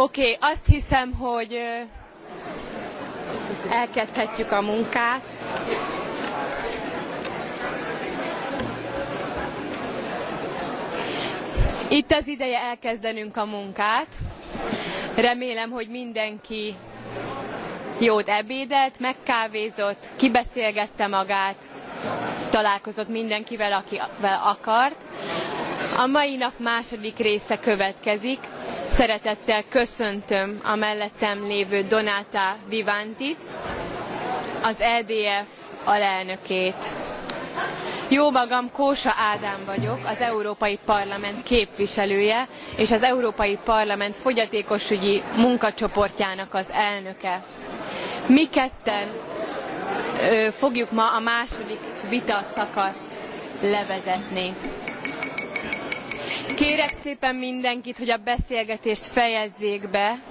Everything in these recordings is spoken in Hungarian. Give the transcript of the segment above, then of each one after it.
Oké, okay, azt hiszem, hogy elkezdhetjük a munkát. Itt az ideje elkezdenünk a munkát. Remélem, hogy mindenki jót ebédelt, megkávézott, kibeszélgette magát, találkozott mindenkivel, akivel akart. A mai nap második része következik Szeretettel köszöntöm a mellettem lévő Donata Vivantit, az EDF alelnökét. Jó magam, Kósa Ádám vagyok, az Európai Parlament képviselője, és az Európai Parlament fogyatékosügyi munkacsoportjának az elnöke. Mi ketten fogjuk ma a második vitaszakaszt levezetni. Kérek szépen mindenkit, hogy a beszélgetést fejezzék be.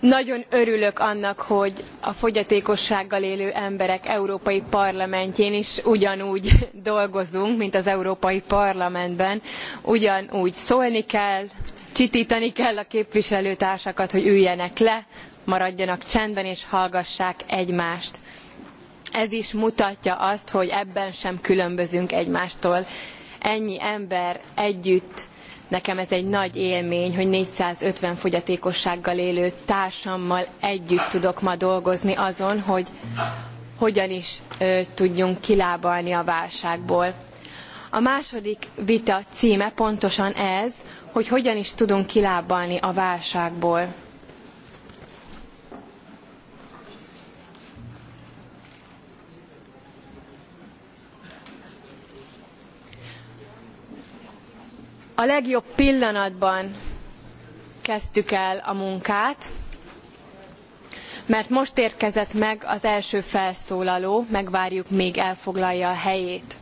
Nagyon örülök annak, hogy a fogyatékossággal élő emberek Európai Parlamentjén is ugyanúgy dolgozunk, mint az Európai Parlamentben. Ugyanúgy szólni kell, csitítani kell a képviselőtársakat, hogy üljenek le, maradjanak csendben és hallgassák egymást. Ez is mutatja azt, hogy ebben sem különbözünk egymástól. Ennyi ember együtt, nekem ez egy nagy élmény, hogy 450 fogyatékossággal élő társammal együtt tudok ma dolgozni azon, hogy hogyan is ö, tudjunk kilábalni a válságból. A második vita címe pontosan ez, hogy hogyan is tudunk kilábalni a válságból. A legjobb pillanatban kezdtük el a munkát, mert most érkezett meg az első felszólaló, megvárjuk, még elfoglalja a helyét.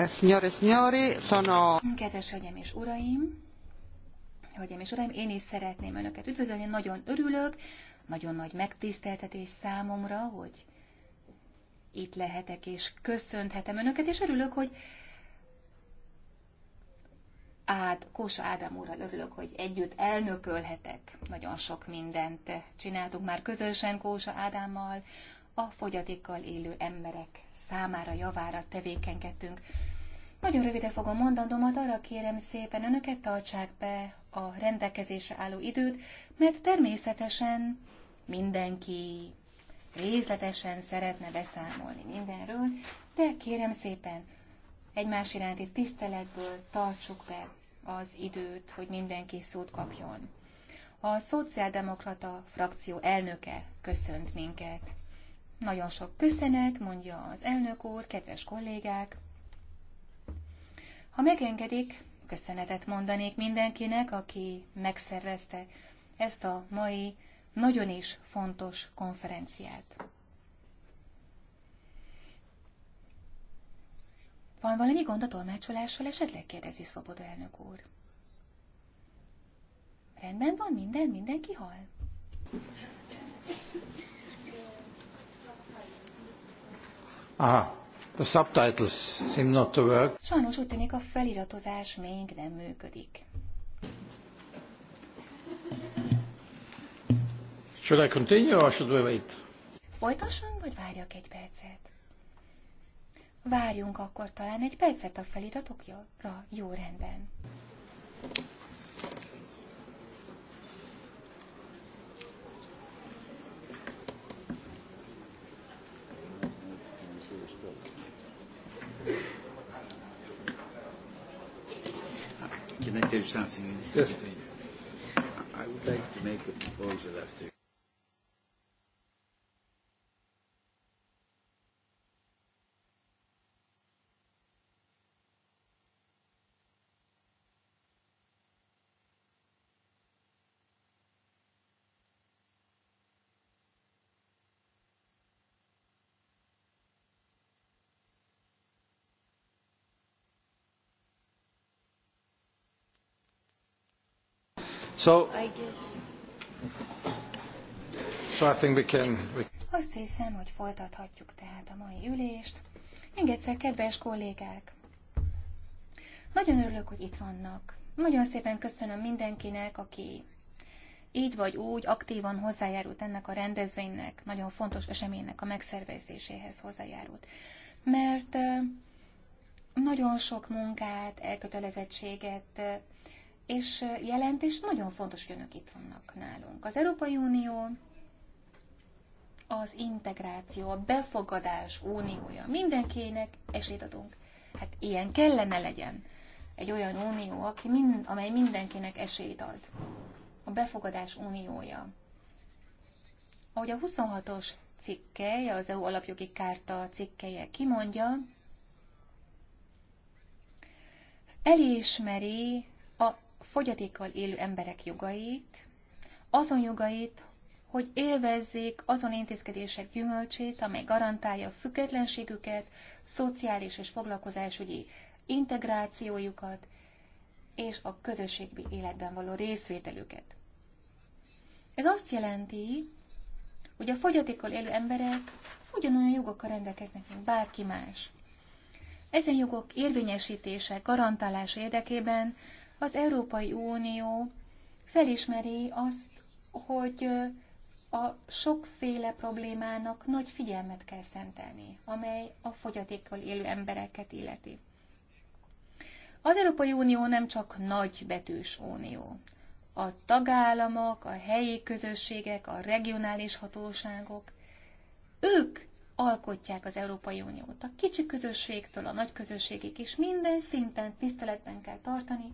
Eh, e Kedves hölgyem és uraim, hölgyem és uraim, én is szeretném önöket üdvözölni, nagyon örülök, nagyon nagy megtiszteltetés számomra, hogy itt lehetek és köszönhetem önöket, és örülök, hogy Ád, Kósa Ádám úrral örülök, hogy együtt elnökölhetek. Nagyon sok mindent csináltuk már közösen Kósa Ádámmal, a fogyatékkal élő emberek számára javára tevékenykedtünk. Nagyon rövide fogom mondandómat, arra kérem szépen önöket tartsák be a rendelkezésre álló időt, mert természetesen mindenki részletesen szeretne beszámolni mindenről, de kérem szépen egymás iránti tiszteletből tartsuk be az időt, hogy mindenki szót kapjon. A szociáldemokrata frakció elnöke köszönt minket. Nagyon sok köszönet, mondja az elnök úr, kedves kollégák! Ha megengedik, köszönetet mondanék mindenkinek, aki megszervezte ezt a mai nagyon is fontos konferenciát. Van valami gond a tolmácsolással, esetleg kérdezi Szoboda elnök úr. Rendben van minden? Mindenki hal? Aha, The subtitles seem not to work. Sajnos úgy tűnik a feliratozás még nem működik. Should I continue or should we wait? Folytassam, vagy várjak egy percet? Várjunk akkor talán egy percet a feliratokra. Jó rendben. do something. Yes. I would like to make a proposal after. So, I guess. So I think we can, we... Azt hiszem, hogy folytathatjuk tehát a mai ülést. Még egyszer, kedves kollégák! Nagyon örülök, hogy itt vannak. Nagyon szépen köszönöm mindenkinek, aki így vagy úgy aktívan hozzájárult ennek a rendezvénynek, nagyon fontos eseménynek a megszervezéséhez hozzájárult. Mert nagyon sok munkát, elkötelezettséget és jelent, és nagyon fontos, hogy önök itt vannak nálunk. Az Európai Unió az integráció, a befogadás uniója. Mindenkinek esélyt adunk. Hát ilyen kellene legyen. Egy olyan unió, aki mind, amely mindenkinek esélyt ad. A befogadás uniója. Ahogy a 26-os cikkely, az EU alapjogi kárta cikkelje kimondja, elismeri fogyatékkal élő emberek jogait, azon jogait, hogy élvezzék azon intézkedések gyümölcsét, amely garantálja a függetlenségüket, szociális és foglalkozásügyi integrációjukat és a közösségi életben való részvételüket. Ez azt jelenti, hogy a fogyatékkal élő emberek ugyanolyan jogokkal rendelkeznek, mint bárki más. Ezen jogok érvényesítése, garantálása érdekében az Európai Unió felismeri azt, hogy a sokféle problémának nagy figyelmet kell szentelni, amely a fogyatékkal élő embereket illeti. Az Európai Unió nem csak nagy betűs unió. A tagállamok, a helyi közösségek, a regionális hatóságok, ők alkotják az Európai Uniót. A kicsi közösségtől a nagy közösségig is minden szinten tiszteletben kell tartani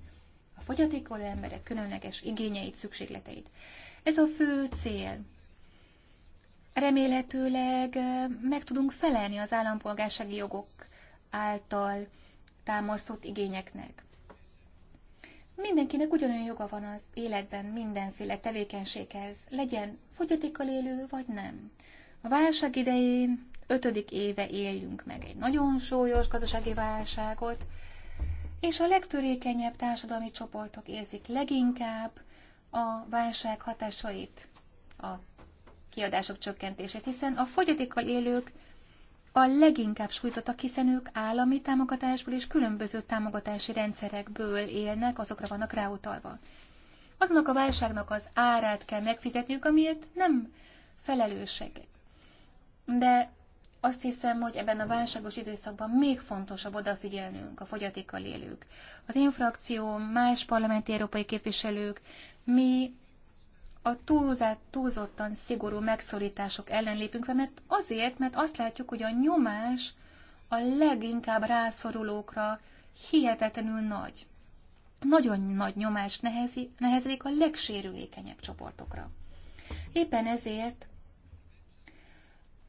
a fogyatékoló emberek különleges igényeit, szükségleteit. Ez a fő cél. Remélhetőleg meg tudunk felelni az állampolgársági jogok által támasztott igényeknek. Mindenkinek ugyanolyan joga van az életben mindenféle tevékenységhez, legyen fogyatékkal élő vagy nem. A válság idején ötödik éve éljünk meg egy nagyon súlyos gazdasági válságot, és a legtörékenyebb társadalmi csoportok érzik leginkább a válság hatásait, a kiadások csökkentését, hiszen a fogyatékkal élők a leginkább sújtottak, hiszen ők állami támogatásból és különböző támogatási rendszerekből élnek, azokra vannak ráutalva. Aznak a válságnak az árát kell megfizetniük, amiért nem felelősek. De azt hiszem, hogy ebben a válságos időszakban még fontosabb odafigyelnünk a fogyatékkal élők. Az infrakció, más parlamenti európai képviselők, mi a túlzát, túlzottan szigorú megszorítások ellen lépünk fel, mert azért, mert azt látjuk, hogy a nyomás a leginkább rászorulókra hihetetlenül nagy. Nagyon nagy nyomás nehezik a legsérülékenyebb csoportokra. Éppen ezért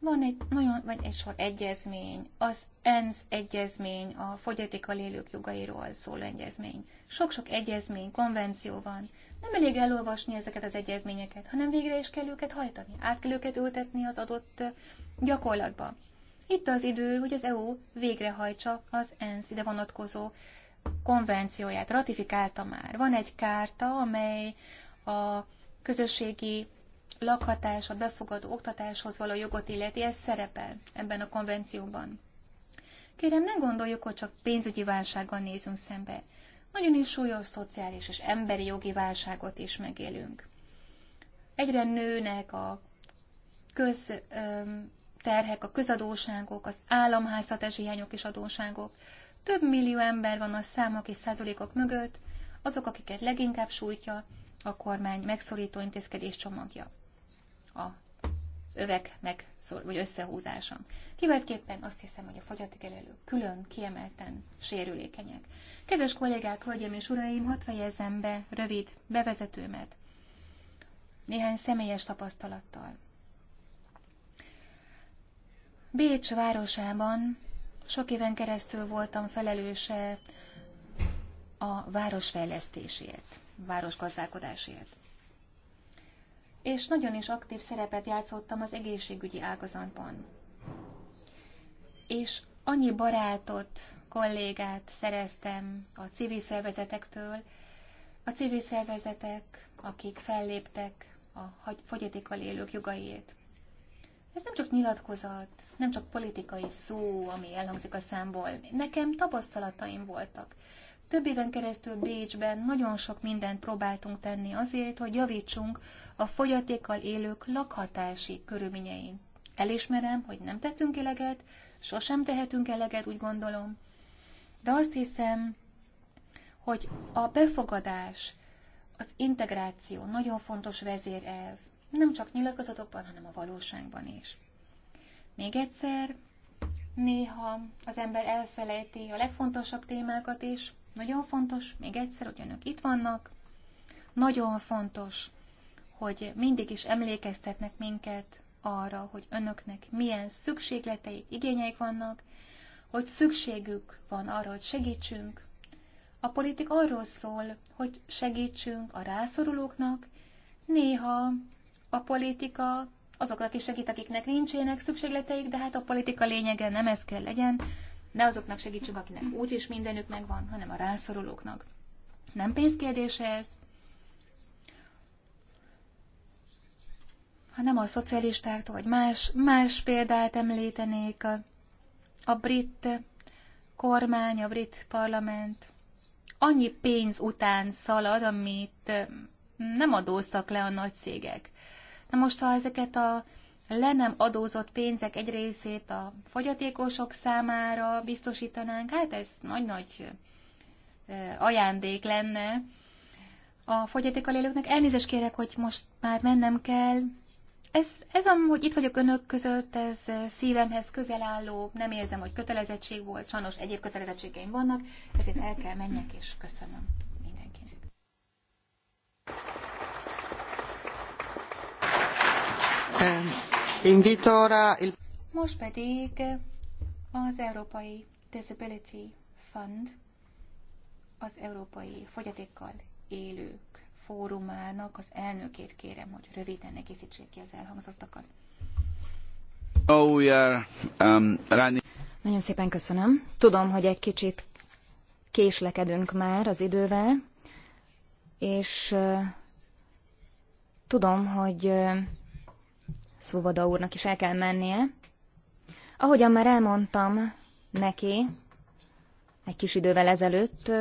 van egy nagyon, vagy egy sor egyezmény, az ENSZ egyezmény, a fogyatékkal élők jogairól szóló egyezmény. Sok-sok egyezmény, konvenció van. Nem elég elolvasni ezeket az egyezményeket, hanem végre is kell őket hajtani. Át kell őket ültetni az adott gyakorlatba. Itt az idő, hogy az EU végrehajtsa az ENSZ ide vonatkozó konvencióját. Ratifikálta már. Van egy kárta, amely a közösségi lakhatás, a befogadó oktatáshoz való jogot illeti, ez szerepel ebben a konvencióban. Kérem, ne gondoljuk, hogy csak pénzügyi válsággal nézünk szembe. Nagyon is súlyos szociális és emberi jogi válságot is megélünk. Egyre nőnek a közterhek, a közadóságok, az államházhatási hiányok és adóságok. Több millió ember van a számok és százalékok mögött, azok, akiket leginkább sújtja a kormány megszorító intézkedés csomagja az övek szor vagy összehúzása. Kivetképpen azt hiszem, hogy a fogyatékelők külön, kiemelten sérülékenyek. Kedves kollégák, hölgyeim és uraim, hadd fejezem be rövid bevezetőmet néhány személyes tapasztalattal. Bécs városában sok éven keresztül voltam felelőse a városfejlesztésért, városgazdálkodásért és nagyon is aktív szerepet játszottam az egészségügyi ágazatban. És annyi barátot, kollégát szereztem a civil szervezetektől, a civil szervezetek, akik felléptek a fogyatékkal élők jogaiért. Ez nem csak nyilatkozat, nem csak politikai szó, ami elhangzik a számból. Nekem tapasztalataim voltak. Több éven keresztül Bécsben nagyon sok mindent próbáltunk tenni azért, hogy javítsunk a fogyatékkal élők lakhatási körülményein. Elismerem, hogy nem tettünk eleget, sosem tehetünk eleget, úgy gondolom. De azt hiszem, hogy a befogadás, az integráció nagyon fontos vezérelv, nem csak nyilatkozatokban, hanem a valóságban is. Még egyszer, néha az ember elfelejti a legfontosabb témákat, is. Nagyon fontos, még egyszer, hogy önök itt vannak. Nagyon fontos, hogy mindig is emlékeztetnek minket arra, hogy önöknek milyen szükségleteik, igényeik vannak, hogy szükségük van arra, hogy segítsünk. A politik arról szól, hogy segítsünk a rászorulóknak, néha a politika azoknak is segít, akiknek nincsenek szükségleteik, de hát a politika lényege nem ez kell legyen, ne azoknak segítsünk, akinek úgyis mindenük megvan, hanem a rászorulóknak. Nem pénzkérdése ez, hanem a szocialistáktól, vagy más, más példát említenék, a, a brit kormány, a brit parlament annyi pénz után szalad, amit nem adóztak le a nagy cégek. Na most, ha ezeket a le nem adózott pénzek egy részét a fogyatékosok számára biztosítanánk, hát ez nagy-nagy ajándék lenne a fogyatékkal élőknek. Elnézést kérek, hogy most már mennem kell. Ez, ez hogy itt vagyok önök között, ez szívemhez közel álló, nem érzem, hogy kötelezettség volt, sajnos egyéb kötelezettségeim vannak, ezért el kell menjek, és köszönöm mindenkinek. Um. Most pedig az Európai Disability Fund, az Európai Fogyatékkal Élők Fórumának az elnökét kérem, hogy röviden egészítsék ki az elhangzottakat. Oh, we are, um, running. Nagyon szépen köszönöm. Tudom, hogy egy kicsit késlekedünk már az idővel, és uh, tudom, hogy uh, Szuvoda úrnak is el kell mennie. Ahogyan már elmondtam neki egy kis idővel ezelőtt,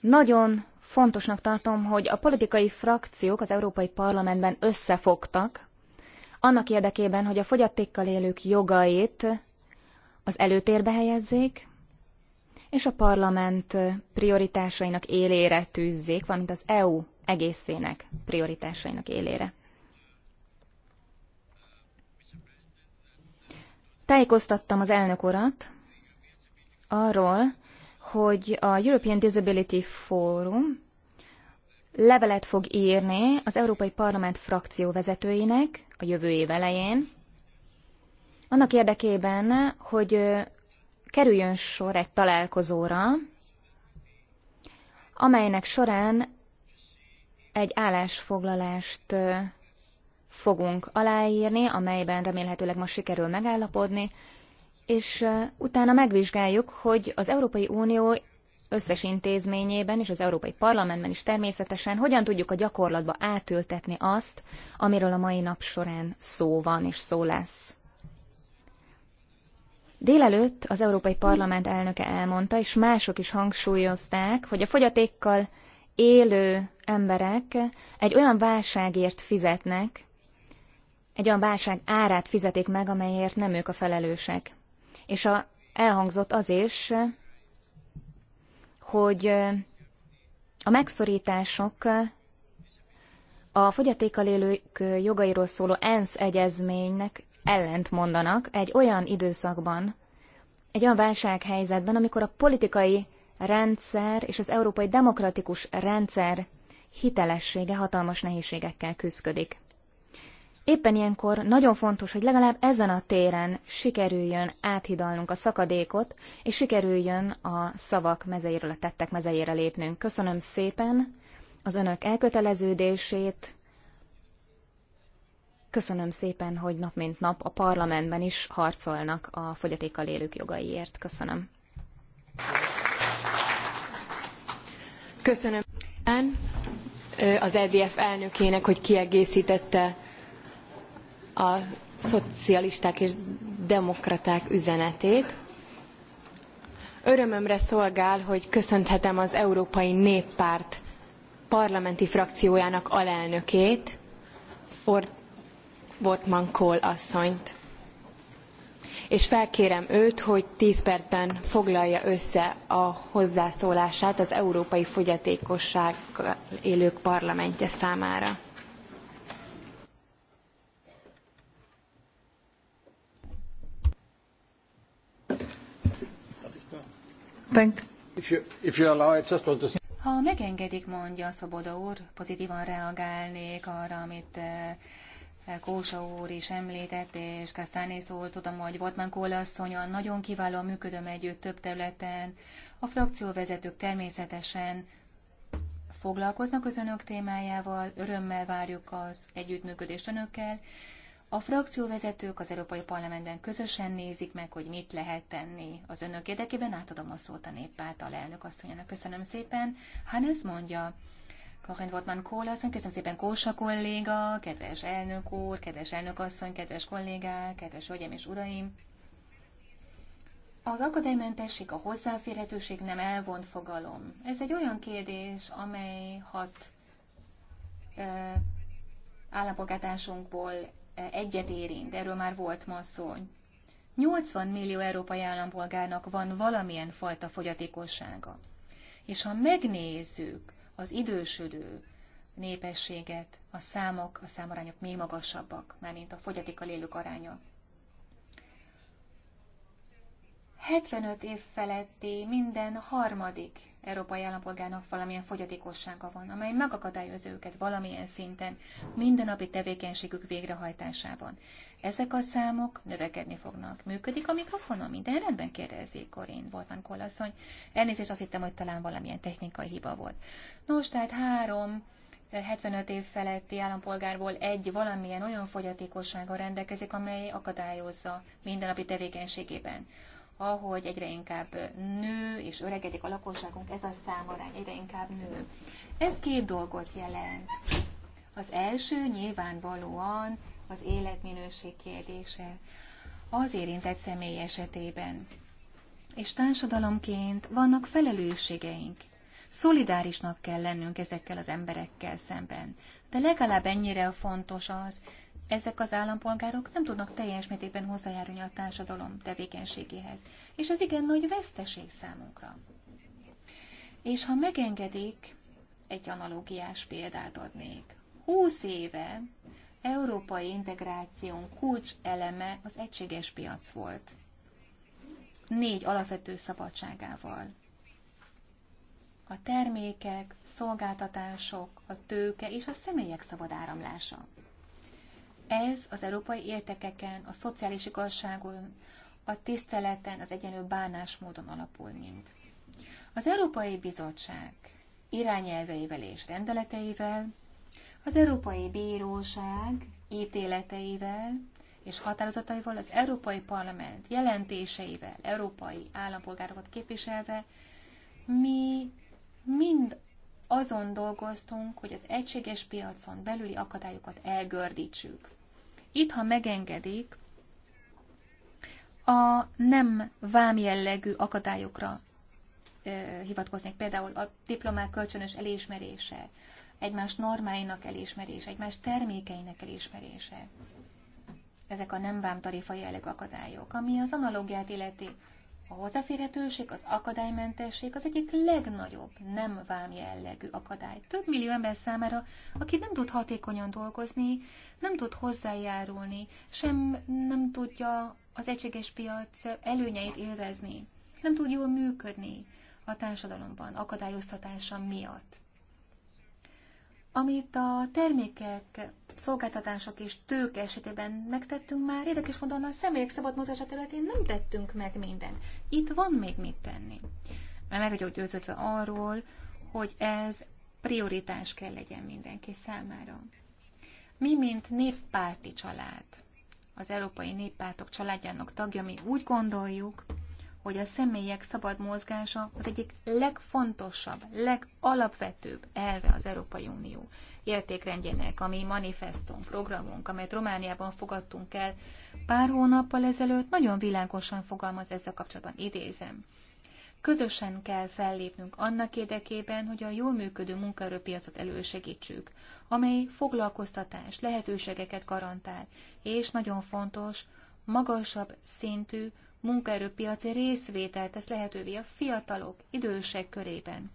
nagyon fontosnak tartom, hogy a politikai frakciók az Európai Parlamentben összefogtak, annak érdekében, hogy a fogyatékkal élők jogait az előtérbe helyezzék, és a parlament prioritásainak élére tűzzék, valamint az EU egészének prioritásainak élére. Tájékoztattam az elnök urat arról, hogy a European Disability Forum levelet fog írni az Európai Parlament frakció vezetőinek a jövő év elején, annak érdekében, hogy kerüljön sor egy találkozóra, amelynek során egy állásfoglalást fogunk aláírni, amelyben remélhetőleg most sikerül megállapodni, és utána megvizsgáljuk, hogy az Európai Unió összes intézményében és az Európai Parlamentben is természetesen hogyan tudjuk a gyakorlatba átültetni azt, amiről a mai nap során szó van és szó lesz. Délelőtt az Európai Parlament elnöke elmondta, és mások is hangsúlyozták, hogy a fogyatékkal élő emberek egy olyan válságért fizetnek, egy olyan válság árát fizetik meg, amelyért nem ők a felelősek. És a, elhangzott az is, hogy a megszorítások a fogyatékkal élők jogairól szóló ENSZ egyezménynek ellent mondanak egy olyan időszakban, egy olyan válsághelyzetben, amikor a politikai rendszer és az európai demokratikus rendszer hitelessége hatalmas nehézségekkel küzdik. Éppen ilyenkor nagyon fontos, hogy legalább ezen a téren sikerüljön áthidalnunk a szakadékot, és sikerüljön a szavak mezeiről, a tettek mezeire lépnünk. Köszönöm szépen az önök elköteleződését, köszönöm szépen, hogy nap mint nap a parlamentben is harcolnak a fogyatékkal élők jogaiért. Köszönöm. Köszönöm az EDF elnökének, hogy kiegészítette a szocialisták és demokraták üzenetét. Örömömre szolgál, hogy köszönhetem az Európai Néppárt parlamenti frakciójának alelnökét, Ford Wortmann Kohl asszonyt. És felkérem őt, hogy 10 percben foglalja össze a hozzászólását az Európai Fogyatékossággal élők parlamentje számára. Thank. If you, if you allow, I just want to... Ha megengedik, mondja Szoboda úr, pozitívan reagálnék arra, amit eh, eh, Kósa úr is említett, és Kastáné úr, tudom, hogy Botman Kólasszonyon nagyon kiválóan működöm együtt több területen. A frakcióvezetők természetesen foglalkoznak az önök témájával, örömmel várjuk az együttműködést önökkel, a frakcióvezetők az Európai Parlamentben közösen nézik meg, hogy mit lehet tenni az önök érdekében. Átadom a szót a néppárt alelnök asszonyának. Köszönöm szépen. Hannes mondja, Karin Wortmann Kóla asszony, köszönöm szépen Kósa kolléga, kedves elnök úr, kedves elnök asszony, kedves kollégák, kedves hölgyem és uraim. Az akadálymentesség, a hozzáférhetőség nem elvont fogalom. Ez egy olyan kérdés, amely hat e, egyet érint, erről már volt ma szó. 80 millió európai állampolgárnak van valamilyen fajta fogyatékossága. És ha megnézzük az idősödő népességet, a számok, a számarányok még magasabbak, már mint a fogyatékkal élők aránya. 75 év feletti minden harmadik európai állampolgárnak valamilyen fogyatékossága van, amely megakadályozza őket valamilyen szinten mindennapi tevékenységük végrehajtásában. Ezek a számok növekedni fognak. Működik a mikrofonom? Minden rendben kérdezi Korin Voltman Kolaszony. Elnézést azt hittem, hogy talán valamilyen technikai hiba volt. Nos, tehát három 75 eh, év feletti állampolgárból egy valamilyen olyan fogyatékossága rendelkezik, amely akadályozza mindennapi tevékenységében ahogy egyre inkább nő és öregedik a lakosságunk, ez a számarány egyre inkább nő. Ez két dolgot jelent. Az első nyilvánvalóan az életminőség kérdése az érintett személy esetében. És társadalomként vannak felelősségeink. Szolidárisnak kell lennünk ezekkel az emberekkel szemben. De legalább ennyire fontos az, ezek az állampolgárok nem tudnak teljes mértékben hozzájárulni a társadalom tevékenységéhez. És ez igen nagy veszteség számunkra. És ha megengedik, egy analógiás példát adnék. Húsz éve európai integráción kulcs eleme az egységes piac volt. Négy alapvető szabadságával. A termékek, szolgáltatások, a tőke és a személyek szabad áramlása. Ez az európai értekeken, a szociális igazságon, a tiszteleten, az egyenlő bánásmódon alapul mind. Az Európai Bizottság irányelveivel és rendeleteivel, az Európai Bíróság ítéleteivel és határozataival, az Európai Parlament jelentéseivel, európai állampolgárokat képviselve, mi mind azon dolgoztunk, hogy az egységes piacon belüli akadályokat elgördítsük. Itt, ha megengedik, a nem vámjellegű akadályokra hivatkoznék, például a diplomák kölcsönös elismerése, egymás normáinak elismerése, egymás termékeinek elismerése. Ezek a nem tarifa jellegű akadályok, ami az analógiát illeti a hozzáférhetőség, az akadálymentesség az egyik legnagyobb nem vám jellegű akadály. Több millió ember számára, aki nem tud hatékonyan dolgozni, nem tud hozzájárulni, sem nem tudja az egységes piac előnyeit élvezni, nem tud jól működni a társadalomban akadályoztatása miatt. Amit a termékek, szolgáltatások és tőke esetében megtettünk már, érdekes módon a személyek szabad mozgása területén nem tettünk meg mindent. Itt van még mit tenni. Mert meg vagyok győződve arról, hogy ez prioritás kell legyen mindenki számára. Mi, mint néppárti család, az Európai Néppártok családjának tagja, mi úgy gondoljuk, hogy a személyek szabad mozgása az egyik legfontosabb, legalapvetőbb elve az Európai Unió értékrendjének, ami manifestum programunk, amelyet Romániában fogadtunk el pár hónappal ezelőtt, nagyon világosan fogalmaz ezzel kapcsolatban, idézem. Közösen kell fellépnünk annak érdekében, hogy a jól működő munkaerőpiacot elősegítsük, amely foglalkoztatás, lehetőségeket garantál, és nagyon fontos, magasabb szintű munkaerőpiaci részvételt tesz lehetővé a fiatalok, idősek körében.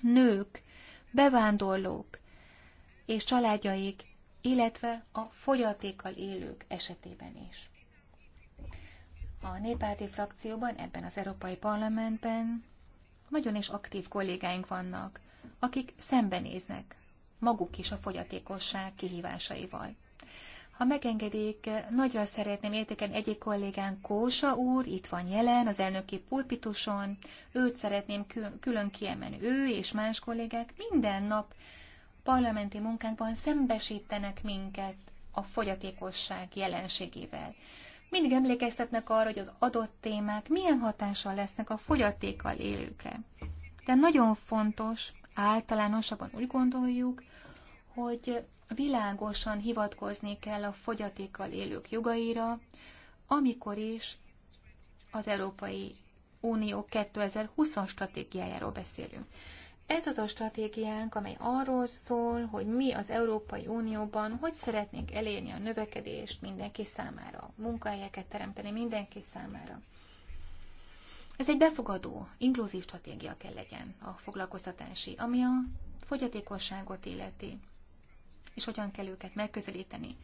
Nők, bevándorlók és családjaik, illetve a fogyatékkal élők esetében is. A néppárti frakcióban, ebben az Európai Parlamentben nagyon is aktív kollégáink vannak, akik szembenéznek maguk is a fogyatékosság kihívásaival. Ha megengedik, nagyra szeretném értékelni egyik kollégán Kósa úr, itt van jelen, az elnöki pulpituson, őt szeretném külön kiemelni, ő és más kollégák minden nap parlamenti munkánkban szembesítenek minket a fogyatékosság jelenségével. Mindig emlékeztetnek arra, hogy az adott témák milyen hatással lesznek a fogyatékkal élőkre. De nagyon fontos, általánosabban úgy gondoljuk, hogy világosan hivatkozni kell a fogyatékkal élők jogaira, amikor is az Európai Unió 2020-as stratégiájáról beszélünk. Ez az a stratégiánk, amely arról szól, hogy mi az Európai Unióban hogy szeretnénk elérni a növekedést mindenki számára, munkahelyeket teremteni mindenki számára. Ez egy befogadó, inkluzív stratégia kell legyen a foglalkoztatási, ami a fogyatékosságot illeti és hogyan kell őket megközelíteni.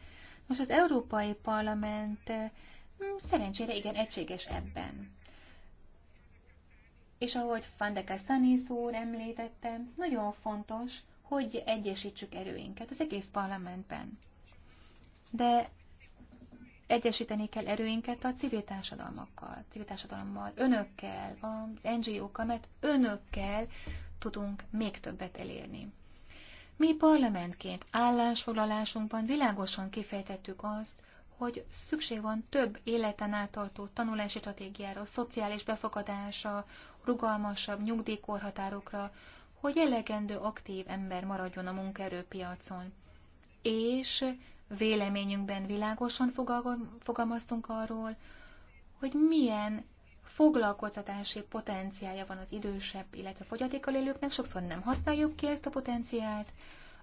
Most az Európai Parlament eh, hm, szerencsére igen egységes ebben. És ahogy Van de Castanis úr említette, nagyon fontos, hogy egyesítsük erőinket az egész parlamentben. De egyesíteni kell erőinket a civil társadalmakkal, civil társadalommal, önökkel, az NGO-kkal, mert önökkel tudunk még többet elérni. Mi parlamentként állásfoglalásunkban világosan kifejtettük azt, hogy szükség van több életen átartó tanulási stratégiára, szociális befogadásra, rugalmasabb nyugdíjkorhatárokra, hogy elegendő aktív ember maradjon a munkaerőpiacon. És véleményünkben világosan fogalmaztunk arról, hogy milyen foglalkoztatási potenciálja van az idősebb, illetve fogyatékkal élőknek, sokszor nem használjuk ki ezt a potenciált.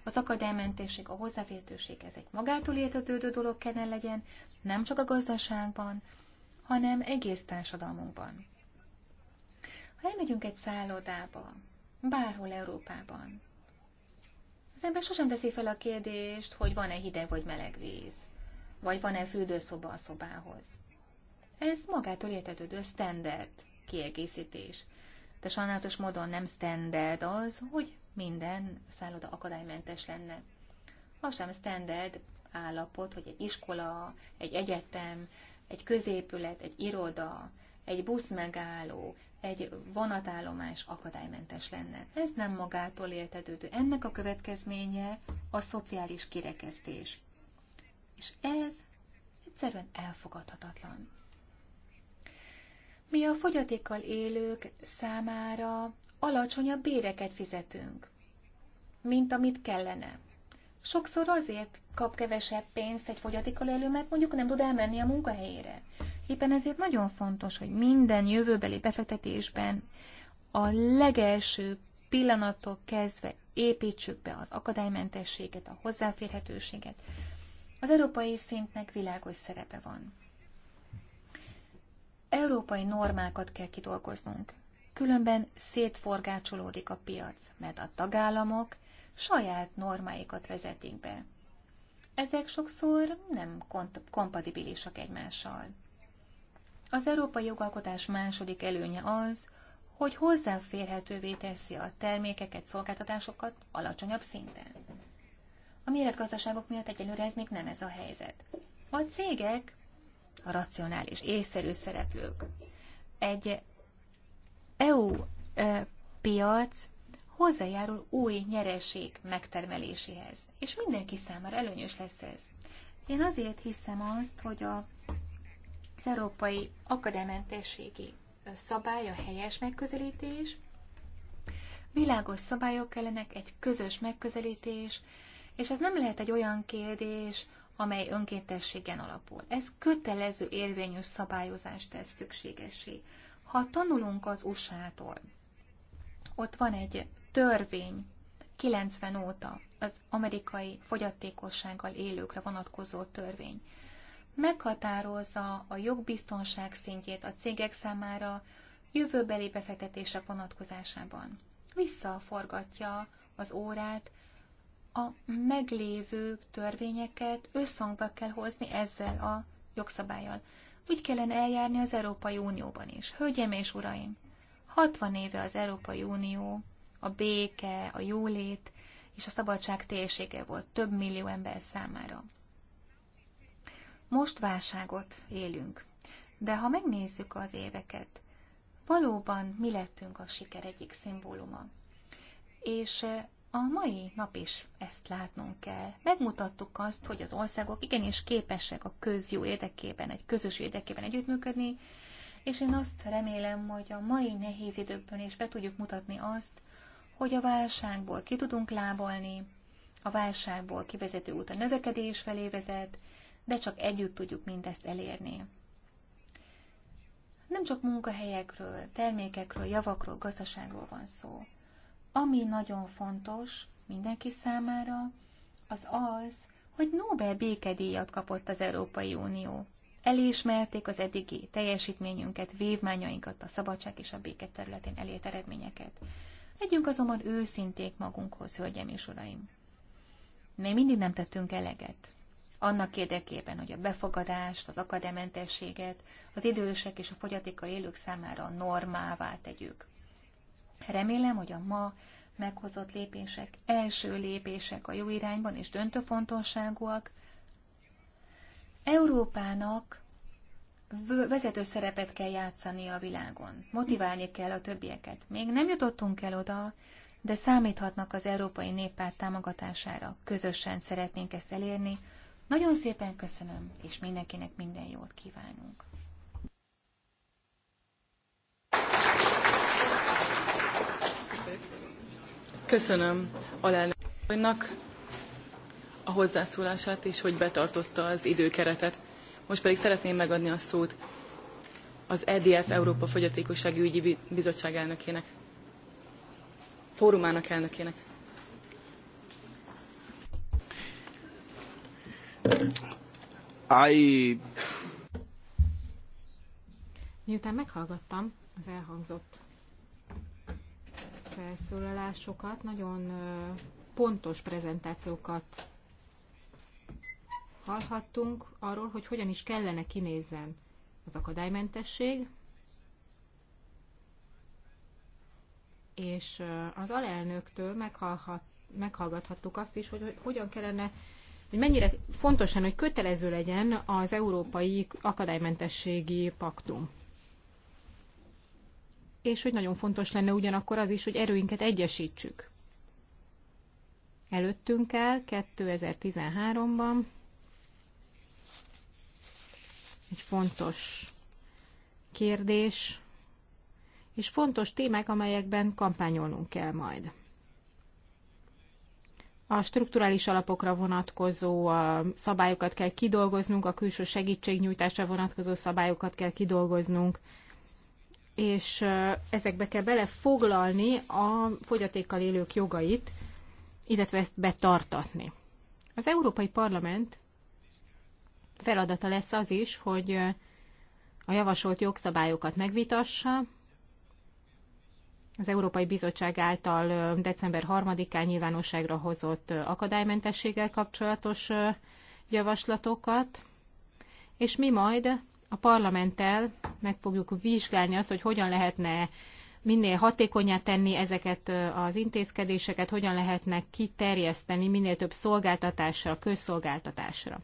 Az akadálymentesség, a hozzáférhetőség, ez egy magától értetődő dolog kellene legyen, nem csak a gazdaságban, hanem egész társadalmunkban. Ha elmegyünk egy szállodába, bárhol Európában, az ember sosem teszi fel a kérdést, hogy van-e hideg vagy meleg víz, vagy van-e fürdőszoba a szobához ez magától értetődő standard kiegészítés. De sajnálatos módon nem standard az, hogy minden szálloda akadálymentes lenne. Ha sem standard állapot, hogy egy iskola, egy egyetem, egy középület, egy iroda, egy buszmegálló, egy vonatállomás akadálymentes lenne. Ez nem magától értetődő. Ennek a következménye a szociális kirekesztés. És ez egyszerűen elfogadhatatlan. Mi a fogyatékkal élők számára alacsonyabb béreket fizetünk, mint amit kellene. Sokszor azért kap kevesebb pénzt egy fogyatékkal élő, mert mondjuk nem tud elmenni a munkahelyére. Éppen ezért nagyon fontos, hogy minden jövőbeli befektetésben a legelső pillanattól kezdve építsük be az akadálymentességet, a hozzáférhetőséget. Az európai szintnek világos szerepe van. Európai normákat kell kidolgoznunk. Különben szétforgácsolódik a piac, mert a tagállamok saját normáikat vezetik be. Ezek sokszor nem kompatibilisak egymással. Az európai jogalkotás második előnye az, hogy hozzáférhetővé teszi a termékeket, szolgáltatásokat alacsonyabb szinten. A méretgazdaságok miatt egyelőre ez még nem ez a helyzet. A cégek a racionális, észszerű szereplők. Egy EU piac hozzájárul új nyereség megtermeléséhez, és mindenki számára előnyös lesz ez. Én azért hiszem azt, hogy a, az európai akadementességi szabály a helyes megközelítés, világos szabályok kellenek, egy közös megközelítés, és ez nem lehet egy olyan kérdés, amely önkéntességen alapul. Ez kötelező érvényű szabályozást tesz szükségesé. Ha tanulunk az USA-tól, ott van egy törvény 90 óta, az amerikai fogyatékossággal élőkre vonatkozó törvény. Meghatározza a jogbiztonság szintjét a cégek számára jövőbeli befektetések vonatkozásában. Visszaforgatja az órát a meglévő törvényeket összhangba kell hozni ezzel a jogszabályjal. Úgy kellene eljárni az Európai Unióban is. Hölgyeim és uraim, 60 éve az Európai Unió, a béke, a jólét és a szabadság térsége volt több millió ember számára. Most válságot élünk, de ha megnézzük az éveket, valóban mi lettünk a siker egyik szimbóluma. És a mai nap is ezt látnunk kell. Megmutattuk azt, hogy az országok igenis képesek a közjó érdekében, egy közös érdekében együttműködni, és én azt remélem, hogy a mai nehéz időkben is be tudjuk mutatni azt, hogy a válságból ki tudunk lábolni, a válságból kivezető út a növekedés felé vezet, de csak együtt tudjuk mindezt elérni. Nem csak munkahelyekről, termékekről, javakról, gazdaságról van szó. Ami nagyon fontos mindenki számára, az az, hogy Nobel békedíjat kapott az Európai Unió. Elismerték az eddigi teljesítményünket, vívmányainkat a szabadság és a béke területén elért eredményeket. Legyünk azonban őszinték magunkhoz, hölgyem és uraim. Még mindig nem tettünk eleget. Annak érdekében, hogy a befogadást, az akadementességet, az idősek és a fogyatékkal élők számára normává tegyük. Remélem, hogy a ma meghozott lépések első lépések a jó irányban és döntő fontosságúak. Európának vezető szerepet kell játszani a világon. Motiválni kell a többieket. Még nem jutottunk el oda, de számíthatnak az Európai Néppárt támogatására. Közösen szeretnénk ezt elérni. Nagyon szépen köszönöm, és mindenkinek minden jót kívánunk. Köszönöm alelnöknek a hozzászólását és hogy betartotta az időkeretet. Most pedig szeretném megadni a szót az EDF Európa Fogyatékossági Ügyi Bizottság elnökének, fórumának elnökének. I... Miután meghallgattam az elhangzott felszólalásokat, nagyon pontos prezentációkat hallhattunk arról, hogy hogyan is kellene kinézzen az akadálymentesség, és az alelnöktől meghallgathattuk azt is, hogy hogyan kellene, hogy mennyire fontosan, hogy kötelező legyen az európai akadálymentességi paktum és hogy nagyon fontos lenne ugyanakkor az is, hogy erőinket egyesítsük. Előttünk el 2013-ban egy fontos kérdés, és fontos témák, amelyekben kampányolnunk kell majd. A strukturális alapokra vonatkozó szabályokat kell kidolgoznunk, a külső segítségnyújtásra vonatkozó szabályokat kell kidolgoznunk, és ezekbe kell belefoglalni a fogyatékkal élők jogait, illetve ezt betartatni. Az Európai Parlament feladata lesz az is, hogy a javasolt jogszabályokat megvitassa. Az Európai Bizottság által december 3-án nyilvánosságra hozott akadálymentességgel kapcsolatos javaslatokat, és mi majd a parlamenttel meg fogjuk vizsgálni azt, hogy hogyan lehetne minél hatékonyá tenni ezeket az intézkedéseket, hogyan lehetne kiterjeszteni minél több szolgáltatásra, közszolgáltatásra.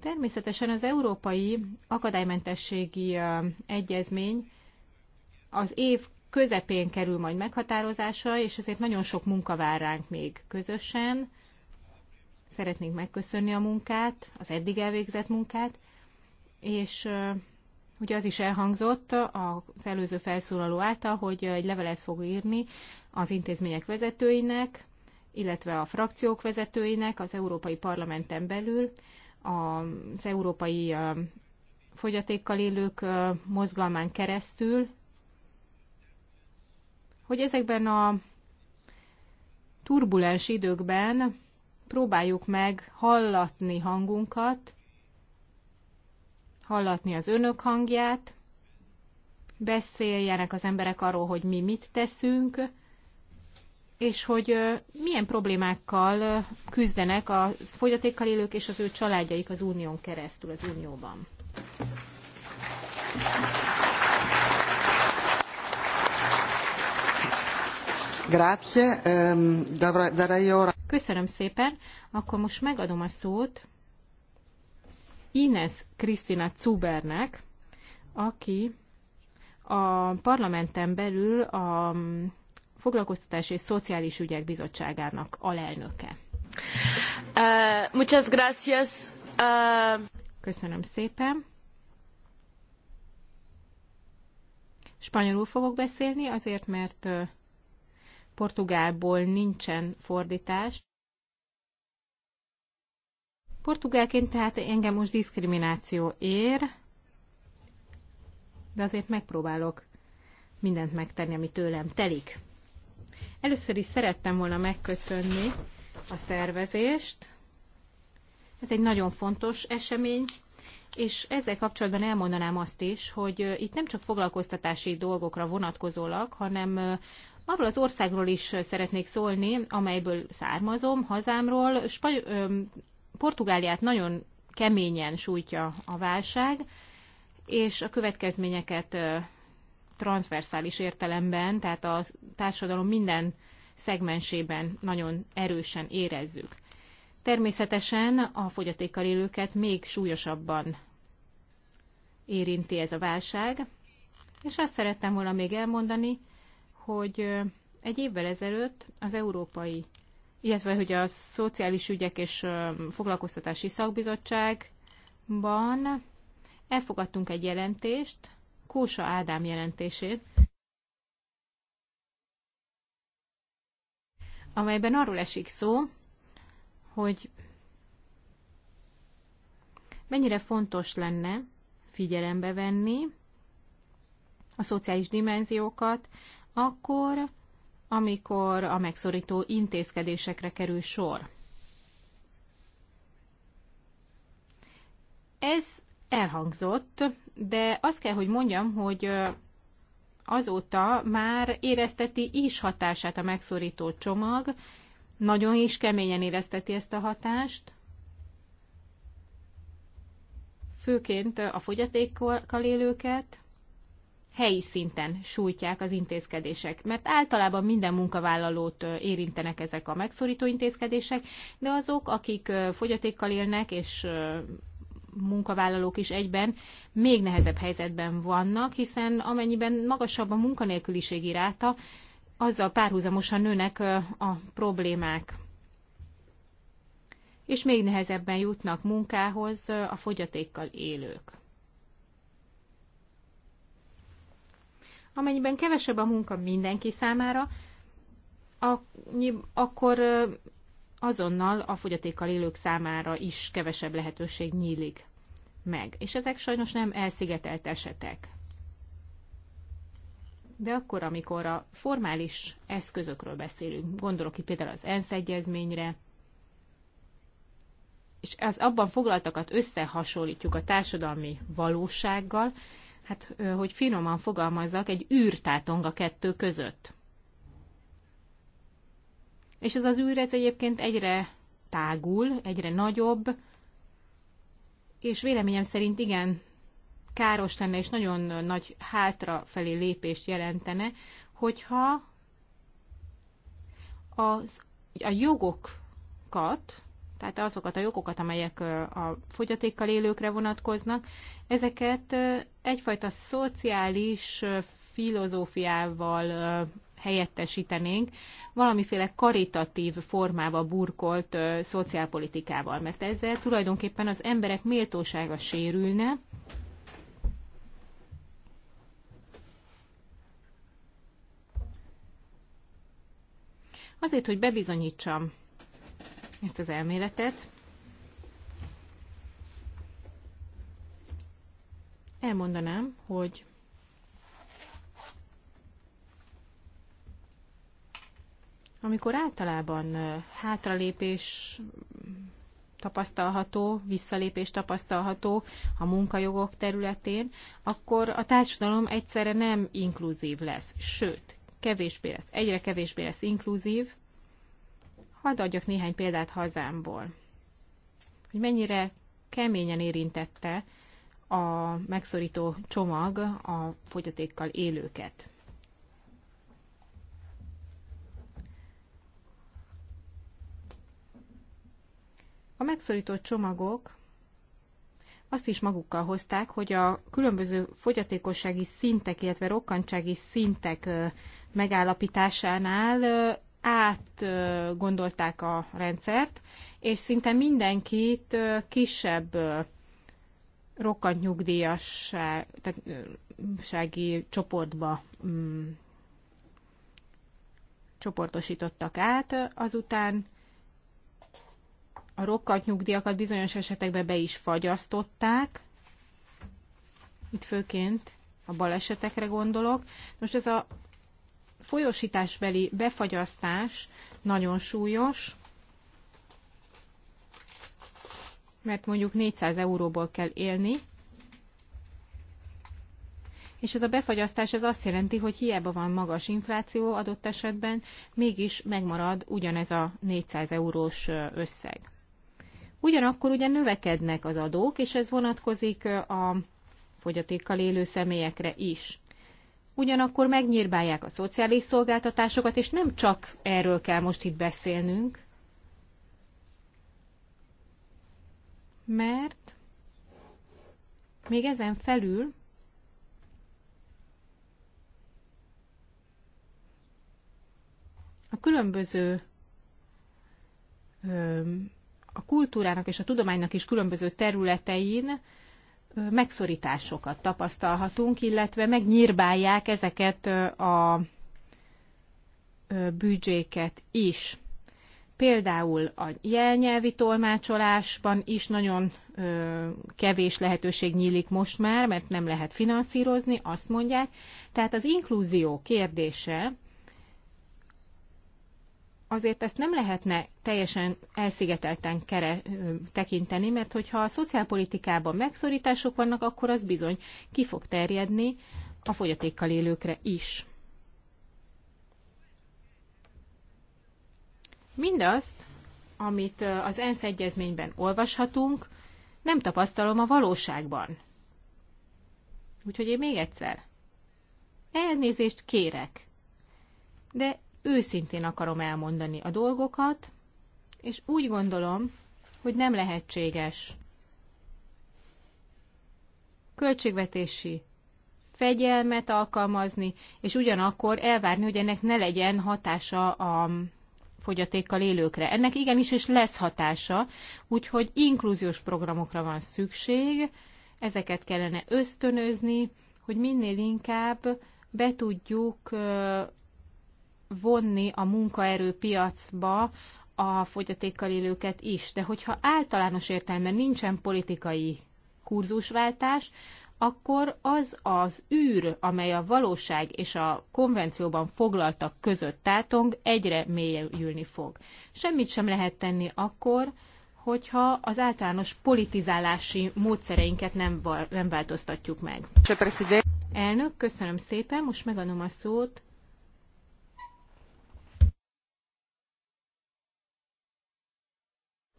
Természetesen az Európai Akadálymentességi Egyezmény az év közepén kerül majd meghatározása, és ezért nagyon sok munka vár ránk még közösen. Szeretnénk megköszönni a munkát, az eddig elvégzett munkát, és ugye az is elhangzott az előző felszólaló által, hogy egy levelet fog írni az intézmények vezetőinek, illetve a frakciók vezetőinek az Európai Parlamenten belül, az Európai Fogyatékkal élők mozgalmán keresztül, hogy ezekben a turbulens időkben próbáljuk meg hallatni hangunkat, hallatni az önök hangját, beszéljenek az emberek arról, hogy mi mit teszünk, és hogy milyen problémákkal küzdenek a fogyatékkal élők és az ő családjaik az unión keresztül, az unióban. Grazie. Ehm, Köszönöm szépen. Akkor most megadom a szót Ines Kristina Zubernek, aki a parlamenten belül a Foglalkoztatás és Szociális Ügyek Bizottságának alelnöke. Uh, muchas gracias. Uh... Köszönöm szépen. Spanyolul fogok beszélni, azért mert uh, portugálból nincsen fordítás. Portugálként tehát engem most diszkrimináció ér, de azért megpróbálok mindent megtenni, ami tőlem telik. Először is szerettem volna megköszönni a szervezést. Ez egy nagyon fontos esemény, és ezzel kapcsolatban elmondanám azt is, hogy itt nem csak foglalkoztatási dolgokra vonatkozólag, hanem arról az országról is szeretnék szólni, amelyből származom, hazámról. Spany- Portugáliát nagyon keményen sújtja a válság, és a következményeket transzverszális értelemben, tehát a társadalom minden szegmensében nagyon erősen érezzük. Természetesen a fogyatékkal élőket még súlyosabban érinti ez a válság, és azt szerettem volna még elmondani, hogy egy évvel ezelőtt az Európai illetve hogy a Szociális Ügyek és Foglalkoztatási Szakbizottságban elfogadtunk egy jelentést, Kósa Ádám jelentését, amelyben arról esik szó, hogy mennyire fontos lenne figyelembe venni a szociális dimenziókat, akkor, amikor a megszorító intézkedésekre kerül sor. Ez elhangzott, de azt kell, hogy mondjam, hogy azóta már érezteti is hatását a megszorító csomag, nagyon is keményen érezteti ezt a hatást, főként a fogyatékkal élőket, helyi szinten sújtják az intézkedések, mert általában minden munkavállalót érintenek ezek a megszorító intézkedések, de azok, akik fogyatékkal élnek és munkavállalók is egyben még nehezebb helyzetben vannak, hiszen amennyiben magasabb a munkanélküliségi ráta, azzal párhuzamosan nőnek a problémák. És még nehezebben jutnak munkához a fogyatékkal élők. amennyiben kevesebb a munka mindenki számára, akkor azonnal a fogyatékkal élők számára is kevesebb lehetőség nyílik meg. És ezek sajnos nem elszigetelt esetek. De akkor, amikor a formális eszközökről beszélünk, gondolok itt például az ENSZ egyezményre, és az abban foglaltakat összehasonlítjuk a társadalmi valósággal, hát hogy finoman fogalmazzak, egy űrtátong a kettő között. És ez az űr ez egyébként egyre tágul, egyre nagyobb, és véleményem szerint igen, káros lenne, és nagyon nagy hátrafelé lépést jelentene, hogyha az, a jogokat tehát azokat a jogokat, amelyek a fogyatékkal élőkre vonatkoznak, ezeket egyfajta szociális filozófiával helyettesítenénk valamiféle karitatív formába burkolt szociálpolitikával, mert ezzel tulajdonképpen az emberek méltósága sérülne, Azért, hogy bebizonyítsam ezt az elméletet. Elmondanám, hogy amikor általában hátralépés tapasztalható, visszalépés tapasztalható a munkajogok területén, akkor a társadalom egyszerre nem inkluzív lesz, sőt, kevésbé lesz, egyre kevésbé lesz inkluzív, Hadd adjak néhány példát hazámból, hogy mennyire keményen érintette a megszorító csomag a fogyatékkal élőket. A megszorító csomagok azt is magukkal hozták, hogy a különböző fogyatékossági szintek, illetve rokkantsági szintek megállapításánál átgondolták a rendszert, és szinte mindenkit kisebb rokkant nyugdíjassági csoportba mm, csoportosítottak át, azután a rokkant nyugdíjakat bizonyos esetekben be is fagyasztották, itt főként a balesetekre gondolok. Most ez a folyosításbeli befagyasztás nagyon súlyos, mert mondjuk 400 euróból kell élni, és ez a befagyasztás ez azt jelenti, hogy hiába van magas infláció adott esetben, mégis megmarad ugyanez a 400 eurós összeg. Ugyanakkor ugye növekednek az adók, és ez vonatkozik a fogyatékkal élő személyekre is ugyanakkor megnyírbálják a szociális szolgáltatásokat, és nem csak erről kell most itt beszélnünk, mert még ezen felül a különböző a kultúrának és a tudománynak is különböző területein megszorításokat tapasztalhatunk, illetve megnyírbálják ezeket a büdzséket is. Például a jelnyelvi tolmácsolásban is nagyon ö, kevés lehetőség nyílik most már, mert nem lehet finanszírozni, azt mondják. Tehát az inkluzió kérdése azért ezt nem lehetne teljesen elszigetelten kere, tekinteni, mert hogyha a szociálpolitikában megszorítások vannak, akkor az bizony ki fog terjedni a fogyatékkal élőkre is. Mindazt, amit az ENSZ egyezményben olvashatunk, nem tapasztalom a valóságban. Úgyhogy én még egyszer elnézést kérek, de őszintén akarom elmondani a dolgokat, és úgy gondolom, hogy nem lehetséges költségvetési fegyelmet alkalmazni, és ugyanakkor elvárni, hogy ennek ne legyen hatása a fogyatékkal élőkre. Ennek igenis is lesz hatása, úgyhogy inkluziós programokra van szükség, ezeket kellene ösztönözni, hogy minél inkább be tudjuk vonni a munkaerőpiacba a fogyatékkal élőket is. De hogyha általános értelemben nincsen politikai kurzusváltás, akkor az az űr, amely a valóság és a konvencióban foglaltak között tátong, egyre mélyülni fog. Semmit sem lehet tenni akkor, hogyha az általános politizálási módszereinket nem, nem változtatjuk meg. Elnök, köszönöm szépen, most megadom a szót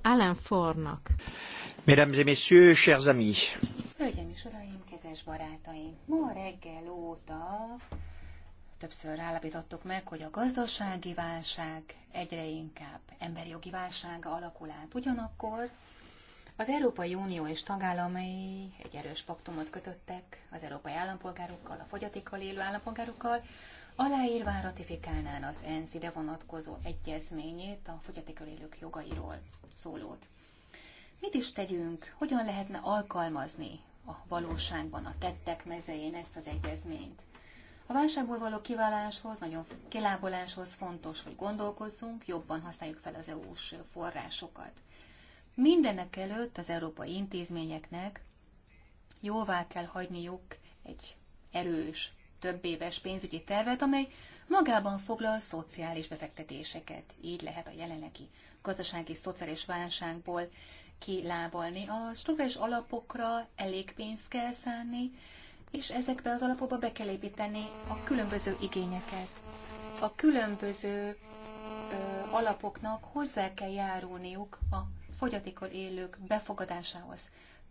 Alan Fornak. Mesdames et messieurs, chers amis. Hölgyeim és uraim, kedves barátaim! Ma reggel óta többször állapítottuk meg, hogy a gazdasági válság egyre inkább emberi jogi válsággá alakul át. Ugyanakkor az Európai Unió és tagállamai egy erős paktumot kötöttek az európai állampolgárokkal, a fogyatékkal élő állampolgárokkal, aláírván ratifikálnán az ENSZ ide vonatkozó egyezményét a fogyatékkal élők jogairól szólót. Mit is tegyünk, hogyan lehetne alkalmazni a valóságban, a tettek mezején ezt az egyezményt? A válságból való kiváláshoz, nagyon kiláboláshoz fontos, hogy gondolkozzunk, jobban használjuk fel az EU-s forrásokat. Mindenek előtt az európai intézményeknek jóvá kell hagyniuk egy erős több éves pénzügyi tervet, amely magában foglal szociális befektetéseket. Így lehet a jelenlegi gazdasági szociális válságból kilábalni. A struktúrális alapokra elég pénzt kell szánni, és ezekbe az alapokba be kell építeni a különböző igényeket. A különböző ö, alapoknak hozzá kell járulniuk a fogyatékkal élők befogadásához.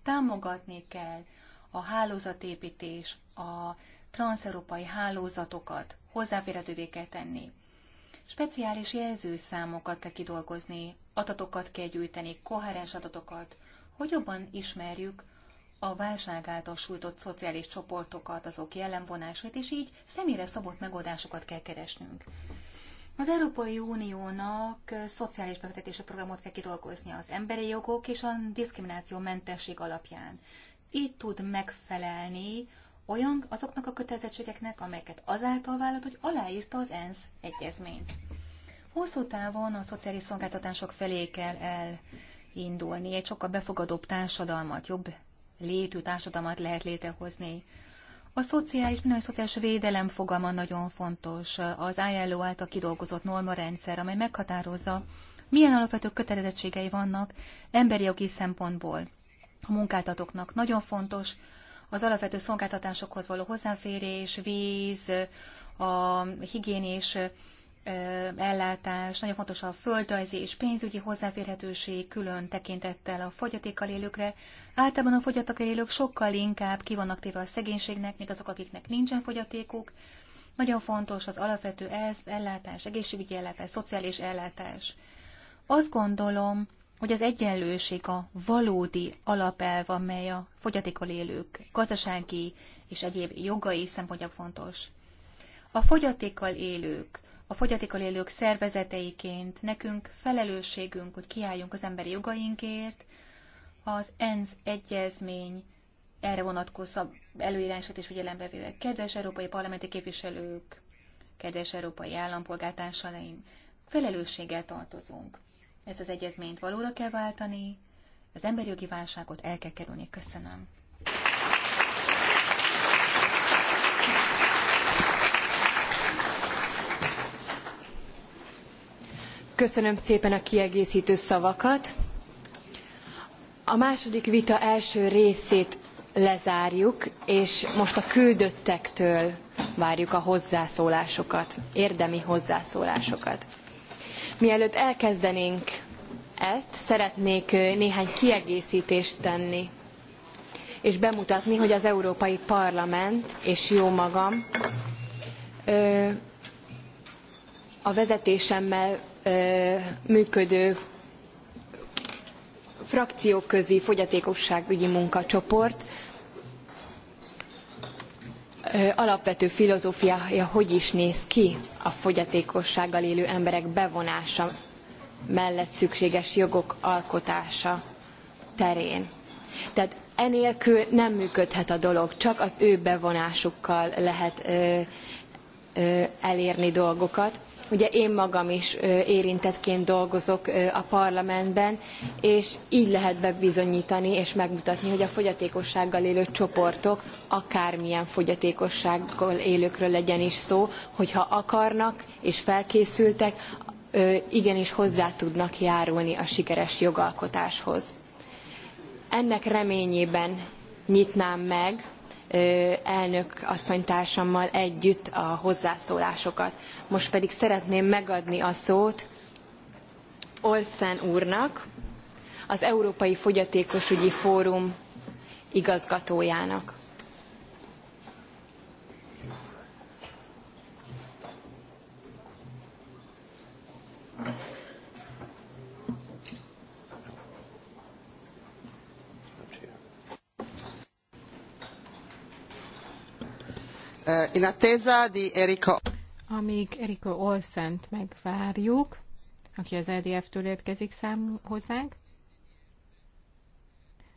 Támogatni kell a hálózatépítés, a transzeurópai hálózatokat hozzáférhetővé kell tenni. Speciális jelzőszámokat kell kidolgozni, adatokat kell gyűjteni, koherens adatokat, hogy jobban ismerjük a válság által sújtott szociális csoportokat, azok jellemvonásait, és így személyre szabott megoldásokat kell keresnünk. Az Európai Uniónak szociális befektetési programot kell kidolgozni az emberi jogok és a diszkrimináció mentesség alapján. Így tud megfelelni olyan azoknak a kötelezettségeknek, amelyeket azáltal vállalt, hogy aláírta az ENSZ egyezményt. Hosszú távon a szociális szolgáltatások felé kell elindulni, egy sokkal befogadóbb társadalmat, jobb létű társadalmat lehet létrehozni. A szociális, minden szociális védelem fogalma nagyon fontos. Az ILO által kidolgozott normarendszer, amely meghatározza, milyen alapvető kötelezettségei vannak emberi jogi szempontból. A munkáltatóknak nagyon fontos, az alapvető szolgáltatásokhoz való hozzáférés, víz, a higiénés ellátás, nagyon fontos a földrajzi és pénzügyi hozzáférhetőség, külön tekintettel a fogyatékkal élőkre. Általában a fogyatékkal élők sokkal inkább kivannak téve a szegénységnek, mint azok, akiknek nincsen fogyatékuk. Nagyon fontos az alapvető ez, ellátás, egészségügyi ellátás, szociális ellátás. Azt gondolom, hogy az egyenlőség a valódi alapelv, amely a fogyatékkal élők gazdasági és egyéb jogai szempontjából fontos. A fogyatékkal élők, a fogyatékkal élők szervezeteiként nekünk felelősségünk, hogy kiálljunk az emberi jogainkért, az ENSZ egyezmény erre vonatkozó előírását is figyelembe véve. Kedves európai parlamenti képviselők, kedves európai állampolgártársaim, felelősséggel tartozunk. Ez az egyezményt valóra kell váltani, az emberi jogi válságot el kell kerülni. Köszönöm. Köszönöm szépen a kiegészítő szavakat. A második vita első részét lezárjuk, és most a küldöttektől várjuk a hozzászólásokat, érdemi hozzászólásokat. Mielőtt elkezdenénk ezt, szeretnék néhány kiegészítést tenni, és bemutatni, hogy az Európai Parlament és jó magam a vezetésemmel működő frakcióközi fogyatékosságügyi munkacsoport alapvető filozófiája hogy is néz ki a fogyatékossággal élő emberek bevonása mellett szükséges jogok alkotása terén. Tehát enélkül nem működhet a dolog, csak az ő bevonásukkal lehet ö, ö, elérni dolgokat. Ugye én magam is érintettként dolgozok a parlamentben, és így lehet bebizonyítani és megmutatni, hogy a fogyatékossággal élő csoportok, akármilyen fogyatékossággal élőkről legyen is szó, hogyha akarnak és felkészültek, igenis hozzá tudnak járulni a sikeres jogalkotáshoz. Ennek reményében nyitnám meg elnök asszonytársammal együtt a hozzászólásokat. Most pedig szeretném megadni a szót Olszen úrnak, az Európai Fogyatékosügyi Fórum igazgatójának. Thank you. Eh, in attesa di Eriko. Amíg Eriko Olszent megvárjuk, aki az EDF-től érkezik szám hozzánk,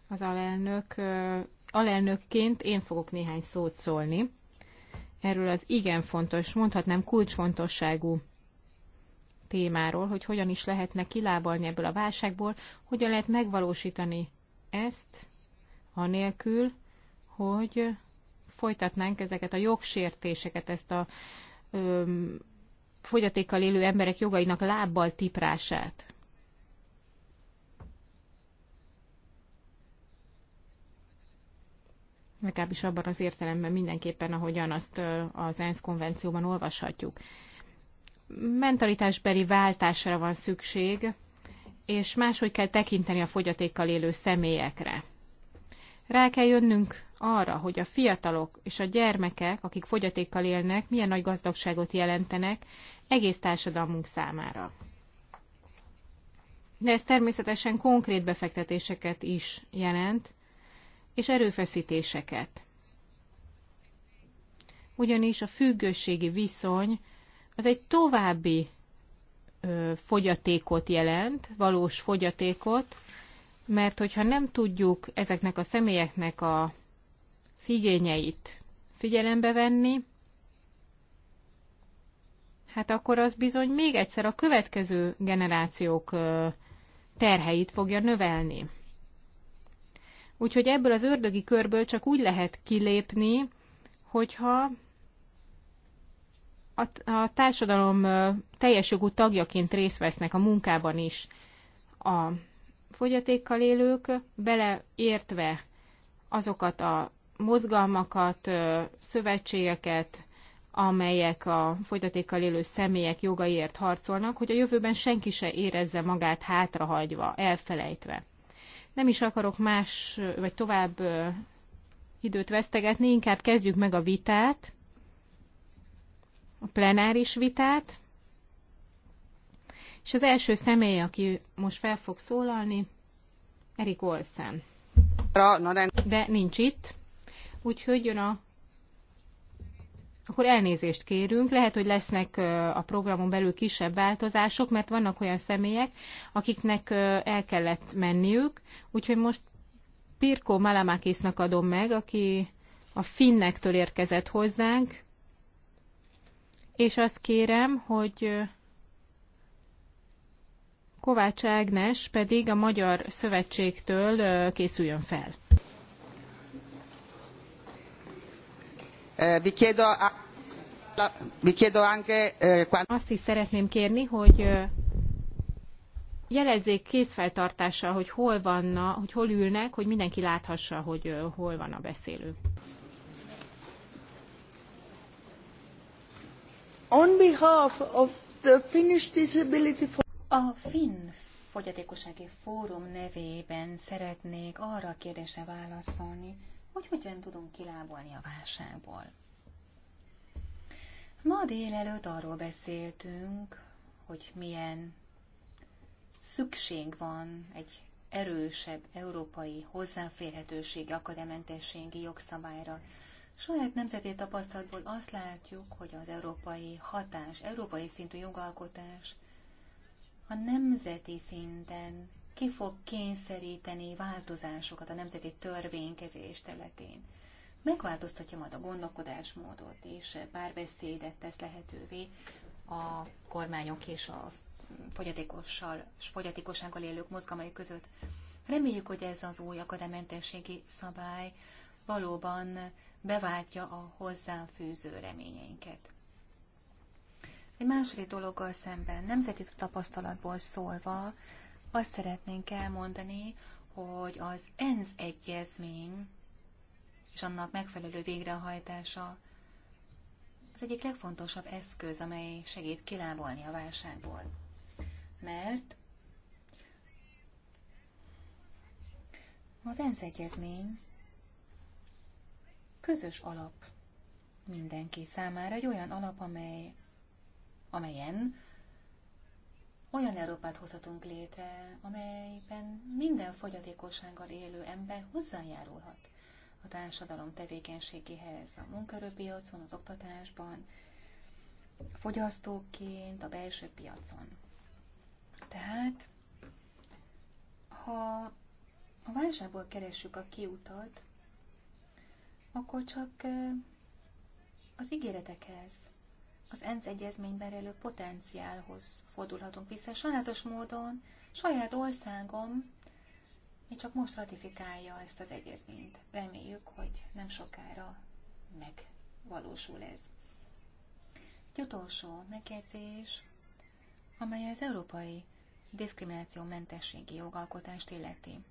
az alelnök, eh, alelnökként én fogok néhány szót szólni erről az igen fontos, mondhatnám kulcsfontosságú témáról, hogy hogyan is lehetne kilábalni ebből a válságból, hogyan lehet megvalósítani ezt, anélkül, hogy folytatnánk ezeket a jogsértéseket, ezt a öm, fogyatékkal élő emberek jogainak lábbal tiprását. legalábbis abban az értelemben mindenképpen, ahogyan azt az ENSZ konvencióban olvashatjuk. Mentalitásbeli váltásra van szükség, és máshogy kell tekinteni a fogyatékkal élő személyekre. Rá kell jönnünk arra, hogy a fiatalok és a gyermekek, akik fogyatékkal élnek, milyen nagy gazdagságot jelentenek egész társadalmunk számára. De ez természetesen konkrét befektetéseket is jelent, és erőfeszítéseket. Ugyanis a függőségi viszony az egy további ö, fogyatékot jelent, valós fogyatékot, mert hogyha nem tudjuk ezeknek a személyeknek a igényeit figyelembe venni, hát akkor az bizony még egyszer a következő generációk terheit fogja növelni. Úgyhogy ebből az ördögi körből csak úgy lehet kilépni, hogyha a, a társadalom teljes jogú tagjaként részt vesznek a munkában is a fogyatékkal élők, beleértve azokat a mozgalmakat, szövetségeket, amelyek a folytatékkal élő személyek jogaiért harcolnak, hogy a jövőben senki se érezze magát hátrahagyva, elfelejtve. Nem is akarok más, vagy tovább időt vesztegetni, inkább kezdjük meg a vitát, a plenáris vitát, és az első személy, aki most fel fog szólalni, Erik Olsen. De nincs itt úgyhogy jön a akkor elnézést kérünk. Lehet, hogy lesznek a programon belül kisebb változások, mert vannak olyan személyek, akiknek el kellett menniük. Úgyhogy most Pirko Malamakisnak adom meg, aki a finnektől érkezett hozzánk, és azt kérem, hogy Kovács Ágnes pedig a Magyar Szövetségtől készüljön fel. Eh, eh, Azt is szeretném kérni, hogy eh, jelezzék kézfeltartással, hogy hol vanna, hogy hol ülnek, hogy mindenki láthassa, hogy hol van a beszélő. On behalf of the Finnish Disability A Finn Fogyatékossági Fórum nevében szeretnék arra a kérdésre válaszolni, hogy hogyan tudunk kilábolni a válságból. Ma délelőtt arról beszéltünk, hogy milyen szükség van egy erősebb európai hozzáférhetőségi, akadementességi jogszabályra. Saját nemzeti tapasztalatból azt látjuk, hogy az európai hatás, európai szintű jogalkotás a nemzeti szinten ki fog kényszeríteni változásokat a nemzeti törvénykezés területén. Megváltoztatja majd a gondolkodásmódot, és párbeszédet tesz lehetővé a kormányok és a fogyatékossal, és fogyatékossággal élők mozgalmai között. Reméljük, hogy ez az új akadementességi szabály valóban beváltja a hozzám fűző reményeinket. Egy második dologgal szemben, nemzeti tapasztalatból szólva, azt szeretnénk elmondani, hogy az ENSZ egyezmény és annak megfelelő végrehajtása az egyik legfontosabb eszköz, amely segít kilábalni a válságból. Mert az ENSZ egyezmény közös alap mindenki számára, egy olyan alap, amely, amelyen olyan Európát hozhatunk létre, amelyben minden fogyatékossággal élő ember hozzájárulhat a társadalom tevékenységéhez, a munkaerőpiacon, az oktatásban, fogyasztóként, a belső piacon. Tehát, ha a válságból keressük a kiutat, akkor csak eh, az ígéretekhez, az ENSZ egyezményben rejlő potenciálhoz fordulhatunk vissza. Sajnálatos módon saját országom még csak most ratifikálja ezt az egyezményt. Reméljük, hogy nem sokára megvalósul ez. Egy utolsó megjegyzés, amely az európai mentességi jogalkotást illeti.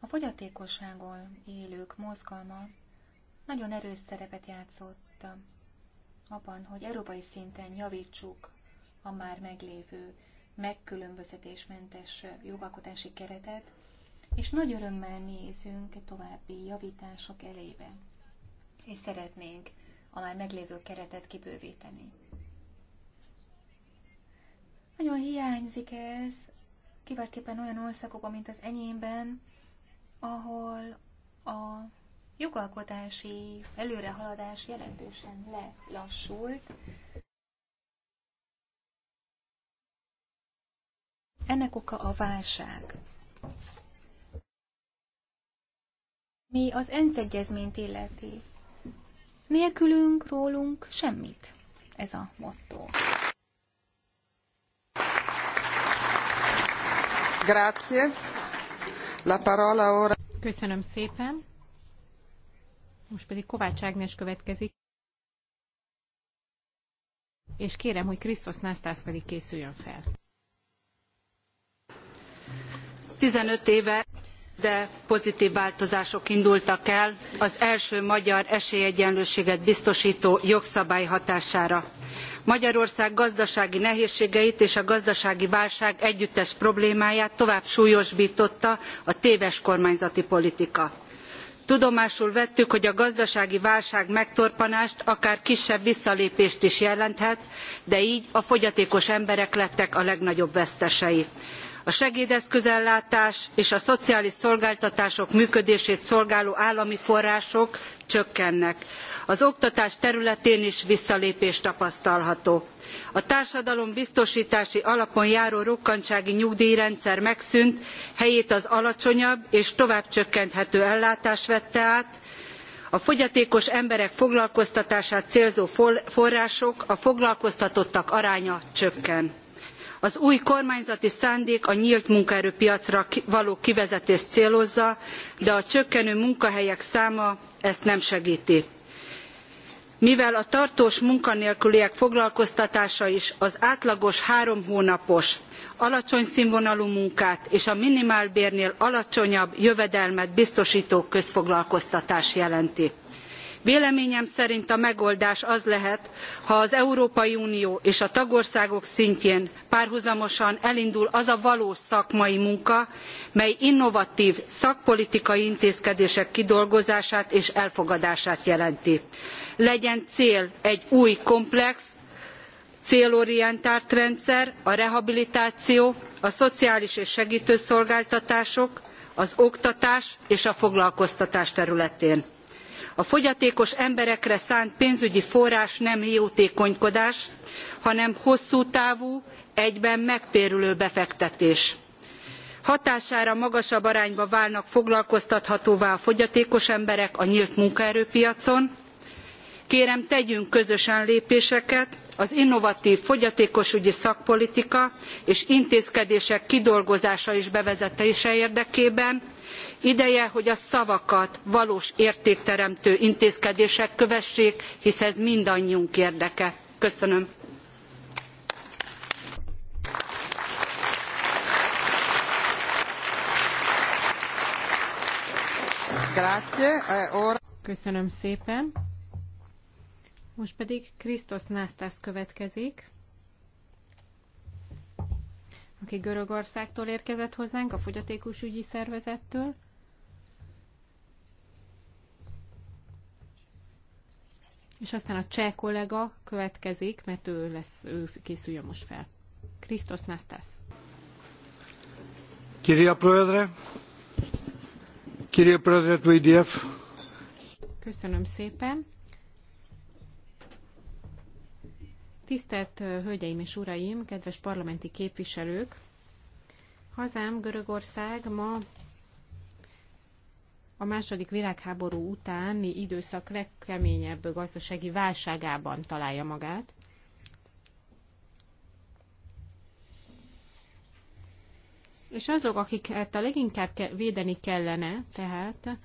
A fogyatékossággal élők mozgalma nagyon erős szerepet játszott abban, hogy európai szinten javítsuk a már meglévő megkülönböztetésmentes jogalkotási keretet, és nagy örömmel nézünk további javítások elébe, és szeretnénk a már meglévő keretet kibővíteni. Nagyon hiányzik ez, kiváltképpen olyan országokban, mint az enyémben, ahol a jogalkotási előrehaladás jelentősen lelassult. Ennek oka a válság. Mi az ENSZ egyezményt illeti. Nélkülünk, rólunk semmit. Ez a motto. Grazie. La parola ora. Köszönöm szépen. Most pedig Kovács Ágnes következik. És kérem, hogy Krisztus Násztász pedig készüljön fel. 15 éve de pozitív változások indultak el az első magyar esélyegyenlőséget biztosító jogszabály hatására. magyarország gazdasági nehézségeit és a gazdasági válság együttes problémáját tovább súlyosbította a téves kormányzati politika tudomásul vettük hogy a gazdasági válság megtorpanást akár kisebb visszalépést is jelenthet de gy a fogyatékos emberek lettek a legnagyobb vesztesei a segédeszközellátás és a szociális szolgáltatások működését szolgáló állami források csökkennek. az oktatás területén is visszalépés tapasztalható. a társadalombiztostási alapon járó rokkantsági nyugdjrendszer megszűnt helyét az alacsonyabb és tovább csökkenthető ellátás vette át a fogyatékos emberek foglalkoztatását célzó források a foglalkoztatottak aránya csökken. Az új kormányzati szándék a nyílt munkaerőpiacra való kivezetést célozza, de a csökkenő munkahelyek száma ezt nem segíti. Mivel a tartós munkanélküliek foglalkoztatása is az átlagos három hónapos alacsony színvonalú munkát és a minimálbérnél alacsonyabb jövedelmet biztosító közfoglalkoztatás jelenti véleményem szerint a megoldás az lehet ha az európai unió és a tagországok szintjén párhuzamosan elindul az a valós szakmai munka mely innovatv szakpolitikai intézkedések kidolgozását és elfogadását jelenti. legyen cél egy új komplex célorientált rendszer a rehabilitáció a szociális és szolgáltatások, az oktatás és a foglalkoztatás területén a fogyatékos emberekre szánt pénzügyi forrás nem jótékonykodás hanem hosszú távú egyben megtérülő befektetés hatására magasabb arányba válnak foglalkoztathatóvá a fogyatékos emberek a nyílt munkaerőpiacon kérem tegyünk közösen lépéseket az innovatv fogyatékosügyi szakpolitika és intézkedések kidolgozása és bevezetése érdekében Ideje, hogy a szavakat valós értékteremtő intézkedések kövessék, hisz ez mindannyiunk érdeke. Köszönöm. Eh, Köszönöm szépen. Most pedig Krisztos Násztász következik, aki Görögországtól érkezett hozzánk, a fogyatékos ügyi szervezettől. És aztán a cseh kollega következik, mert ő lesz, ő készüljön most fel. Krisztos Nastas. Kiria Prodre. Kiria Prodre, TVDF. E Köszönöm szépen. Tisztelt Hölgyeim és Uraim, kedves parlamenti képviselők! Hazám Görögország ma a második világháború utáni időszak legkeményebb gazdasági válságában találja magát. És azok, akiket a leginkább védeni kellene, tehát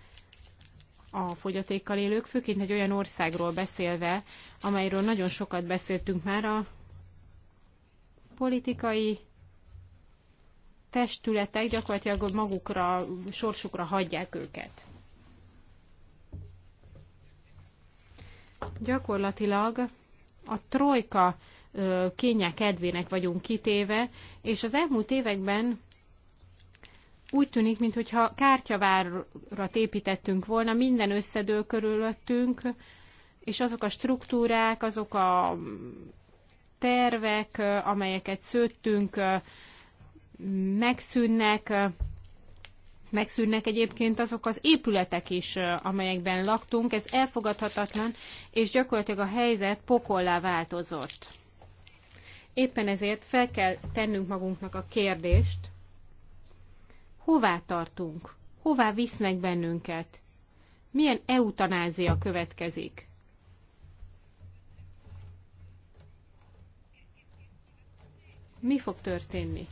a fogyatékkal élők, főként egy olyan országról beszélve, amelyről nagyon sokat beszéltünk már a politikai testületek gyakorlatilag magukra, sorsukra hagyják őket. Gyakorlatilag a trojka kénye kedvének vagyunk kitéve, és az elmúlt években úgy tűnik, mintha kártyavárra építettünk volna, minden összedől körülöttünk, és azok a struktúrák, azok a tervek, amelyeket szőttünk, megszűnnek, megszűnnek egyébként azok az épületek is, amelyekben laktunk. Ez elfogadhatatlan, és gyakorlatilag a helyzet pokollá változott. Éppen ezért fel kell tennünk magunknak a kérdést, hová tartunk, hová visznek bennünket, milyen eutanázia következik. Mi fog történni?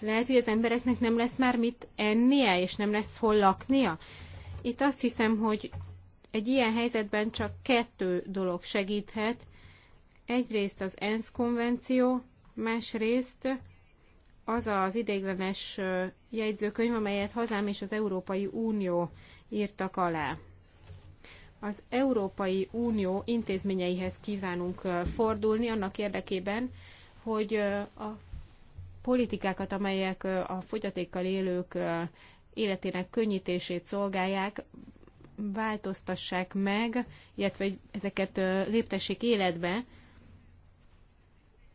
Lehet, hogy az embereknek nem lesz már mit ennie, és nem lesz hol laknia. Itt azt hiszem, hogy egy ilyen helyzetben csak kettő dolog segíthet. Egyrészt az ENSZ konvenció, másrészt az az ideiglenes jegyzőkönyv, amelyet hazám és az Európai Unió írtak alá. Az Európai Unió intézményeihez kívánunk fordulni annak érdekében, hogy a politikákat, amelyek a fogyatékkal élők életének könnyítését szolgálják, változtassák meg, illetve ezeket léptessék életbe.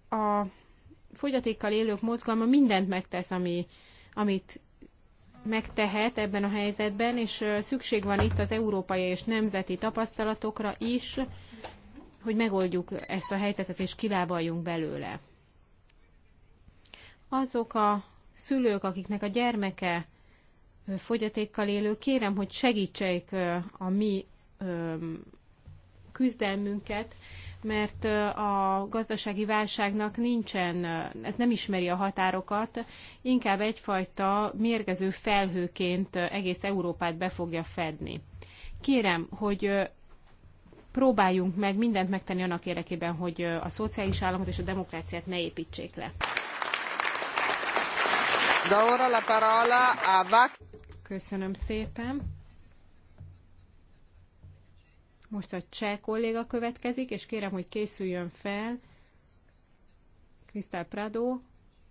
A fogyatékkal élők mozgalma mindent megtesz, ami, amit megtehet ebben a helyzetben, és szükség van itt az európai és nemzeti tapasztalatokra is, hogy megoldjuk ezt a helyzetet és kilábaljunk belőle azok a szülők, akiknek a gyermeke fogyatékkal élő, kérem, hogy segítsék a mi küzdelmünket, mert a gazdasági válságnak nincsen, ez nem ismeri a határokat, inkább egyfajta mérgező felhőként egész Európát be fogja fedni. Kérem, hogy próbáljunk meg mindent megtenni annak érdekében, hogy a szociális államot és a demokráciát ne építsék le. Köszönöm szépen. Most a cseh kolléga következik, és kérem, hogy készüljön fel Krisztál Prado,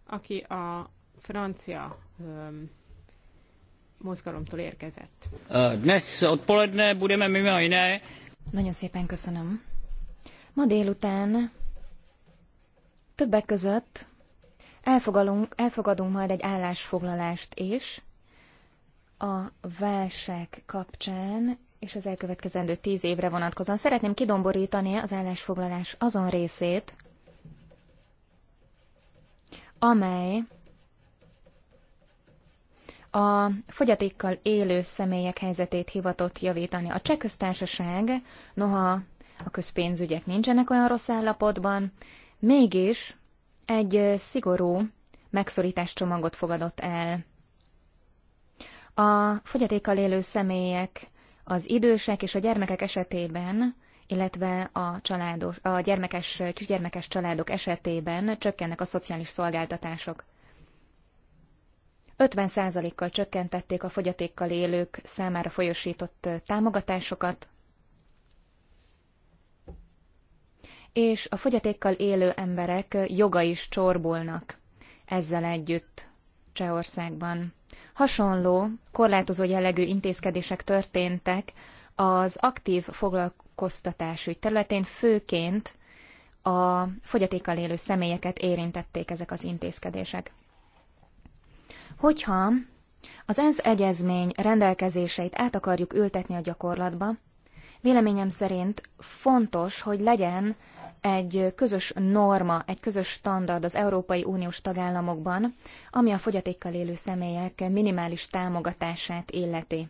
aki a francia um, mozgalomtól érkezett. Dnes odpoledne budeme mimo jiné. Nagyon szépen köszönöm. Ma délután többek között Elfogadunk, elfogadunk majd egy állásfoglalást is a válság kapcsán és az elkövetkezendő tíz évre vonatkozóan. Szeretném kidomborítani az állásfoglalás azon részét, amely a fogyatékkal élő személyek helyzetét hivatott javítani. A cseh köztársaság, noha a közpénzügyek nincsenek olyan rossz állapotban, mégis egy szigorú megszorítás csomagot fogadott el. A fogyatékkal élő személyek, az idősek és a gyermekek esetében, illetve a, családos, a gyermekes, kisgyermekes családok esetében csökkennek a szociális szolgáltatások. 50%-kal csökkentették a fogyatékkal élők számára folyosított támogatásokat, és a fogyatékkal élő emberek joga is csorbulnak ezzel együtt Csehországban. Hasonló, korlátozó jellegű intézkedések történtek az aktív ügy területén, főként a fogyatékkal élő személyeket érintették ezek az intézkedések. Hogyha az ENSZ egyezmény rendelkezéseit át akarjuk ültetni a gyakorlatba, véleményem szerint fontos, hogy legyen egy közös norma, egy közös standard az Európai Uniós tagállamokban, ami a fogyatékkal élő személyek minimális támogatását illeti.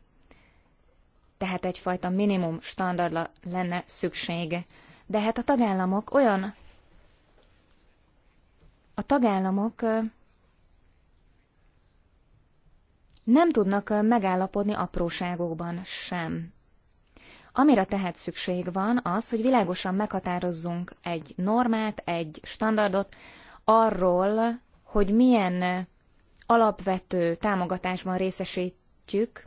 Tehát egyfajta minimum standardra lenne szükség. De hát a tagállamok olyan... A tagállamok nem tudnak megállapodni apróságokban sem. Amire tehát szükség van az, hogy világosan meghatározzunk egy normát, egy standardot arról, hogy milyen alapvető támogatásban részesítjük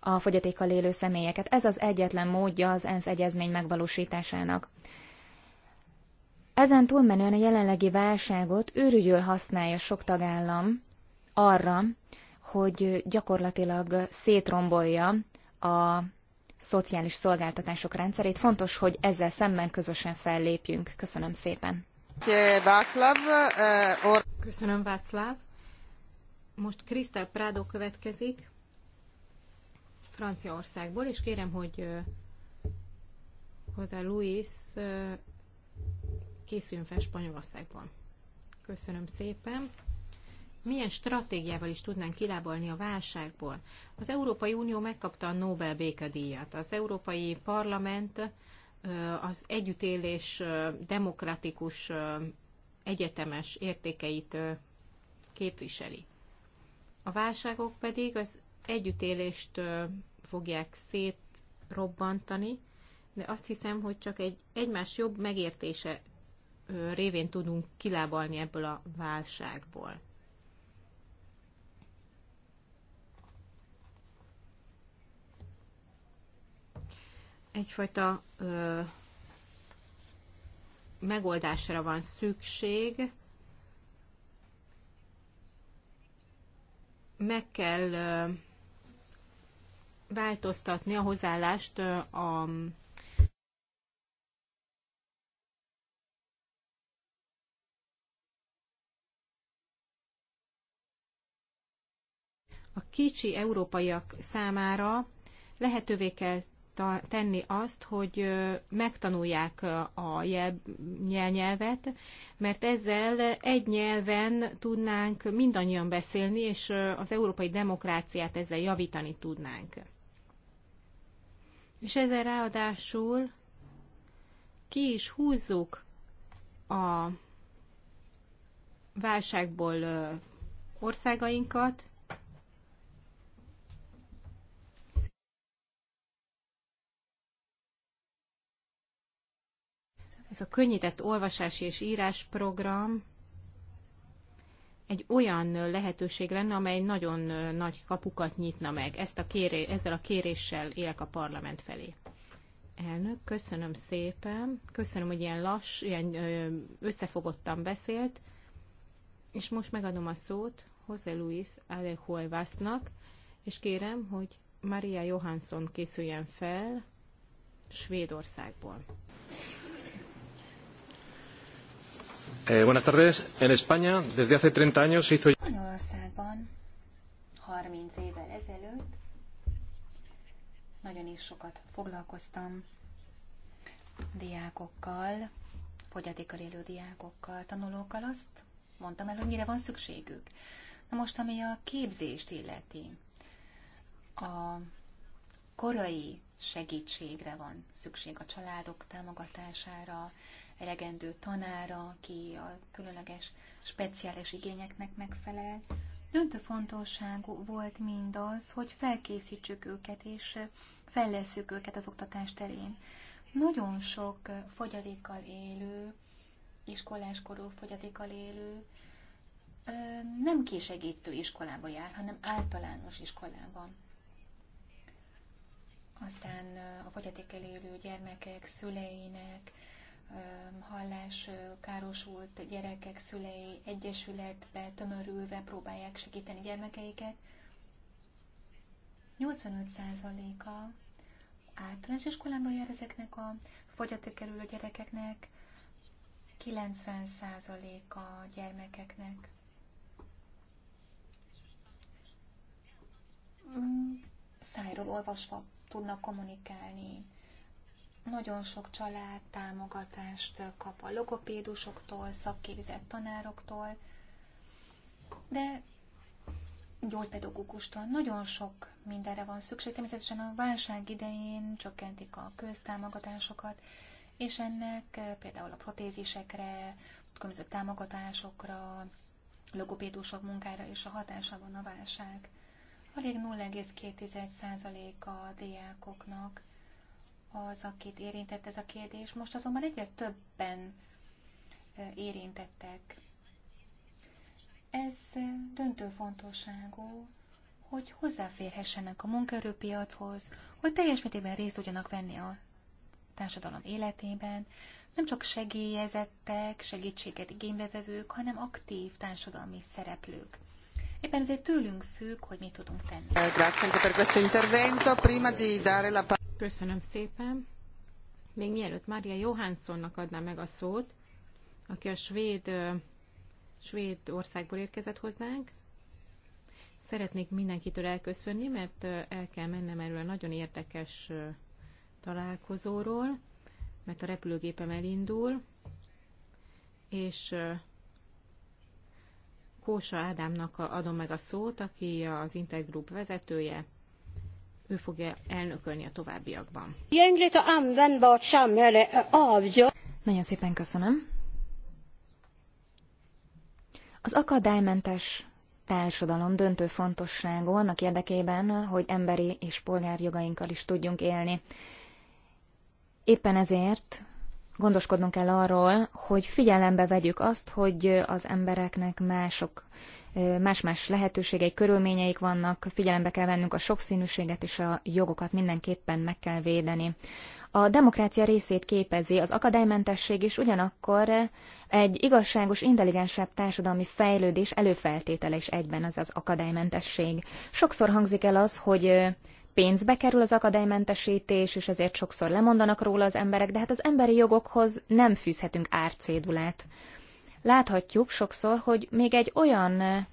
a fogyatékkal élő személyeket. Ez az egyetlen módja az ENSZ egyezmény megvalósításának. Ezen túlmenően a jelenlegi válságot őrügyül használja sok tagállam arra, hogy gyakorlatilag szétrombolja a szociális szolgáltatások rendszerét. Fontos, hogy ezzel szemben közösen fellépjünk. Köszönöm szépen. Köszönöm, Václav. Most Krisztel Prádó következik Franciaországból, és kérem, hogy hozzá Luis készüljön fel Spanyolországban. Köszönöm szépen milyen stratégiával is tudnánk kilábalni a válságból. Az Európai Unió megkapta a Nobel békedíjat. Az Európai Parlament az együttélés demokratikus egyetemes értékeit képviseli. A válságok pedig az együttélést fogják szétrobbantani, de azt hiszem, hogy csak egy egymás jobb megértése révén tudunk kilábalni ebből a válságból. egyfajta ö, megoldásra van szükség. Meg kell ö, változtatni a hozzáállást ö, a a kicsi európaiak számára lehetővé kell tenni azt, hogy megtanulják a jel, jelnyelvet, mert ezzel egy nyelven tudnánk mindannyian beszélni, és az európai demokráciát ezzel javítani tudnánk. És ezzel ráadásul ki is húzzuk a válságból országainkat, Ez a könnyített olvasási és írás program egy olyan lehetőség lenne, amely nagyon nagy kapukat nyitna meg. Ezt a kéré, ezzel a kéréssel élek a parlament felé. Elnök, köszönöm szépen. Köszönöm, hogy ilyen lass, ilyen összefogottan beszélt. És most megadom a szót José Luis Alejuelvásznak, és kérem, hogy Maria Johansson készüljen fel Svédországból. Eh, buenas tardes. En España, desde hace 30 años se hizo... Spanyolországban 30 évvel ezelőtt nagyon is sokat foglalkoztam diákokkal, fogyatékkal élő diákokkal, tanulókkal, azt mondtam el, hogy mire van szükségük. Na most, ami a képzést illeti, a korai segítségre van szükség a családok támogatására, elegendő tanára, aki a különleges, speciális igényeknek megfelel. Döntő fontosságú volt mindaz, hogy felkészítsük őket és fejlesszük őket az oktatás terén. Nagyon sok fogyatékkal élő, iskoláskorú fogyatékkal élő nem kisegítő iskolába jár, hanem általános iskolában. Aztán a fogyatékkel élő gyermekek, szüleinek, hallás károsult gyerekek szülei egyesületbe tömörülve próbálják segíteni gyermekeiket. 85%-a általános iskolában jár ezeknek a fogyatékkerülő gyerekeknek, 90%-a gyermekeknek. Szájról olvasva tudnak kommunikálni, nagyon sok család támogatást kap a logopédusoktól, szakképzett tanároktól, de gyógypedagógustól nagyon sok mindenre van szükség. Természetesen a válság idején csökkentik a köztámogatásokat, és ennek eh, például a protézisekre, különböző támogatásokra, logopédusok munkára és a hatása van a válság. Alig 0,2% a diákoknak az, akit érintett ez a kérdés. Most azonban egyre többen érintettek. Ez döntő fontosságú, hogy hozzáférhessenek a munkaerőpiachoz, hogy teljes mértékben részt tudjanak venni a társadalom életében, nem csak segélyezettek, segítséget igénybevevők, hanem aktív társadalmi szereplők. Éppen ezért tőlünk függ, hogy mit tudunk tenni. Köszönöm szépen. Még mielőtt Mária Johanssonnak adnám meg a szót, aki a svéd, svéd országból érkezett hozzánk, szeretnék mindenkitől elköszönni, mert el kell mennem erről a nagyon érdekes találkozóról, mert a repülőgépem elindul, és Kósa Ádámnak adom meg a szót, aki az Intergroup vezetője, ő fogja elnökölni a továbbiakban. Nagyon szépen köszönöm. Az akadálymentes társadalom döntő fontosságú annak érdekében, hogy emberi és polgárjogainkkal is tudjunk élni. Éppen ezért gondoskodnunk kell arról, hogy figyelembe vegyük azt, hogy az embereknek mások más-más lehetőségeik, körülményeik vannak, figyelembe kell vennünk a sokszínűséget és a jogokat mindenképpen meg kell védeni. A demokrácia részét képezi az akadálymentesség is, ugyanakkor egy igazságos, intelligensebb társadalmi fejlődés előfeltétele is egyben, az az akadálymentesség. Sokszor hangzik el az, hogy pénzbe kerül az akadálymentesítés, és ezért sokszor lemondanak róla az emberek, de hát az emberi jogokhoz nem fűzhetünk árcédulát láthatjuk sokszor, hogy még egy olyan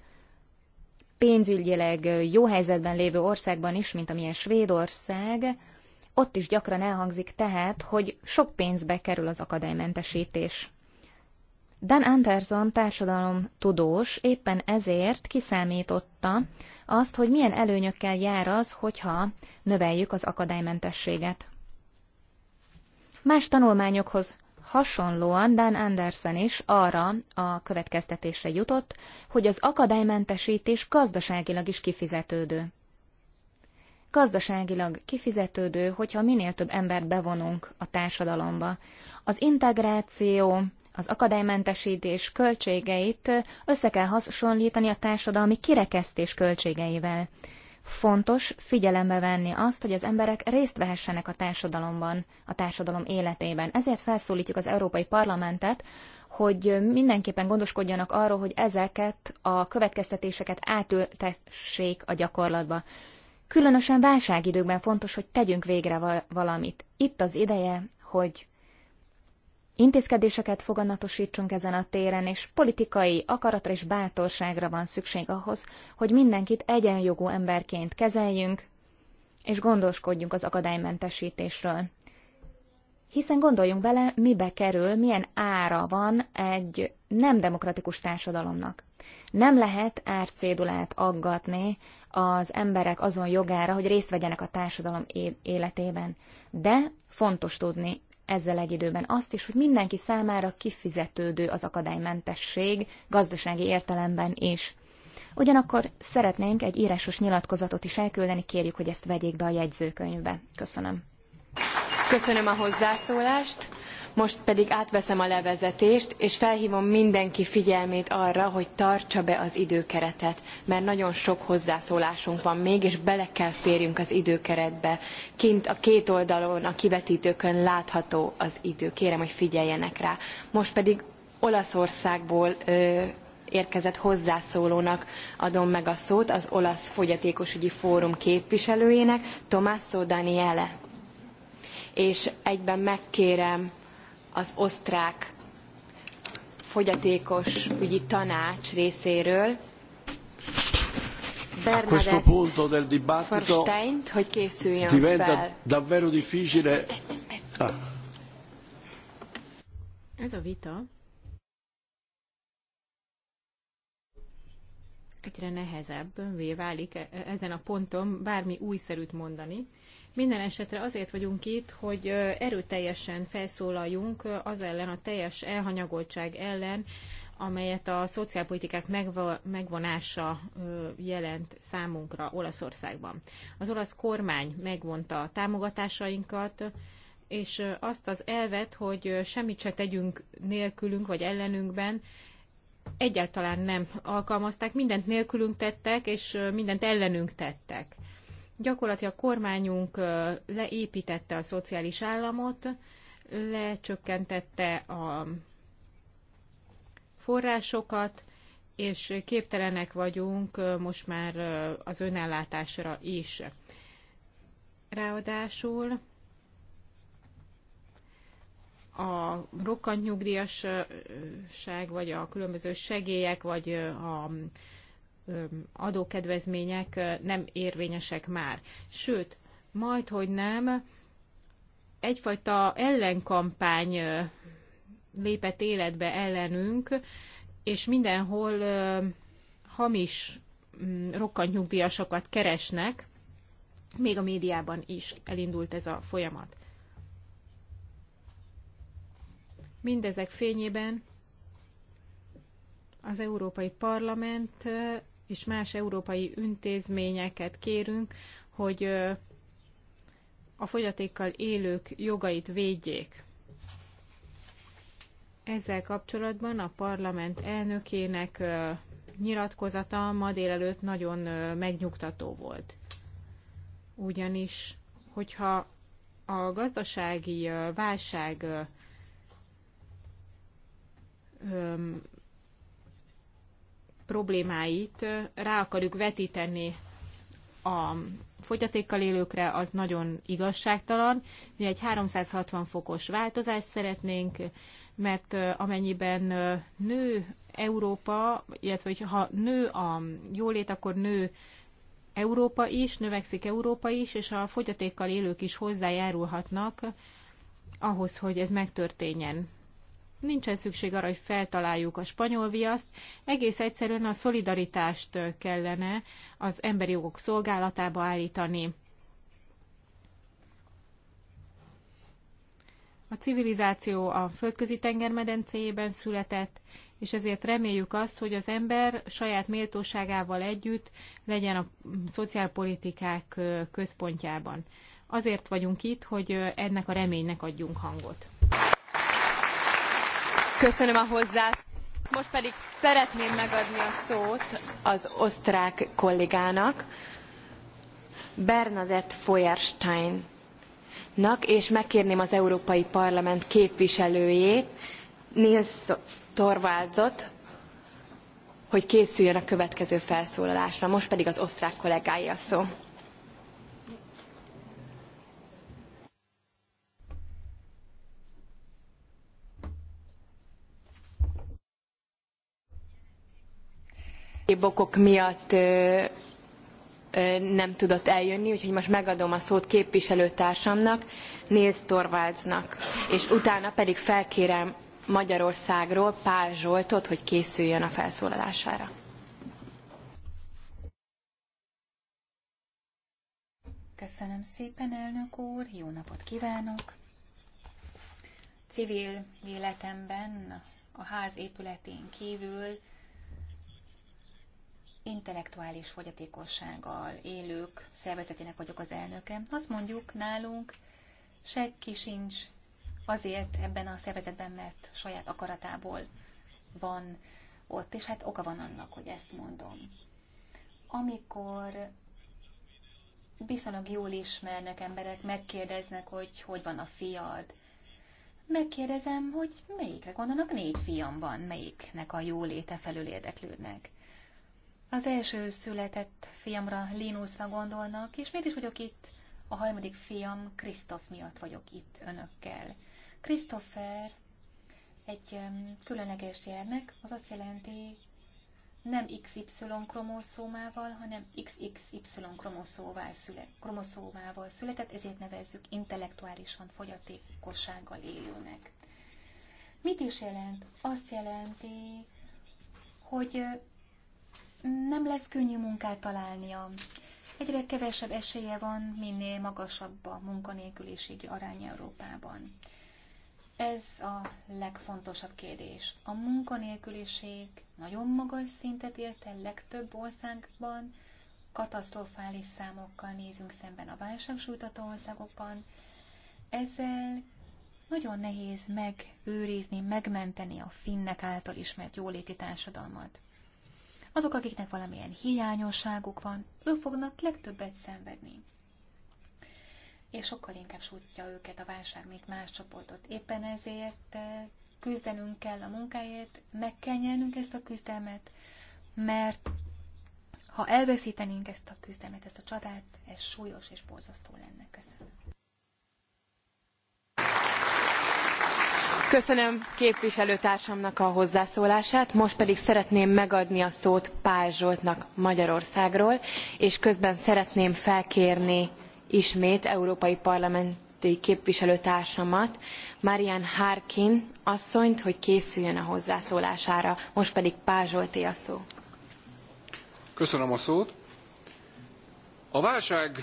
pénzügyileg jó helyzetben lévő országban is, mint amilyen Svédország, ott is gyakran elhangzik tehát, hogy sok pénzbe kerül az akadálymentesítés. Dan Anderson társadalom tudós éppen ezért kiszámította azt, hogy milyen előnyökkel jár az, hogyha növeljük az akadálymentességet. Más tanulmányokhoz Hasonlóan Dan Anderson is arra a következtetésre jutott, hogy az akadálymentesítés gazdaságilag is kifizetődő. Gazdaságilag kifizetődő, hogyha minél több embert bevonunk a társadalomba. Az integráció, az akadálymentesítés költségeit össze kell hasonlítani a társadalmi kirekesztés költségeivel. Fontos figyelembe venni azt, hogy az emberek részt vehessenek a társadalomban, a társadalom életében. Ezért felszólítjuk az Európai Parlamentet, hogy mindenképpen gondoskodjanak arról, hogy ezeket a következtetéseket átültessék a gyakorlatba. Különösen válságidőkben fontos, hogy tegyünk végre valamit. Itt az ideje, hogy intézkedéseket foganatosítsunk ezen a téren, és politikai akaratra és bátorságra van szükség ahhoz, hogy mindenkit egyenjogú emberként kezeljünk, és gondoskodjunk az akadálymentesítésről. Hiszen gondoljunk bele, mibe kerül, milyen ára van egy nem demokratikus társadalomnak. Nem lehet árcédulát aggatni az emberek azon jogára, hogy részt vegyenek a társadalom életében. De fontos tudni, ezzel egy időben azt is, hogy mindenki számára kifizetődő az akadálymentesség gazdasági értelemben is. Ugyanakkor szeretnénk egy írásos nyilatkozatot is elküldeni, kérjük, hogy ezt vegyék be a jegyzőkönyvbe. Köszönöm. Köszönöm a hozzászólást. Most pedig átveszem a levezetést, és felhívom mindenki figyelmét arra, hogy tartsa be az időkeretet, mert nagyon sok hozzászólásunk van még, és bele kell férjünk az időkeretbe. Kint a két oldalon, a kivetítőkön látható az idő. Kérem, hogy figyeljenek rá. Most pedig Olaszországból ö, érkezett hozzászólónak adom meg a szót, az Olasz Fogyatékosügyi Fórum képviselőjének, Tomasso Daniele. És egyben megkérem az osztrák fogyatékos ügyi tanács részéről Bernadette Forsteint, hogy készüljön diventa davvero difficile. Ah. Ez a vita egyre nehezebb válik e- e- ezen a ponton bármi újszerűt mondani, minden esetre azért vagyunk itt, hogy erőteljesen felszólaljunk az ellen, a teljes elhanyagoltság ellen, amelyet a szociálpolitikák megvonása jelent számunkra Olaszországban. Az olasz kormány megvonta a támogatásainkat, és azt az elvet, hogy semmit se tegyünk nélkülünk vagy ellenünkben, egyáltalán nem alkalmazták, mindent nélkülünk tettek, és mindent ellenünk tettek. Gyakorlatilag a kormányunk leépítette a szociális államot, lecsökkentette a forrásokat, és képtelenek vagyunk most már az önellátásra is. Ráadásul a rokkant nyugdíjasság, vagy a különböző segélyek, vagy a adókedvezmények nem érvényesek már. Sőt, majd, hogy nem, egyfajta ellenkampány lépett életbe ellenünk, és mindenhol hamis mm, rokkantnyugdíjasokat keresnek, még a médiában is elindult ez a folyamat. Mindezek fényében az Európai Parlament és más európai intézményeket kérünk, hogy a fogyatékkal élők jogait védjék. Ezzel kapcsolatban a parlament elnökének nyilatkozata ma délelőtt nagyon megnyugtató volt. Ugyanis, hogyha a gazdasági válság problémáit rá akarjuk vetíteni a fogyatékkal élőkre, az nagyon igazságtalan. Mi egy 360 fokos változást szeretnénk, mert amennyiben nő Európa, illetve ha nő a jólét, akkor nő Európa is, növekszik Európa is, és a fogyatékkal élők is hozzájárulhatnak ahhoz, hogy ez megtörténjen. Nincsen szükség arra, hogy feltaláljuk a spanyol viaszt, egész egyszerűen a szolidaritást kellene az emberi jogok szolgálatába állítani. A civilizáció a földközi tengermedencéjében született, és ezért reméljük azt, hogy az ember saját méltóságával együtt legyen a szociálpolitikák központjában. Azért vagyunk itt, hogy ennek a reménynek adjunk hangot. Köszönöm a hozzászólást. Most pedig szeretném megadni a szót az osztrák kollégának, Bernadett Feuersteinnak, és megkérném az Európai Parlament képviselőjét, Nils Torvaldzot, hogy készüljön a következő felszólalásra. Most pedig az osztrák kollégája szó. Ébb okok miatt nem tudott eljönni, úgyhogy most megadom a szót képviselőtársamnak, Nils Torvaldsnak, és utána pedig felkérem Magyarországról Pál Zsoltot, hogy készüljön a felszólalására. Köszönöm szépen, elnök úr, jó napot kívánok! Civil életemben a ház épületén kívül intellektuális fogyatékossággal élők szervezetének vagyok az elnöke. Azt mondjuk nálunk, senki sincs azért ebben a szervezetben, mert saját akaratából van ott, és hát oka van annak, hogy ezt mondom. Amikor viszonylag jól ismernek emberek, megkérdeznek, hogy hogy van a fiad, megkérdezem, hogy melyikre gondolnak, négy fiam van, melyiknek a jóléte felül érdeklődnek. Az első született fiamra, Linusra gondolnak, és miért is vagyok itt? A harmadik fiam, Krisztof miatt vagyok itt önökkel. Christopher egy különleges gyermek, az azt jelenti, nem XY kromoszómával, hanem XXY kromoszómával született, ezért nevezzük intellektuálisan fogyatékossággal élőnek. Mit is jelent? Azt jelenti, hogy nem lesz könnyű munkát találnia. Egyre kevesebb esélye van, minél magasabb a munkanélküliségi arány Európában. Ez a legfontosabb kérdés. A munkanélküliség nagyon magas szintet ért el legtöbb országban, katasztrofális számokkal nézünk szemben a válság országokban. Ezzel nagyon nehéz megőrizni, megmenteni a finnek által ismert jóléti társadalmat. Azok, akiknek valamilyen hiányosságuk van, ők fognak legtöbbet szenvedni. És sokkal inkább sújtja őket a válság, mint más csoportot. Éppen ezért eh, küzdenünk kell a munkáért, meg kell nyernünk ezt a küzdelmet, mert ha elveszítenénk ezt a küzdelmet, ezt a csatát, ez súlyos és borzasztó lenne. Köszönöm. Köszönöm képviselőtársamnak a hozzászólását, most pedig szeretném megadni a szót Pál Zsoltnak Magyarországról, és közben szeretném felkérni ismét európai parlamenti képviselőtársamat, Marian Harkin asszonyt, hogy készüljön a hozzászólására. Most pedig Pál Zsolté a szó. Köszönöm a szót. A válság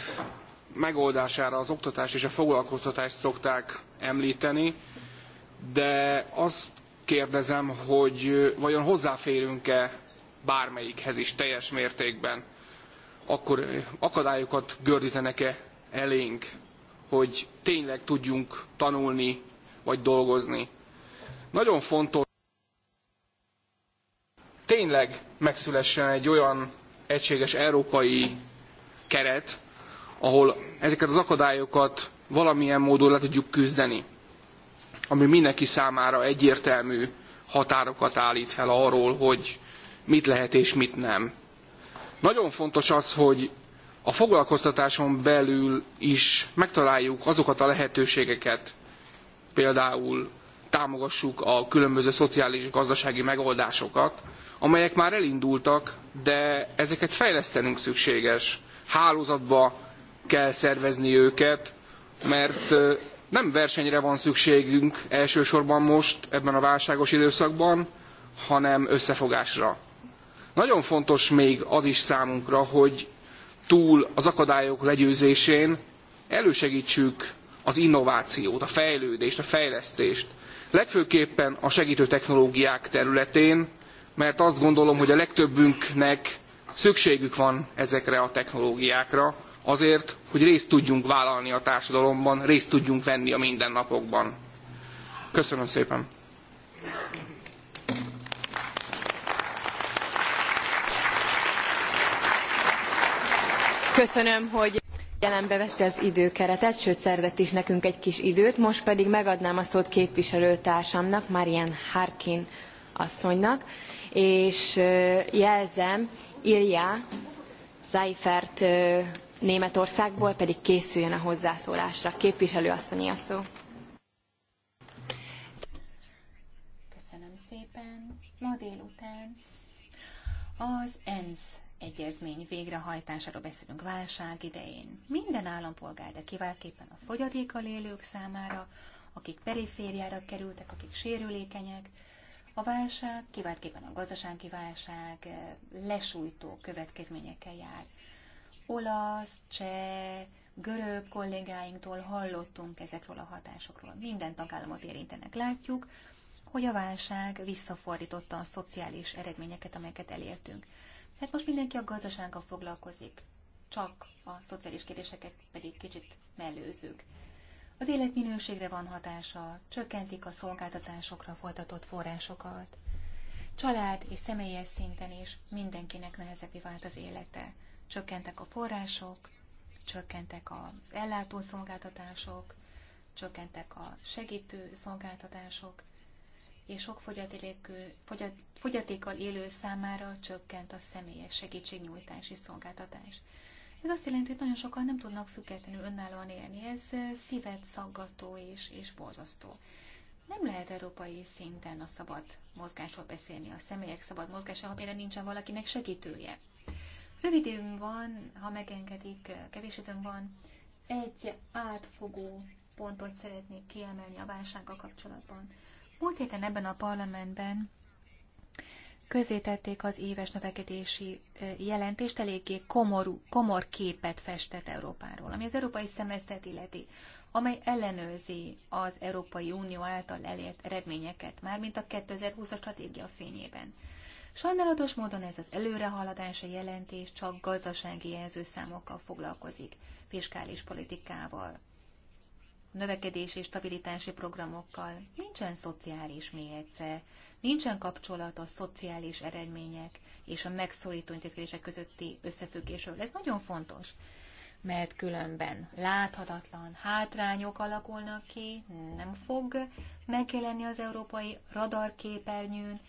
megoldására az oktatás és a foglalkoztatást szokták említeni, de azt kérdezem, hogy vajon hozzáférünk-e bármelyikhez is teljes mértékben, akkor akadályokat gördítenek-e elénk, hogy tényleg tudjunk tanulni vagy dolgozni. Nagyon fontos, tényleg megszülessen egy olyan egységes európai keret, ahol ezeket az akadályokat valamilyen módon le tudjuk küzdeni ami mindenki számára egyértelmű határokat állít fel arról, hogy mit lehet és mit nem. Nagyon fontos az, hogy a foglalkoztatáson belül is megtaláljuk azokat a lehetőségeket, például támogassuk a különböző szociális és gazdasági megoldásokat, amelyek már elindultak, de ezeket fejlesztenünk szükséges. Hálózatba kell szervezni őket, mert nem versenyre van szükségünk elsősorban most ebben a válságos időszakban, hanem összefogásra. Nagyon fontos még az is számunkra, hogy túl az akadályok legyőzésén elősegítsük az innovációt, a fejlődést, a fejlesztést. Legfőképpen a segítő technológiák területén, mert azt gondolom, hogy a legtöbbünknek szükségük van ezekre a technológiákra, azért, hogy részt tudjunk vállalni a társadalomban, részt tudjunk venni a mindennapokban. Köszönöm szépen! Köszönöm, hogy figyelembe vette az időkeretet, sőt szerzett is nekünk egy kis időt, most pedig megadnám a szót képviselőtársamnak, Marian Harkin asszonynak, és jelzem Ilja Seifert Németországból pedig készüljön a hozzászólásra. Képviselő asszonyi a szó. Köszönöm szépen. Ma délután az ENSZ egyezmény végrehajtásáról beszélünk válság idején. Minden állampolgár, de kiválképpen a fogyatékkal élők számára, akik perifériára kerültek, akik sérülékenyek, a válság, kiváltképpen a gazdasági válság eh, lesújtó következményekkel jár olasz, cseh, görög kollégáinktól hallottunk ezekről a hatásokról. Minden tagállamot érintenek. Látjuk, hogy a válság visszafordította a szociális eredményeket, amelyeket elértünk. Hát most mindenki a gazdasággal foglalkozik, csak a szociális kérdéseket pedig kicsit mellőzzük. Az életminőségre van hatása, csökkentik a szolgáltatásokra folytatott forrásokat. Család és személyes szinten is mindenkinek nehezebbé vált az élete csökkentek a források, csökkentek az ellátó szolgáltatások, csökkentek a segítő szolgáltatások, és sok fogyat, fogyatékkal élő számára csökkent a személyes segítségnyújtási szolgáltatás. Ez azt jelenti, hogy nagyon sokan nem tudnak függetlenül önállóan élni. Ez szívet szaggató és, és borzasztó. Nem lehet európai szinten a szabad mozgásról beszélni, a személyek szabad mozgásáról, amire nincsen valakinek segítője. Rövid időm van, ha megengedik, kevés időm van. Egy átfogó pontot szeretnék kiemelni a válsággal kapcsolatban. Múlt héten ebben a parlamentben közzétették az éves növekedési jelentést, eléggé komorú, komor képet festett Európáról, ami az európai szemesztet illeti, amely ellenőrzi az Európai Unió által elért eredményeket, mármint a 2020-as stratégia fényében. Sajnálatos módon ez az előrehaladása jelentés csak gazdasági jelzőszámokkal foglalkozik, fiskális politikával, növekedési és stabilitási programokkal, nincsen szociális mélyegyszer, nincsen kapcsolat a szociális eredmények és a megszólító intézkedések közötti összefüggésről. Ez nagyon fontos, mert különben láthatatlan hátrányok alakulnak ki, nem fog megjelenni az európai radarképernyőn,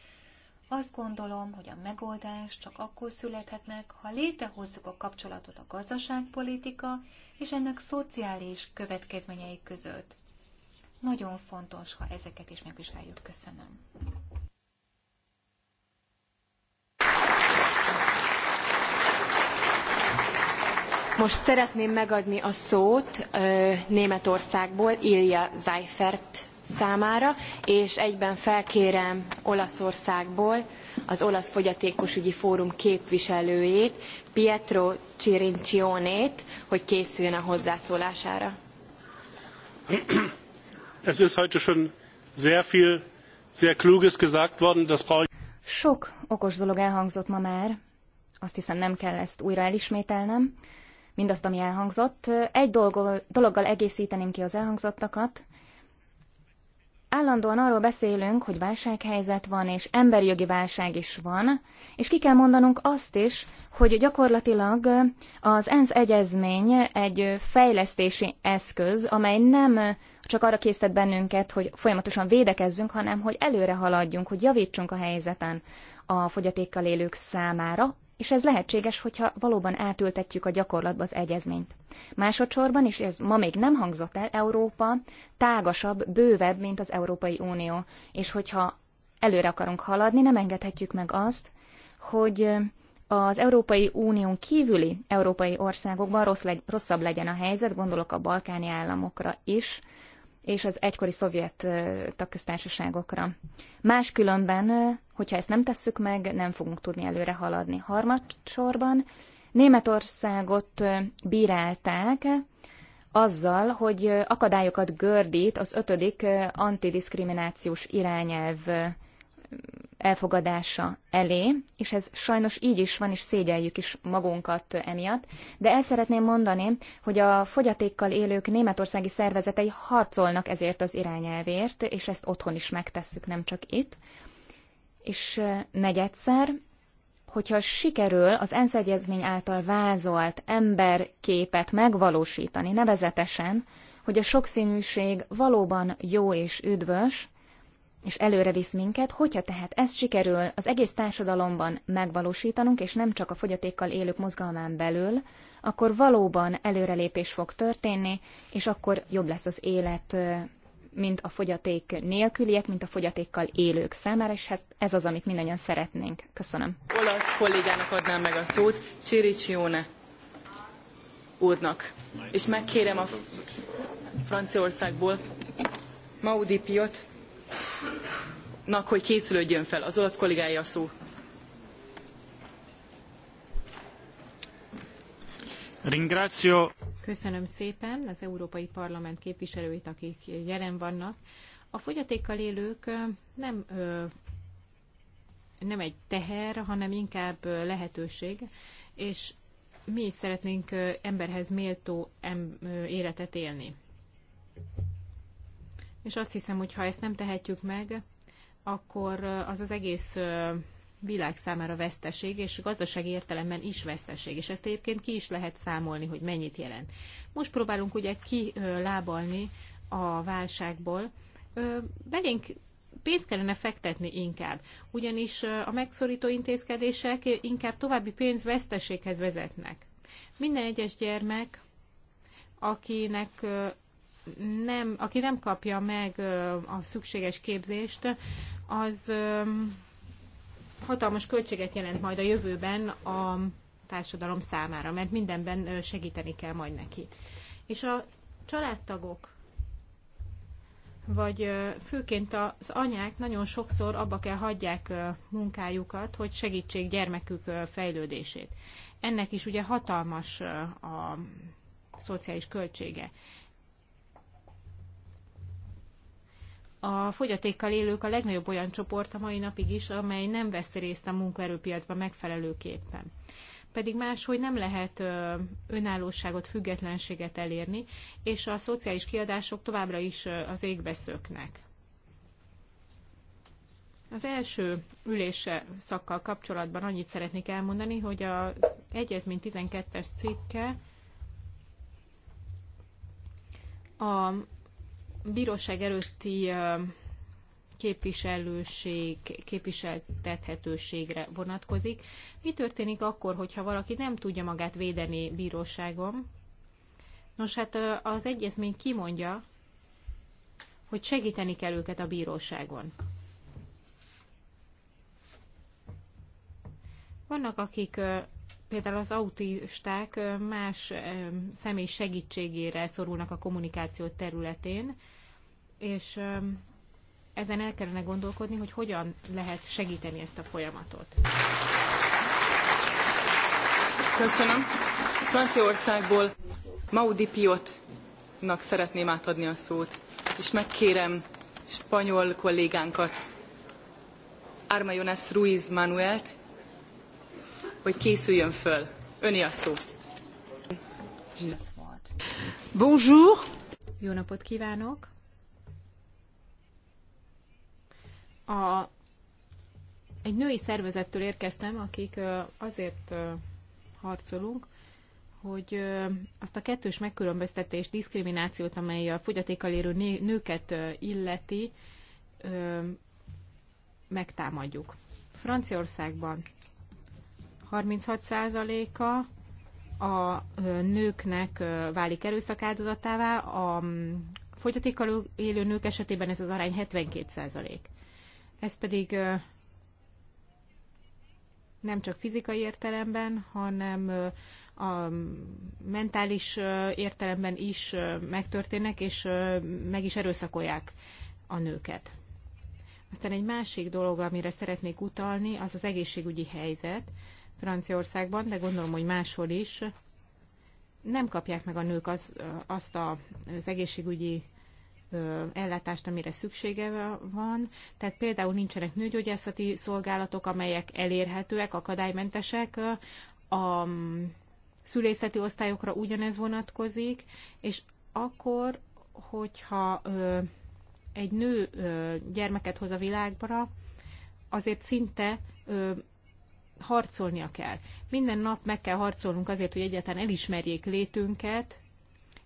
azt gondolom, hogy a megoldás csak akkor születhet meg, ha létrehozzuk a kapcsolatot a gazdaságpolitika és ennek szociális következményei között. Nagyon fontos, ha ezeket is megvizsgáljuk. Köszönöm. Most szeretném megadni a szót Németországból Ilja Seifert számára, és egyben felkérem Olaszországból az Olasz Fogyatékosügyi Fórum képviselőjét, Pietro Cirinccionét, hogy készüljön a hozzászólására. Es ist heute schon sehr viel, sehr kluges gesagt worden, das brauche sok okos dolog elhangzott ma már, azt hiszem nem kell ezt újra elismételnem, mindazt, ami elhangzott. Egy dologgal egészíteném ki az elhangzottakat, állandóan arról beszélünk, hogy válsághelyzet van, és emberi jogi válság is van, és ki kell mondanunk azt is, hogy gyakorlatilag az ENSZ egyezmény egy fejlesztési eszköz, amely nem csak arra készített bennünket, hogy folyamatosan védekezzünk, hanem hogy előre haladjunk, hogy javítsunk a helyzeten a fogyatékkal élők számára, és ez lehetséges, hogyha valóban átültetjük a gyakorlatba az egyezményt. Másodszorban, és ez ma még nem hangzott el, Európa tágasabb, bővebb, mint az Európai Unió, és hogyha előre akarunk haladni, nem engedhetjük meg azt, hogy az Európai Unión kívüli európai országokban rossz legy- rosszabb legyen a helyzet, gondolok a balkáni államokra is, és az egykori szovjet tagköztársaságokra. Máskülönben, hogyha ezt nem tesszük meg, nem fogunk tudni előre haladni. Harmadsorban Németországot bírálták azzal, hogy akadályokat gördít az ötödik antidiszkriminációs irányelv elfogadása elé, és ez sajnos így is van, és szégyeljük is magunkat emiatt, de el szeretném mondani, hogy a fogyatékkal élők németországi szervezetei harcolnak ezért az irányelvért, és ezt otthon is megtesszük, nem csak itt. És negyedszer, hogyha sikerül az ENSZ egyezmény által vázolt emberképet megvalósítani, nevezetesen, hogy a sokszínűség valóban jó és üdvös, és előre visz minket, hogyha tehát ezt sikerül az egész társadalomban megvalósítanunk, és nem csak a fogyatékkal élők mozgalmán belül, akkor valóban előrelépés fog történni, és akkor jobb lesz az élet mint a fogyaték nélküliek, mint a fogyatékkal élők számára, és ez, ez az, amit mindannyian szeretnénk. Köszönöm. Olasz kollégának adnám meg a szót, Csiricsione úrnak. És megkérem a Franciaországból Maudi Piot, nak, hogy készülődjön fel. Az olasz kollégája a szó. Ringráció. Köszönöm szépen az Európai Parlament képviselőit, akik jelen vannak. A fogyatékkal élők nem, nem egy teher, hanem inkább lehetőség, és mi is szeretnénk emberhez méltó életet élni és azt hiszem, hogy ha ezt nem tehetjük meg, akkor az az egész világ számára veszteség, és gazdasági értelemben is veszteség, és ezt egyébként ki is lehet számolni, hogy mennyit jelent. Most próbálunk ugye kilábalni a válságból, belénk pénzt kellene fektetni inkább, ugyanis a megszorító intézkedések inkább további pénzveszteséghez vezetnek. Minden egyes gyermek, akinek nem, aki nem kapja meg a szükséges képzést, az hatalmas költséget jelent majd a jövőben a társadalom számára, mert mindenben segíteni kell majd neki. És a családtagok, vagy főként az anyák nagyon sokszor abba kell hagyják munkájukat, hogy segítsék gyermekük fejlődését. Ennek is ugye hatalmas a szociális költsége. a fogyatékkal élők a legnagyobb olyan csoport a mai napig is, amely nem vesz részt a munkaerőpiacban megfelelőképpen. Pedig máshogy nem lehet önállóságot, függetlenséget elérni, és a szociális kiadások továbbra is az égbe szöknek. Az első ülése szakkal kapcsolatban annyit szeretnék elmondani, hogy az egyezmény 12-es cikke a bíróság előtti képviselőség, képviseltethetőségre vonatkozik. Mi történik akkor, hogyha valaki nem tudja magát védeni bíróságon? Nos, hát az egyezmény kimondja, hogy segíteni kell őket a bíróságon. Vannak, akik például az autisták más személy segítségére szorulnak a kommunikáció területén, és ezen el kellene gondolkodni, hogy hogyan lehet segíteni ezt a folyamatot. Köszönöm. Franciaországból Maudi Piotnak szeretném átadni a szót, és megkérem spanyol kollégánkat, Jonas Ruiz Manuelt, hogy készüljön föl. Öni a szó. Bonjour! Jó napot kívánok! a, egy női szervezettől érkeztem, akik azért harcolunk, hogy azt a kettős megkülönböztetés, diszkriminációt, amely a fogyatékkal érő nőket illeti, megtámadjuk. Franciaországban 36%-a a nőknek válik erőszak áldozatává, a fogyatékkal élő nők esetében ez az arány 72 százalék. Ez pedig nem csak fizikai értelemben, hanem a mentális értelemben is megtörténnek, és meg is erőszakolják a nőket. Aztán egy másik dolog, amire szeretnék utalni, az az egészségügyi helyzet Franciaországban, de gondolom, hogy máshol is. Nem kapják meg a nők az, azt a, az egészségügyi ellátást, amire szüksége van. Tehát például nincsenek nőgyógyászati szolgálatok, amelyek elérhetőek, akadálymentesek. A szülészeti osztályokra ugyanez vonatkozik, és akkor, hogyha egy nő gyermeket hoz a világra, azért szinte harcolnia kell. Minden nap meg kell harcolnunk azért, hogy egyáltalán elismerjék létünket,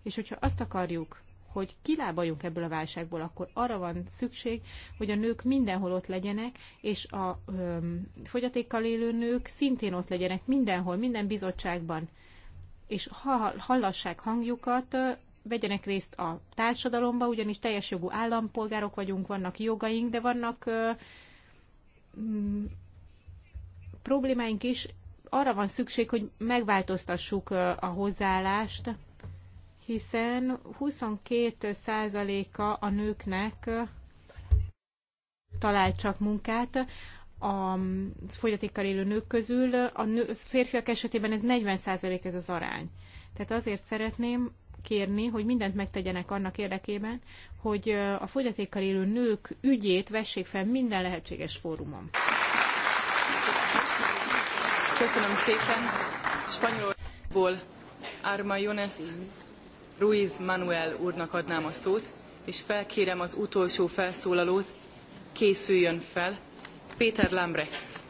és hogyha azt akarjuk, hogy kilábaljunk ebből a válságból, akkor arra van szükség, hogy a nők mindenhol ott legyenek, és a ö, fogyatékkal élő nők szintén ott legyenek mindenhol, minden bizottságban, és hallassák hangjukat, vegyenek részt a társadalomba, ugyanis teljes jogú állampolgárok vagyunk, vannak jogaink, de vannak ö, problémáink is. Arra van szükség, hogy megváltoztassuk a hozzáállást, hiszen 22%-a a nőknek talál csak munkát, a fogyatékkal élő nők közül, a nő, férfiak esetében ez 40% ez az arány. Tehát azért szeretném kérni, hogy mindent megtegyenek annak érdekében, hogy a fogyatékkal élő nők ügyét vessék fel minden lehetséges fórumon. Köszönöm szépen. Spanyolból Arma Jones Ruiz Manuel úrnak adnám a szót, és felkérem az utolsó felszólalót, készüljön fel, Péter Lambrecht.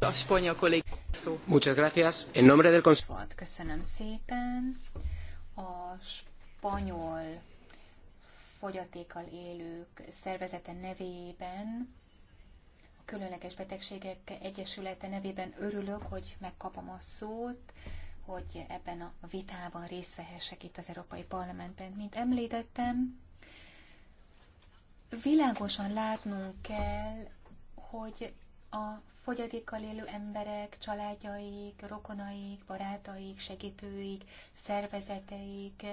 A spanyol kollég szó. Muchas gracias. En nombre del Köszönöm szépen. A spanyol fogyatékkal élők szervezete nevében, a Különleges Betegségek Egyesülete nevében örülök, hogy megkapom a szót hogy ebben a vitában részt vehessek itt az Európai Parlamentben. Mint említettem, világosan látnunk kell, hogy a fogyatékkal élő emberek, családjaik, rokonaik, barátaik, segítőik, szervezeteik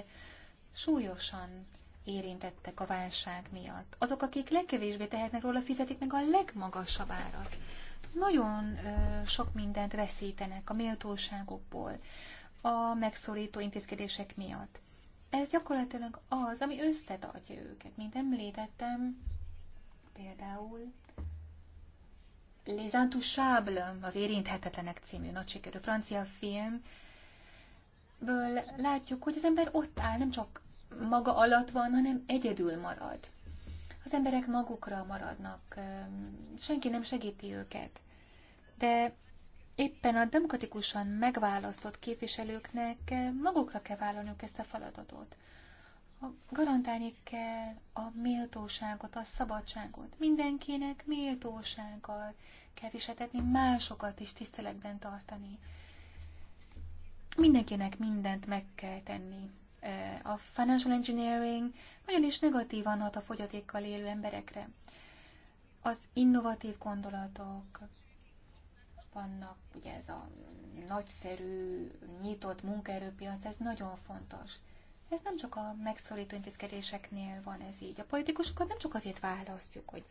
súlyosan érintettek a válság miatt. Azok, akik legkevésbé tehetnek róla, fizetik meg a legmagasabb árat nagyon sok mindent veszítenek a méltóságokból, a megszorító intézkedések miatt. Ez gyakorlatilag az, ami összetartja őket. Mint említettem, például Les Intouchables, az Érinthetetlenek című nagysikerű francia filmből látjuk, hogy az ember ott áll, nem csak maga alatt van, hanem egyedül marad. Az emberek magukra maradnak, senki nem segíti őket. De éppen a demokratikusan megválasztott képviselőknek magukra kell vállalniuk ezt a feladatot. Garantálni kell a méltóságot, a szabadságot. Mindenkinek méltósággal kell viseltetni, másokat is tiszteletben tartani. Mindenkinek mindent meg kell tenni Eh, a financial engineering nagyon is negatívan hat a fogyatékkal élő emberekre. Az innovatív gondolatok vannak, ugye ez a nagyszerű, nyitott munkaerőpiac, ez nagyon fontos. Ez nem csak a megszorító intézkedéseknél van ez így. A politikusokat nem csak azért választjuk, hogy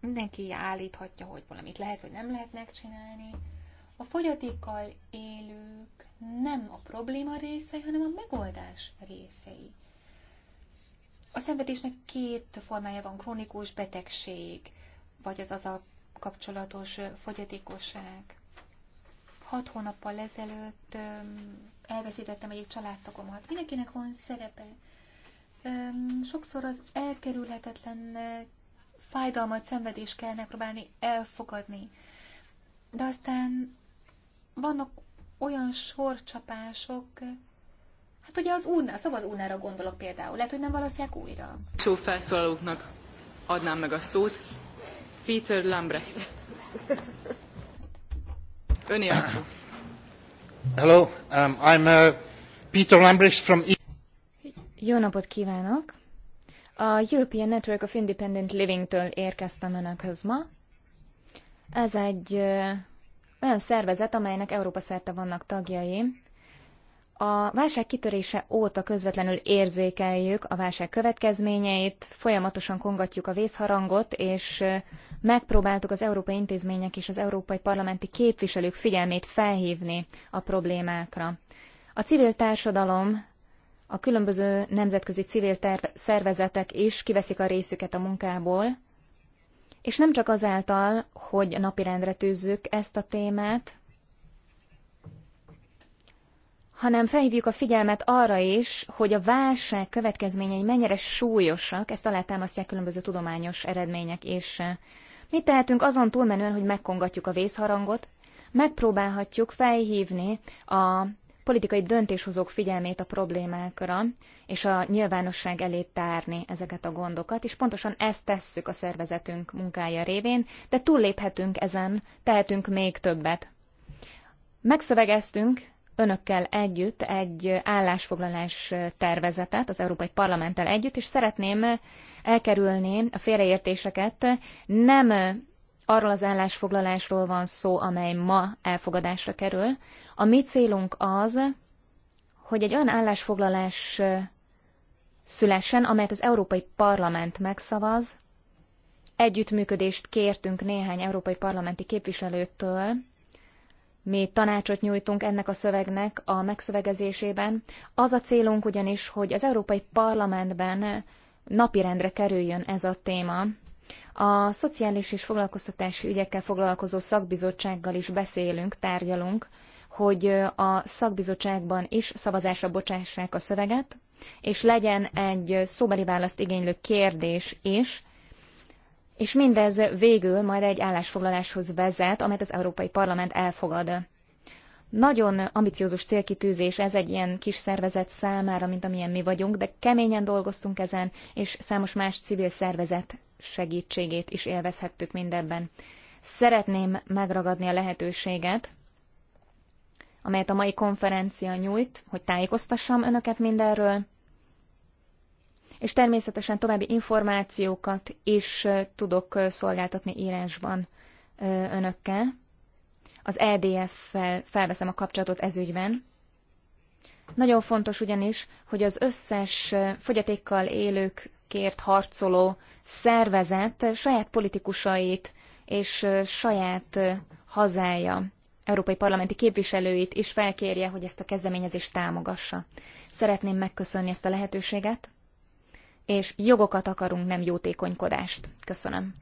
mindenki állíthatja, hogy valamit lehet, vagy nem lehet megcsinálni. A fogyatékkal élők nem a probléma részei, hanem a megoldás részei. A szenvedésnek két formája van, krónikus betegség, vagy az a kapcsolatos fogyatékosság. Hat hónappal ezelőtt elveszítettem egyik családtagomat. Mindenkinek van szerepe. Sokszor az elkerülhetetlen fájdalmat, szenvedést kell megpróbálni elfogadni. De aztán vannak olyan sorcsapások, hát ugye az urna, szóval az urnára gondolok például, lehet, hogy nem választják újra. Só felszólalóknak adnám meg a szót. Peter Lambrecht. Öné a szó. Hello, um, I'm uh, Peter Lambrecht from... E- Jó napot kívánok! A European Network of Independent Living-től érkeztem Önökhöz ma. Ez egy uh, olyan szervezet, amelynek Európa szerte vannak tagjai. A válság kitörése óta közvetlenül érzékeljük a válság következményeit, folyamatosan kongatjuk a vészharangot, és megpróbáltuk az európai intézmények és az európai parlamenti képviselők figyelmét felhívni a problémákra. A civil társadalom, a különböző nemzetközi civil szervezetek is kiveszik a részüket a munkából, és nem csak azáltal, hogy napirendre tűzzük ezt a témát, hanem felhívjuk a figyelmet arra is, hogy a válság következményei mennyire súlyosak, ezt alátámasztják különböző tudományos eredmények és Mit tehetünk azon túlmenően, hogy megkongatjuk a vészharangot? Megpróbálhatjuk felhívni a politikai döntéshozók figyelmét a problémákra, és a nyilvánosság elé tárni ezeket a gondokat, és pontosan ezt tesszük a szervezetünk munkája révén, de túlléphetünk ezen, tehetünk még többet. Megszövegeztünk önökkel együtt egy állásfoglalás tervezetet az Európai Parlamenttel együtt, és szeretném elkerülni a félreértéseket. Nem arról az állásfoglalásról van szó, amely ma elfogadásra kerül. A mi célunk az, hogy egy olyan állásfoglalás szülessen, amelyet az Európai Parlament megszavaz. Együttműködést kértünk néhány európai parlamenti képviselőtől, mi tanácsot nyújtunk ennek a szövegnek a megszövegezésében. Az a célunk ugyanis, hogy az Európai Parlamentben napirendre kerüljön ez a téma. A Szociális és Foglalkoztatási Ügyekkel foglalkozó szakbizottsággal is beszélünk, tárgyalunk, hogy a szakbizottságban is szavazásra bocsássák a szöveget és legyen egy szóbeli választ igénylő kérdés is, és mindez végül majd egy állásfoglaláshoz vezet, amelyet az Európai Parlament elfogad. Nagyon ambiciózus célkitűzés ez egy ilyen kis szervezet számára, mint amilyen mi vagyunk, de keményen dolgoztunk ezen, és számos más civil szervezet segítségét is élvezhettük mindebben. Szeretném megragadni a lehetőséget, amelyet a mai konferencia nyújt, hogy tájékoztassam önöket mindenről, és természetesen további információkat is tudok szolgáltatni írásban önökkel. Az EDF-fel felveszem a kapcsolatot ezügyben. Nagyon fontos ugyanis, hogy az összes fogyatékkal élőkért harcoló szervezet saját politikusait és saját hazája európai parlamenti képviselőit is felkérje, hogy ezt a kezdeményezést támogassa. Szeretném megköszönni ezt a lehetőséget, és jogokat akarunk, nem jótékonykodást. Köszönöm.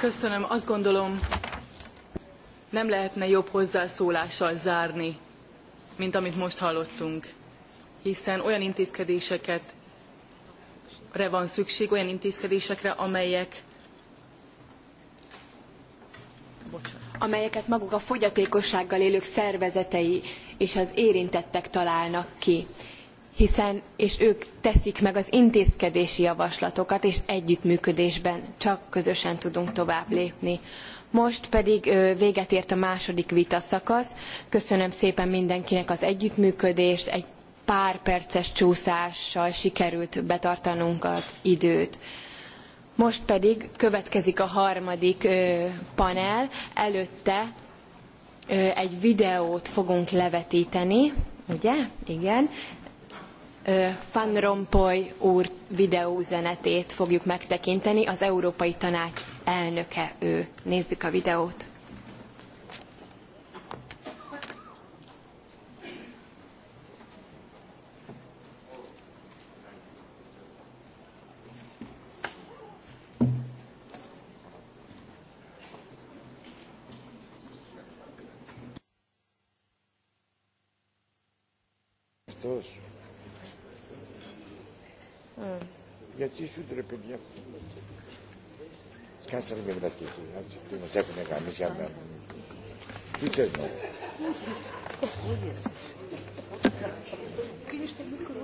Köszönöm, azt gondolom, nem lehetne jobb hozzászólással zárni, mint amit most hallottunk, hiszen olyan intézkedéseket van szükség, olyan intézkedésekre, amelyek amelyeket maguk a fogyatékossággal élők szervezetei és az érintettek találnak ki hiszen és ők teszik meg az intézkedési javaslatokat, és együttműködésben csak közösen tudunk tovább lépni. Most pedig véget ért a második vitaszakasz. Köszönöm szépen mindenkinek az együttműködést, egy pár perces csúszással sikerült betartanunk az időt. Most pedig következik a harmadik panel, előtte egy videót fogunk levetíteni, ugye? Igen. Van Rompuy úr videóüzenetét fogjuk megtekinteni, az Európai Tanács elnöke ő. Nézzük a videót. αυτός. Mm. Γιατί σου το ρε παιδιά. Κάτσε να μην βλαστήσει. Τι μας έχουν γαμίσει άμα. Τι θες να Κλείνεις το μικρό.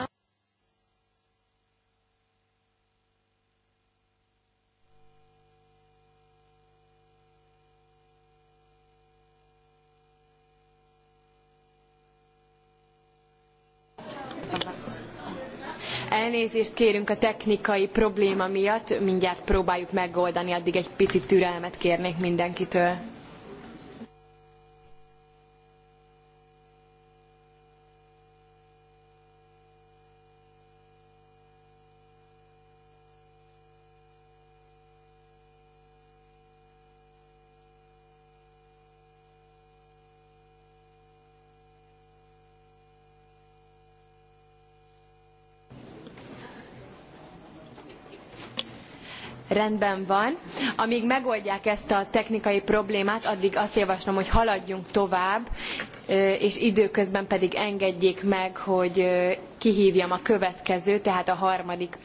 Α, Elnézést kérünk a technikai probléma miatt, mindjárt próbáljuk megoldani, addig egy picit türelmet kérnék mindenkitől. rendben van. Amíg megoldják ezt a technikai problémát, addig azt javaslom, hogy haladjunk tovább, és időközben pedig engedjék meg, hogy kihívjam a következő, tehát a harmadik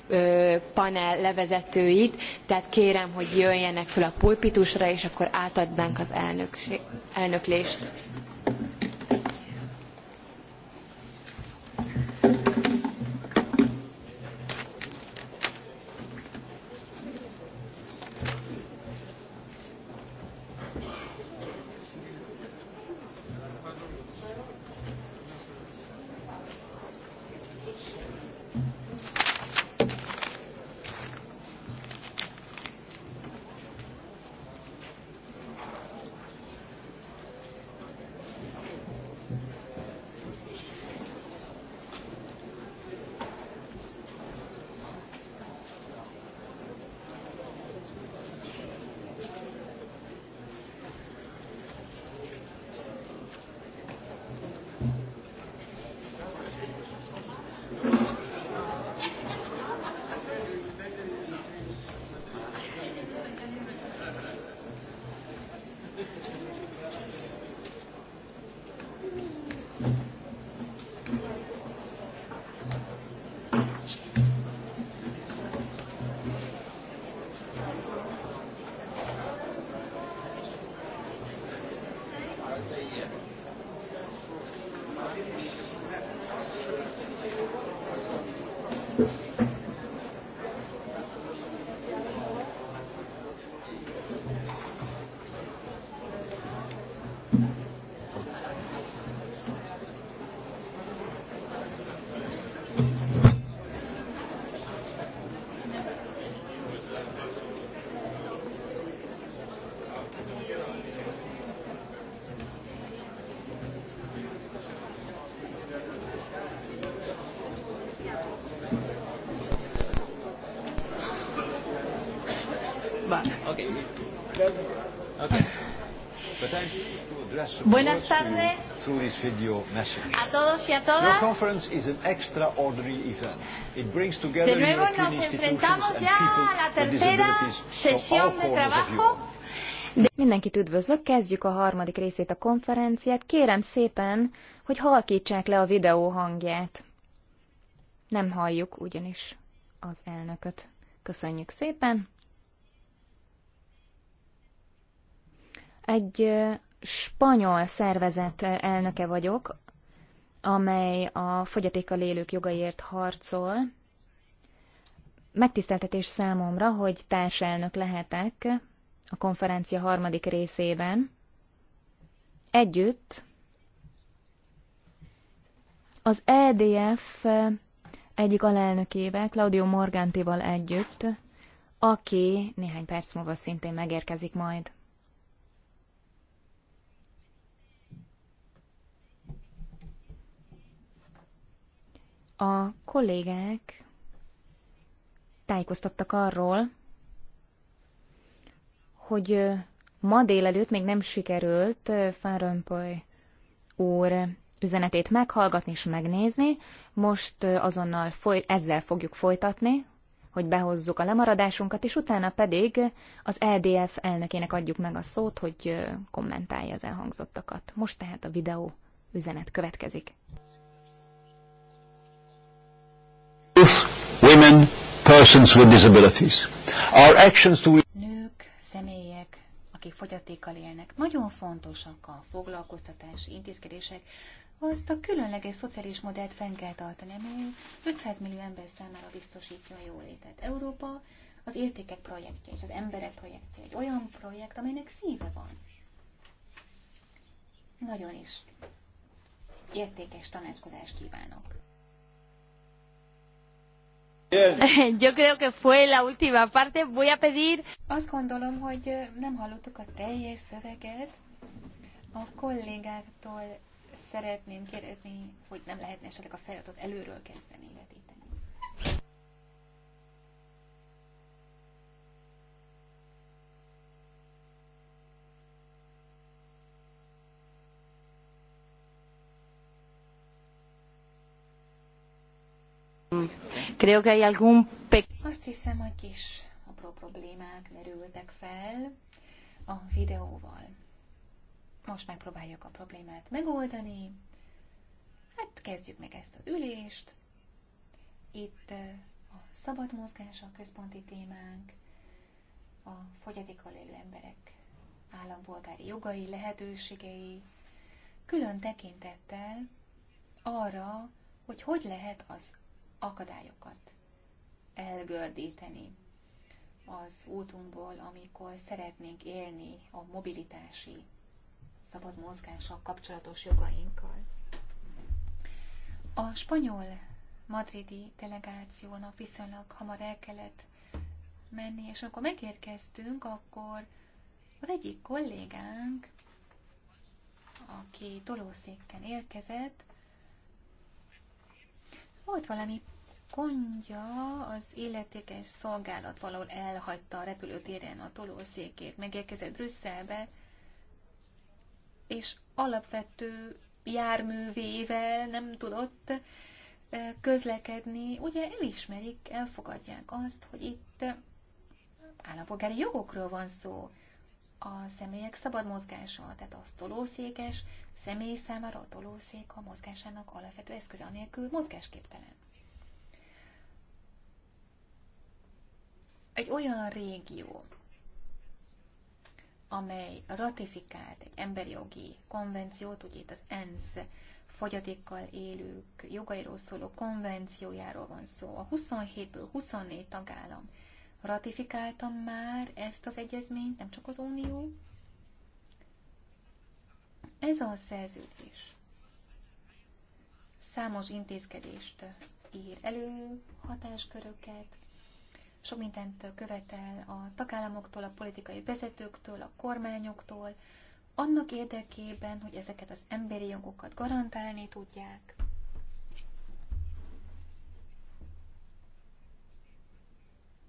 panel levezetőit, tehát kérem, hogy jöjjenek föl a pulpitusra, és akkor átadnánk az elnöklést. Buenas tardes a todos y a todas. De nuevo nos enfrentamos ya a la tercera sesión de trabajo. De... Mindenkit üdvözlök, kezdjük a harmadik részét a konferenciát. Kérem szépen, hogy halkítsák le a videó hangját. Nem halljuk ugyanis az elnököt. Köszönjük szépen. Egy spanyol szervezet elnöke vagyok, amely a fogyatékkal élők jogaiért harcol. Megtiszteltetés számomra, hogy társelnök lehetek a konferencia harmadik részében. Együtt az EDF egyik alelnökével, Claudio Morgantival együtt, aki néhány perc múlva szintén megérkezik majd. A kollégák tájékoztattak arról, hogy ma délelőtt még nem sikerült Van Rompuy úr üzenetét meghallgatni és megnézni. Most azonnal foly- ezzel fogjuk folytatni, hogy behozzuk a lemaradásunkat, és utána pedig az LDF e elnökének adjuk meg a szót, hogy kommentálja az elhangzottakat. Most tehát a videó üzenet következik. persons with disabilities. Our actions to Nők, személyek, akik fogyatékkal élnek, nagyon fontosak a foglalkoztatási intézkedések, azt a különleges szociális modellt fenn kell tartani, amely 500 millió ember számára biztosítja a jólétet. Európa az értékek projektje és az emberek projektje egy olyan projekt, amelynek szíve van. Nagyon is értékes tanácskozást kívánok. Yo creo que fue la última parte. Voy a pedir... Azt gondolom, hogy nem hallottuk a teljes szöveget. A kollégáktól szeretném kérdezni, hogy nem lehetne esetleg a feladatot előről kezdeni vetíteni. Creo que hay algún pe... Azt hiszem, hogy kis apró problémák merültek fel a videóval. Most megpróbáljuk a problémát megoldani. Hát kezdjük meg ezt az ülést. Itt a szabad mozgás a központi témánk, a fogyatékkal élő emberek állampolgári jogai, lehetőségei, külön tekintettel arra, hogy hogy lehet az akadályokat elgördíteni az útunkból, amikor szeretnénk élni a mobilitási, szabad mozgással kapcsolatos jogainkkal. A spanyol madridi delegációnak viszonylag hamar el kellett menni, és amikor megérkeztünk, akkor az egyik kollégánk, aki tolószékken érkezett, volt valami kondja az illetékes szolgálat valahol elhagyta a repülőtéren a tolószékét, megérkezett Brüsszelbe, és alapvető járművével nem tudott eh, közlekedni. Ugye elismerik, elfogadják azt, hogy itt eh, állampolgári jogokról van szó. A személyek szabad mozgása, tehát az tolószékes, személy számára a tolószék a mozgásának alapvető eszköze, anélkül mozgásképtelen. egy olyan régió, amely ratifikált egy emberi jogi konvenciót, ugye itt az ENSZ fogyatékkal élők jogairól szóló konvenciójáról van szó. A 27-ből 24 tagállam ratifikálta már ezt az egyezményt, nem csak az Unió. Ez a szerződés számos intézkedést ír elő, hatásköröket, sok mindent követel a tagállamoktól, a politikai vezetőktől, a kormányoktól, annak érdekében, hogy ezeket az emberi jogokat garantálni tudják.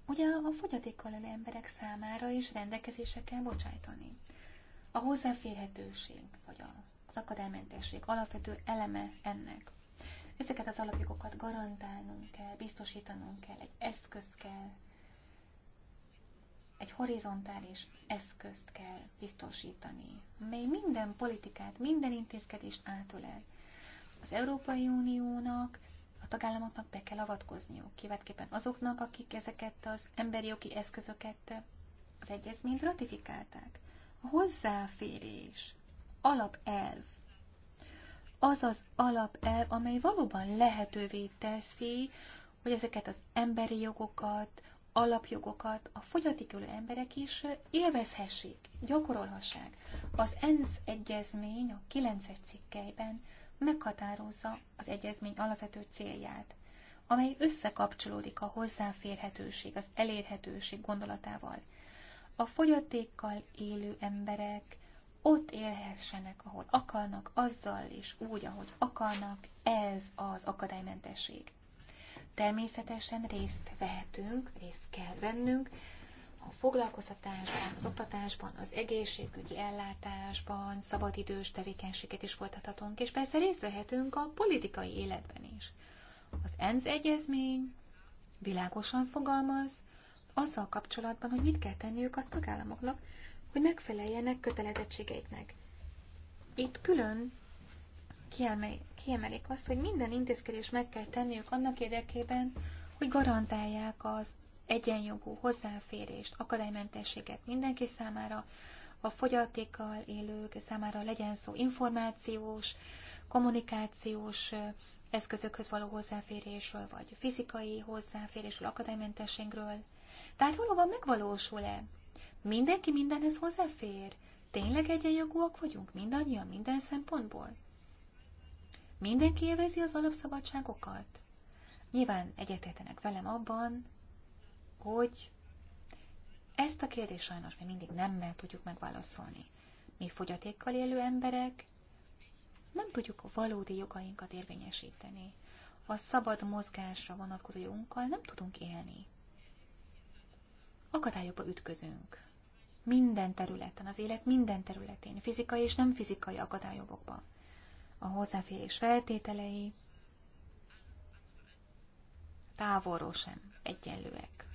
Ugye a fogyatékkal élő emberek számára is rendelkezésre kell bocsájtani. A hozzáférhetőség, vagy az akadálymentesség alapvető eleme ennek. Ezeket az alapjogokat garantálnunk kell, biztosítanunk kell, egy eszköz kell egy horizontális eszközt kell biztosítani, mely minden politikát, minden intézkedést átölel. Az Európai Uniónak, a tagállamoknak be kell avatkozniuk, kivetképpen azoknak, akik ezeket az emberi jogi eszközöket, az egyezményt ratifikálták. A hozzáférés, alapelv, az az alapelv, amely valóban lehetővé teszi, hogy ezeket az emberi jogokat, alapjogokat a fogyatékölő emberek is élvezhessék, gyakorolhassák. Az ENSZ egyezmény a 9-es meghatározza az egyezmény alapvető célját, amely összekapcsolódik a hozzáférhetőség, az elérhetőség gondolatával. A fogyatékkal élő emberek ott élhessenek, ahol akarnak, azzal és úgy, ahogy akarnak, ez az akadálymentesség. Természetesen részt vehetünk, részt kell vennünk a foglalkoztatásban, az oktatásban, az egészségügyi ellátásban, szabadidős tevékenységet is folytathatunk, és persze részt vehetünk a politikai életben is. Az ENSZ egyezmény világosan fogalmaz azzal kapcsolatban, hogy mit kell tenniük a tagállamoknak, hogy megfeleljenek kötelezettségeiknek. Itt külön kiemelik azt, hogy minden intézkedés meg kell tenniük annak érdekében, hogy garantálják az egyenjogú hozzáférést, akadálymentességet mindenki számára, a fogyatékkal élők számára legyen szó információs, kommunikációs eszközökhöz való hozzáférésről, vagy fizikai hozzáférésről, akadálymentességről. Tehát valóban megvalósul-e? Mindenki mindenhez hozzáfér? Tényleg egyenjogúak vagyunk mindannyian minden szempontból? Mindenki élvezi az alapszabadságokat? Nyilván egyetértenek velem abban, hogy ezt a kérdést sajnos mi mindig nem meg tudjuk megválaszolni. Mi fogyatékkal élő emberek nem tudjuk a valódi jogainkat érvényesíteni. A szabad mozgásra vonatkozó jogunkkal nem tudunk élni. Akadályokba ütközünk. Minden területen, az élet minden területén, fizikai és nem fizikai akadályokban a hozzáférés feltételei távolról sem egyenlőek.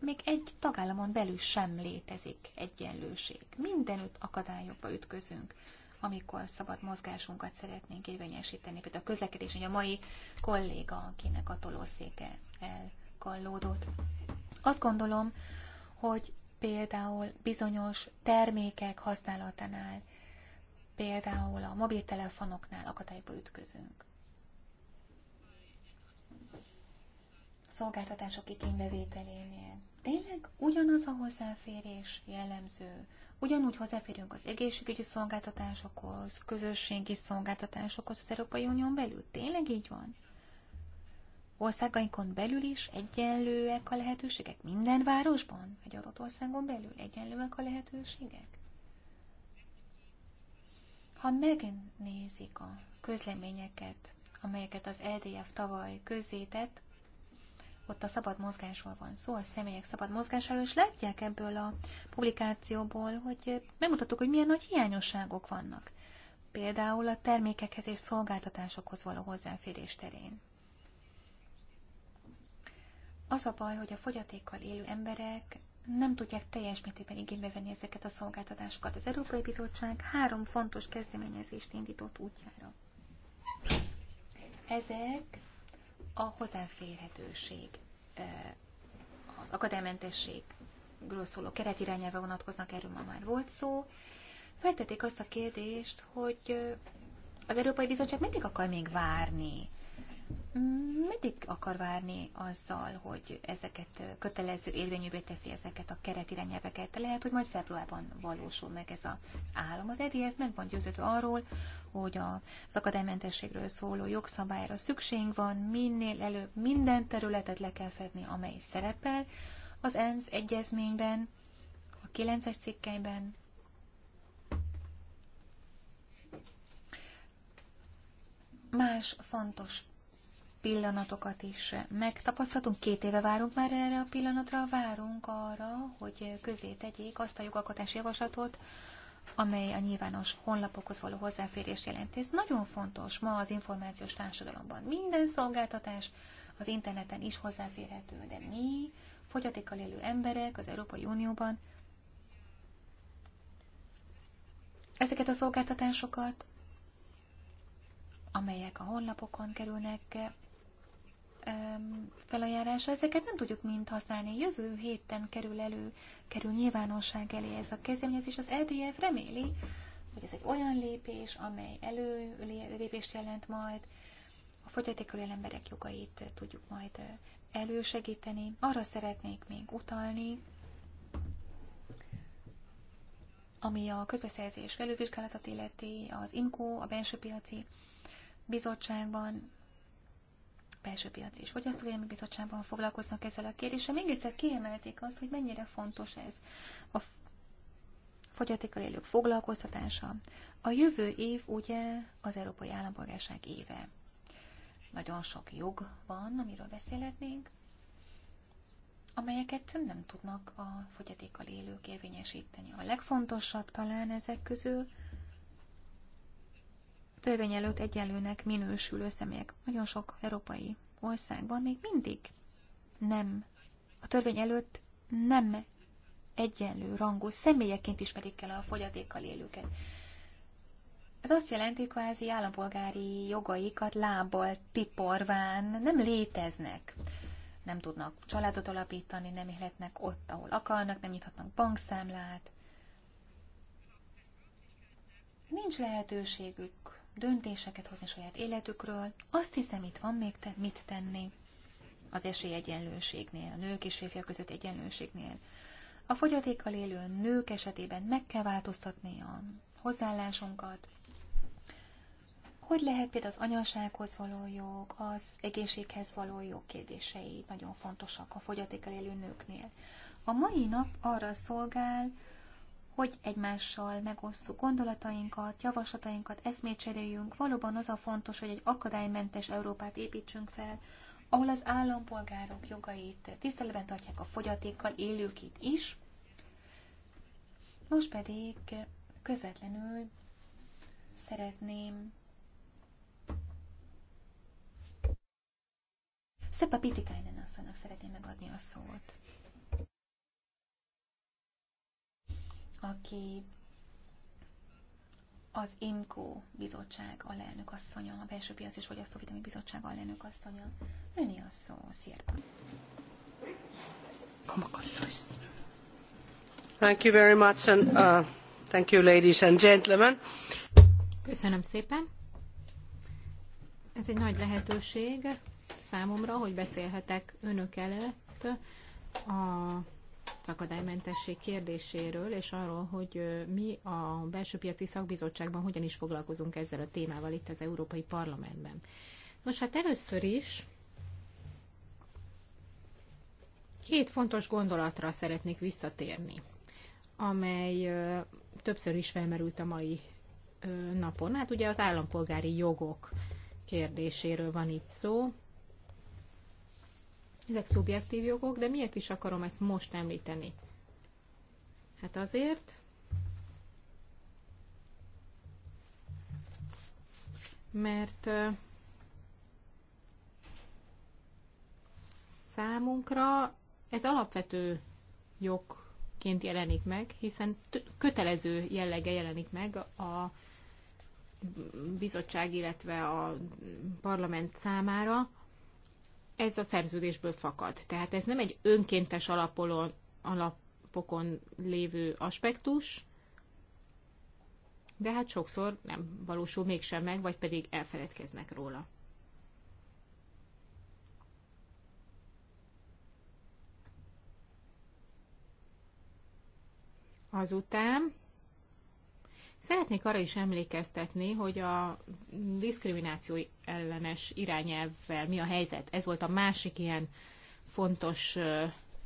Még egy tagállamon belül sem létezik egyenlőség. Mindenütt akadályokba ütközünk, amikor szabad mozgásunkat szeretnénk érvényesíteni. Például a közlekedés, hogy a mai kolléga, akinek a tolószéke elkallódott. Azt gondolom, hogy például bizonyos termékek használatánál Például a mobiltelefonoknál akadályba ütközünk. Szolgáltatások igénybevételénél. Tényleg ugyanaz a hozzáférés jellemző. Ugyanúgy hozzáférünk az egészségügyi szolgáltatásokhoz, közösségi szolgáltatásokhoz az Európai Unión belül. Tényleg így van? Országainkon belül is egyenlőek a lehetőségek? Minden városban? Egy adott országon belül egyenlőek a lehetőségek? Ha megnézik a közleményeket, amelyeket az LDF tavaly közzétett, ott a szabad mozgásról van szó, a személyek szabad mozgásáról, és látják ebből a publikációból, hogy megmutattuk, hogy milyen nagy hiányosságok vannak. Például a termékekhez és szolgáltatásokhoz való hozzáférés terén. Az a baj, hogy a fogyatékkal élő emberek nem tudják teljes mértékben igénybe venni ezeket a szolgáltatásokat. Az Európai Bizottság három fontos kezdeményezést indított útjára. Ezek a hozzáférhetőség, az akadálymentességről szóló keretirányelve vonatkoznak, erről ma már volt szó. Feltették azt a kérdést, hogy az Európai Bizottság mindig akar még várni meddig akar várni azzal, hogy ezeket kötelező érvényűvé teszi ezeket a keretirányelveket? Lehet, hogy majd februárban valósul meg ez az állam. Az EDF meg van győződve arról, hogy az akadálymentességről szóló jogszabályra szükség van, minél előbb minden területet le kell fedni, amely szerepel az ENSZ egyezményben, a 9-es cikkelyben, más fontos pillanatokat is megtapasztaltunk. Két éve várunk már erre a pillanatra, várunk arra, hogy közé tegyék azt a jogalkotási javaslatot, amely a nyilvános honlapokhoz való hozzáférés jelenti. Ez nagyon fontos ma az információs társadalomban. Minden szolgáltatás az interneten is hozzáférhető, de mi, fogyatékkal élő emberek az Európai Unióban, ezeket a szolgáltatásokat, amelyek a honlapokon kerülnek felajánlása, ezeket nem tudjuk mind használni. Jövő héten kerül elő, kerül nyilvánosság elé ez a kezdeményezés. Az LDF reméli, hogy ez egy olyan lépés, amely előlépést jelent majd, a fogyatékkal él emberek jogait tudjuk majd elősegíteni. Arra szeretnék még utalni, ami a közbeszerzés felülvizsgálatot illeti, az IMCO, a belső piaci bizottságban Belső Piac és Fogyasztóvédelmi Bizottságban foglalkoznak ezzel a kérdéssel. Még egyszer kiemelték azt, hogy mennyire fontos ez a fogyatékkal élők foglalkoztatása. A jövő év ugye az Európai Állampolgárság éve. Nagyon sok jog van, amiről beszélhetnénk, amelyeket nem tudnak a fogyatékkal élők érvényesíteni. A legfontosabb talán ezek közül törvény előtt egyenlőnek minősülő személyek. Nagyon sok európai országban még mindig nem. A törvény előtt nem egyenlő rangú személyeként ismerik el a fogyatékkal élőket. Ez azt jelenti, hogy kvázi állampolgári jogaikat lábbal tiporván nem léteznek. Nem tudnak családot alapítani, nem élhetnek ott, ahol akarnak, nem nyithatnak bankszámlát. Nincs lehetőségük döntéseket hozni saját életükről. Azt hiszem, itt van még te, mit tenni az esélyegyenlőségnél, a nők és férfiak között egyenlőségnél. A fogyatékkal élő nők esetében meg kell változtatni a hozzáállásunkat. Hogy lehet például az anyasághoz való jog, az egészséghez való jog kérdései nagyon fontosak a fogyatékkal élő nőknél. A mai nap arra szolgál, hogy egymással megosszuk gondolatainkat, javaslatainkat, eszmét cseréljünk. Valóban az a fontos, hogy egy akadálymentes Európát építsünk fel, ahol az állampolgárok jogait tiszteletben tartják a fogyatékkal élőkét is. Most pedig közvetlenül szeretném Szepa Pitikájnen asszonynak szeretném megadni a szót. aki az IMCO bizottság alelnök asszonya, a belső piac és fogyasztóvédelmi bizottság alelnök asszonya. Öné a szó, Szirpa. Thank you very much and uh, thank you ladies and gentlemen. Köszönöm szépen. Ez egy nagy lehetőség számomra, hogy beszélhetek önök előtt a szakadálymentesség kérdéséről, és arról, hogy mi a belső piaci szakbizottságban hogyan is foglalkozunk ezzel a témával itt az Európai Parlamentben. Nos, hát először is két fontos gondolatra szeretnék visszatérni, amely többször is felmerült a mai napon. Hát ugye az állampolgári jogok kérdéséről van itt szó, ezek szubjektív jogok, de miért is akarom ezt most említeni? Hát azért, mert számunkra ez alapvető jogként jelenik meg, hiszen kötelező jellege jelenik meg a bizottság, illetve a parlament számára, ez a szerződésből fakad. Tehát ez nem egy önkéntes alapolon, alapokon lévő aspektus, de hát sokszor nem valósul mégsem meg, vagy pedig elfeledkeznek róla. Azután Szeretnék arra is emlékeztetni, hogy a diszkrimináció ellenes irányelvvel mi a helyzet. Ez volt a másik ilyen fontos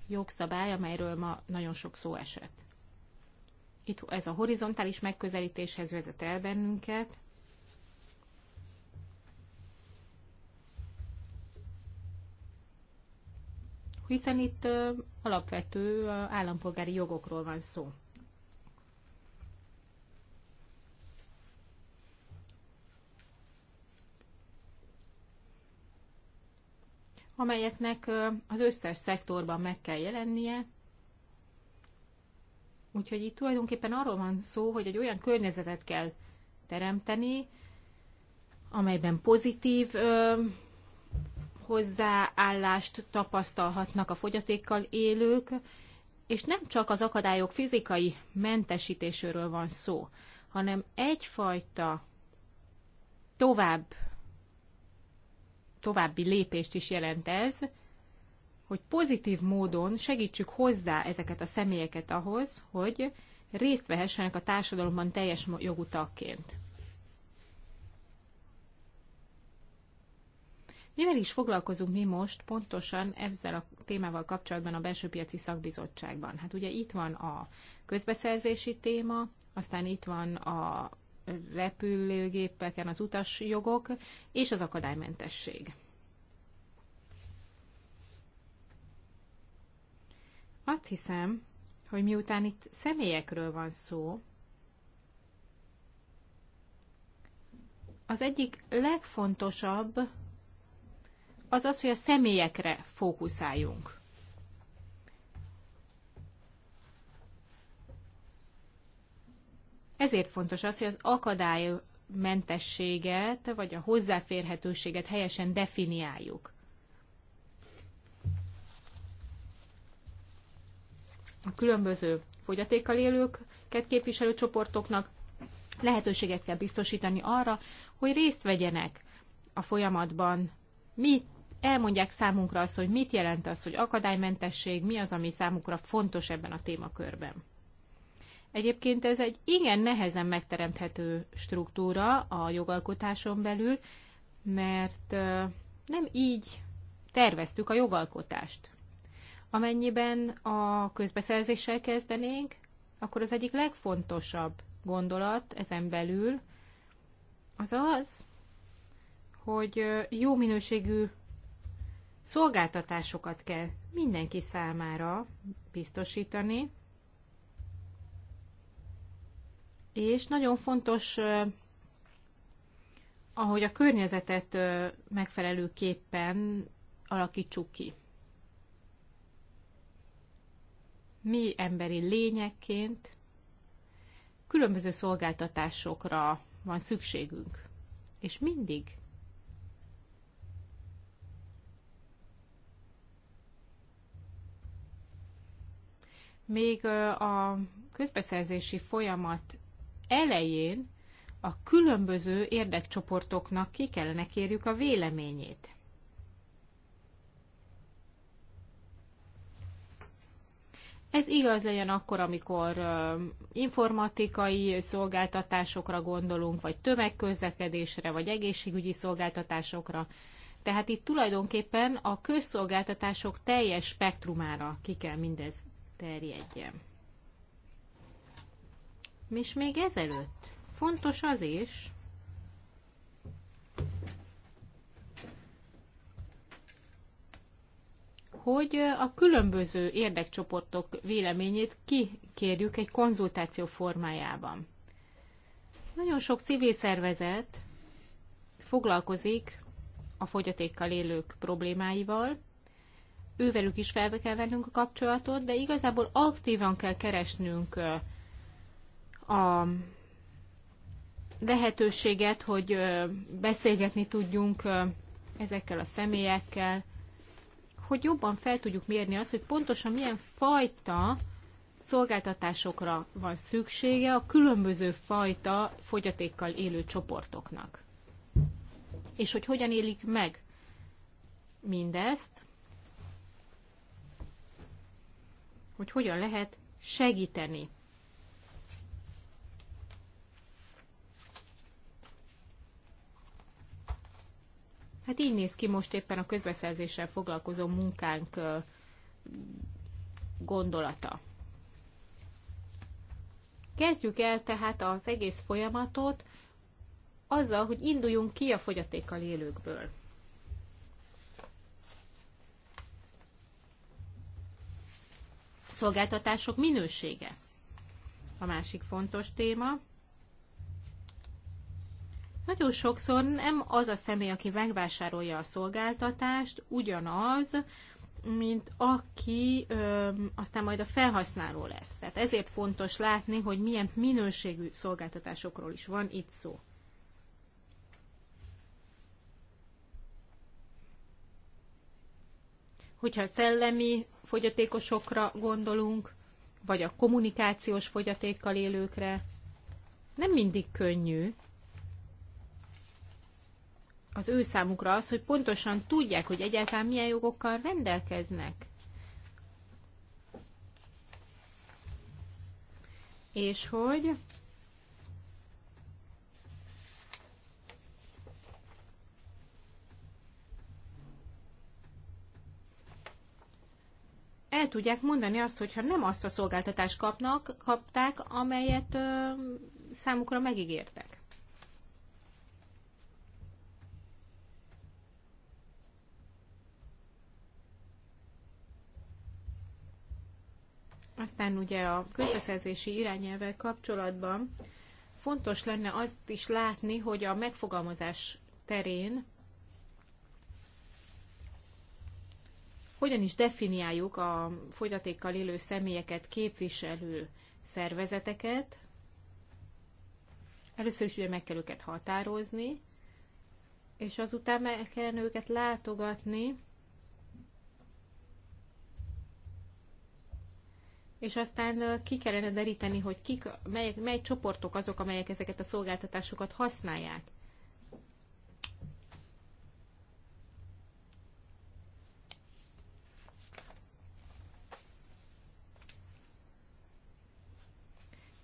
jogszabály, amelyről ma nagyon sok szó esett. Itt ez a horizontális megközelítéshez vezet el bennünket, hiszen itt alapvető állampolgári jogokról van szó. amelyeknek az összes szektorban meg kell jelennie. Úgyhogy itt tulajdonképpen arról van szó, hogy egy olyan környezetet kell teremteni, amelyben pozitív ö, hozzáállást tapasztalhatnak a fogyatékkal élők, és nem csak az akadályok fizikai mentesítéséről van szó, hanem egyfajta tovább további lépést is jelent ez, hogy pozitív módon segítsük hozzá ezeket a személyeket ahhoz, hogy részt vehessenek a társadalomban teljes jogú tagként. Mivel is foglalkozunk mi most pontosan ezzel a témával kapcsolatban a belső piaci szakbizottságban? Hát ugye itt van a közbeszerzési téma, aztán itt van a repülőgépeken az utasjogok és az akadálymentesség. Azt hiszem, hogy miután itt személyekről van szó, az egyik legfontosabb az az, hogy a személyekre fókuszáljunk. Ezért fontos az, hogy az akadály vagy a hozzáférhetőséget helyesen definiáljuk. A különböző fogyatékkal élőket képviselő csoportoknak lehetőséget kell biztosítani arra, hogy részt vegyenek a folyamatban. Mi elmondják számunkra azt, hogy mit jelent az, hogy akadálymentesség, mi az, ami számukra fontos ebben a témakörben. Egyébként ez egy igen nehezen megteremthető struktúra a jogalkotáson belül, mert nem így terveztük a jogalkotást. Amennyiben a közbeszerzéssel kezdenénk, akkor az egyik legfontosabb gondolat ezen belül az az, hogy jó minőségű szolgáltatásokat kell mindenki számára biztosítani, és nagyon fontos, ahogy a környezetet megfelelőképpen alakítsuk ki. Mi emberi lényekként különböző szolgáltatásokra van szükségünk, és mindig még a közbeszerzési folyamat elején a különböző érdekcsoportoknak ki kellene kérjük a véleményét. Ez igaz legyen akkor, amikor informatikai szolgáltatásokra gondolunk, vagy tömegközlekedésre, vagy egészségügyi szolgáltatásokra. Tehát itt tulajdonképpen a közszolgáltatások teljes spektrumára ki kell mindez terjedjen és még ezelőtt. Fontos az is, hogy a különböző érdekcsoportok véleményét kikérjük egy konzultáció formájában. Nagyon sok civil szervezet foglalkozik a fogyatékkal élők problémáival, ővelük is fel kell vennünk a kapcsolatot, de igazából aktívan kell keresnünk a lehetőséget, hogy beszélgetni tudjunk ezekkel a személyekkel, hogy jobban fel tudjuk mérni azt, hogy pontosan milyen fajta szolgáltatásokra van szüksége a különböző fajta fogyatékkal élő csoportoknak. És hogy hogyan élik meg mindezt, hogy hogyan lehet segíteni Hát így néz ki most éppen a közbeszerzéssel foglalkozó munkánk gondolata. Kezdjük el tehát az egész folyamatot azzal, hogy induljunk ki a fogyatékkal élőkből. Szolgáltatások minősége a másik fontos téma. Nagyon sokszor nem az a személy, aki megvásárolja a szolgáltatást, ugyanaz, mint aki ö, aztán majd a felhasználó lesz. Tehát ezért fontos látni, hogy milyen minőségű szolgáltatásokról is van itt szó. Hogyha szellemi fogyatékosokra gondolunk, vagy a kommunikációs fogyatékkal élőkre, nem mindig könnyű az ő számukra az, hogy pontosan tudják, hogy egyáltalán milyen jogokkal rendelkeznek. És hogy el tudják mondani azt, hogyha nem azt a szolgáltatást kapnak, kapták, amelyet ö, számukra megígértek. Aztán ugye a közbeszerzési irányelvvel kapcsolatban fontos lenne azt is látni, hogy a megfogalmazás terén hogyan is definiáljuk a fogyatékkal élő személyeket képviselő szervezeteket. Először is ugye meg kell őket határozni, és azután meg kell őket látogatni, és aztán ki kellene deríteni, hogy kik, mely, mely csoportok azok, amelyek ezeket a szolgáltatásokat használják.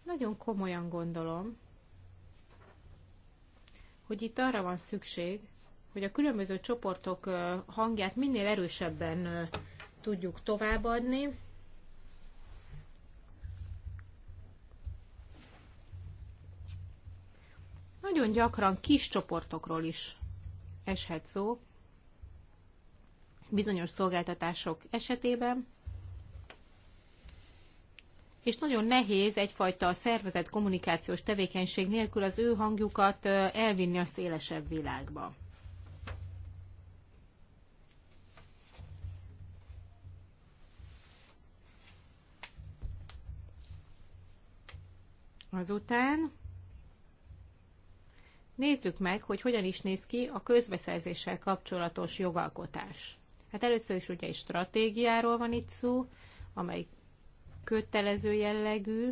Nagyon komolyan gondolom, hogy itt arra van szükség, hogy a különböző csoportok hangját minél erősebben tudjuk továbbadni, Nagyon gyakran kis csoportokról is eshet szó, bizonyos szolgáltatások esetében, és nagyon nehéz egyfajta szervezett kommunikációs tevékenység nélkül az ő hangjukat elvinni a szélesebb világba. Azután Nézzük meg, hogy hogyan is néz ki a közbeszerzéssel kapcsolatos jogalkotás. Hát először is ugye egy stratégiáról van itt szó, amely kötelező jellegű,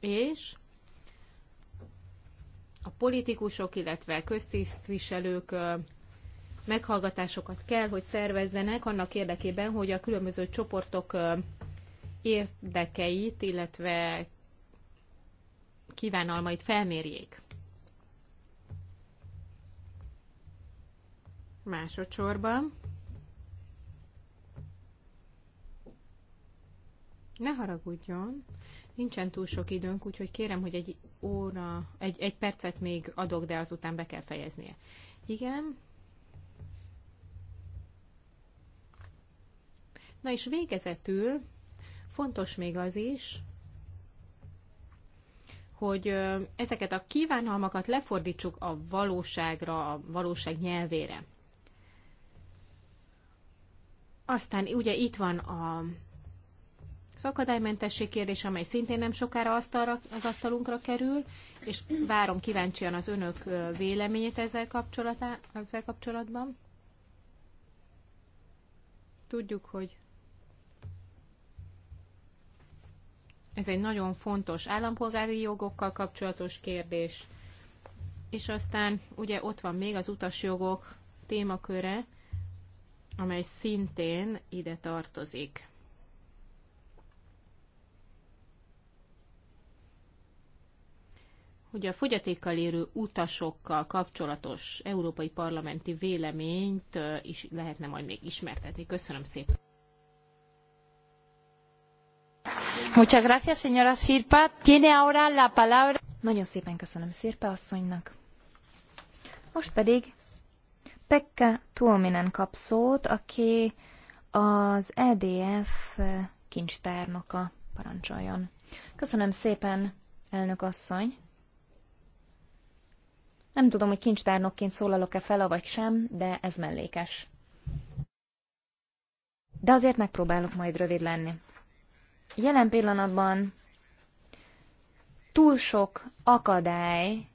és a politikusok, illetve köztisztviselők meghallgatásokat kell, hogy szervezzenek annak érdekében, hogy a különböző csoportok érdekeit, illetve kívánalmait felmérjék. Másodszorban ne haragudjon, nincsen túl sok időnk, úgyhogy kérem, hogy egy óra, egy, egy percet még adok, de azután be kell fejeznie. Igen, Na és végezetül fontos még az is, hogy ezeket a kívánalmakat lefordítsuk a valóságra, a valóság nyelvére. Aztán ugye itt van a szakadálymentesség kérdés, amely szintén nem sokára asztalra, az asztalunkra kerül, és várom kíváncsian az önök véleményét ezzel, ezzel kapcsolatban. Tudjuk, hogy Ez egy nagyon fontos állampolgári jogokkal kapcsolatos kérdés. És aztán ugye ott van még az utasjogok témaköre, amely szintén ide tartozik. hogy a fogyatékkal érő utasokkal kapcsolatos európai parlamenti véleményt is lehetne majd még ismertetni. Köszönöm szépen! Muchas gracias, señora Sirpa. Tiene ahora la palabra... Nagyon szépen köszönöm Sirpa asszonynak. Most pedig Pekka Tuominen kap szót, aki az EDF kincstárnoka parancsoljon. Köszönöm szépen, elnök asszony. Nem tudom, hogy kincstárnokként szólalok-e fel, vagy sem, de ez mellékes. De azért megpróbálok majd rövid lenni jelen pillanatban túl sok akadály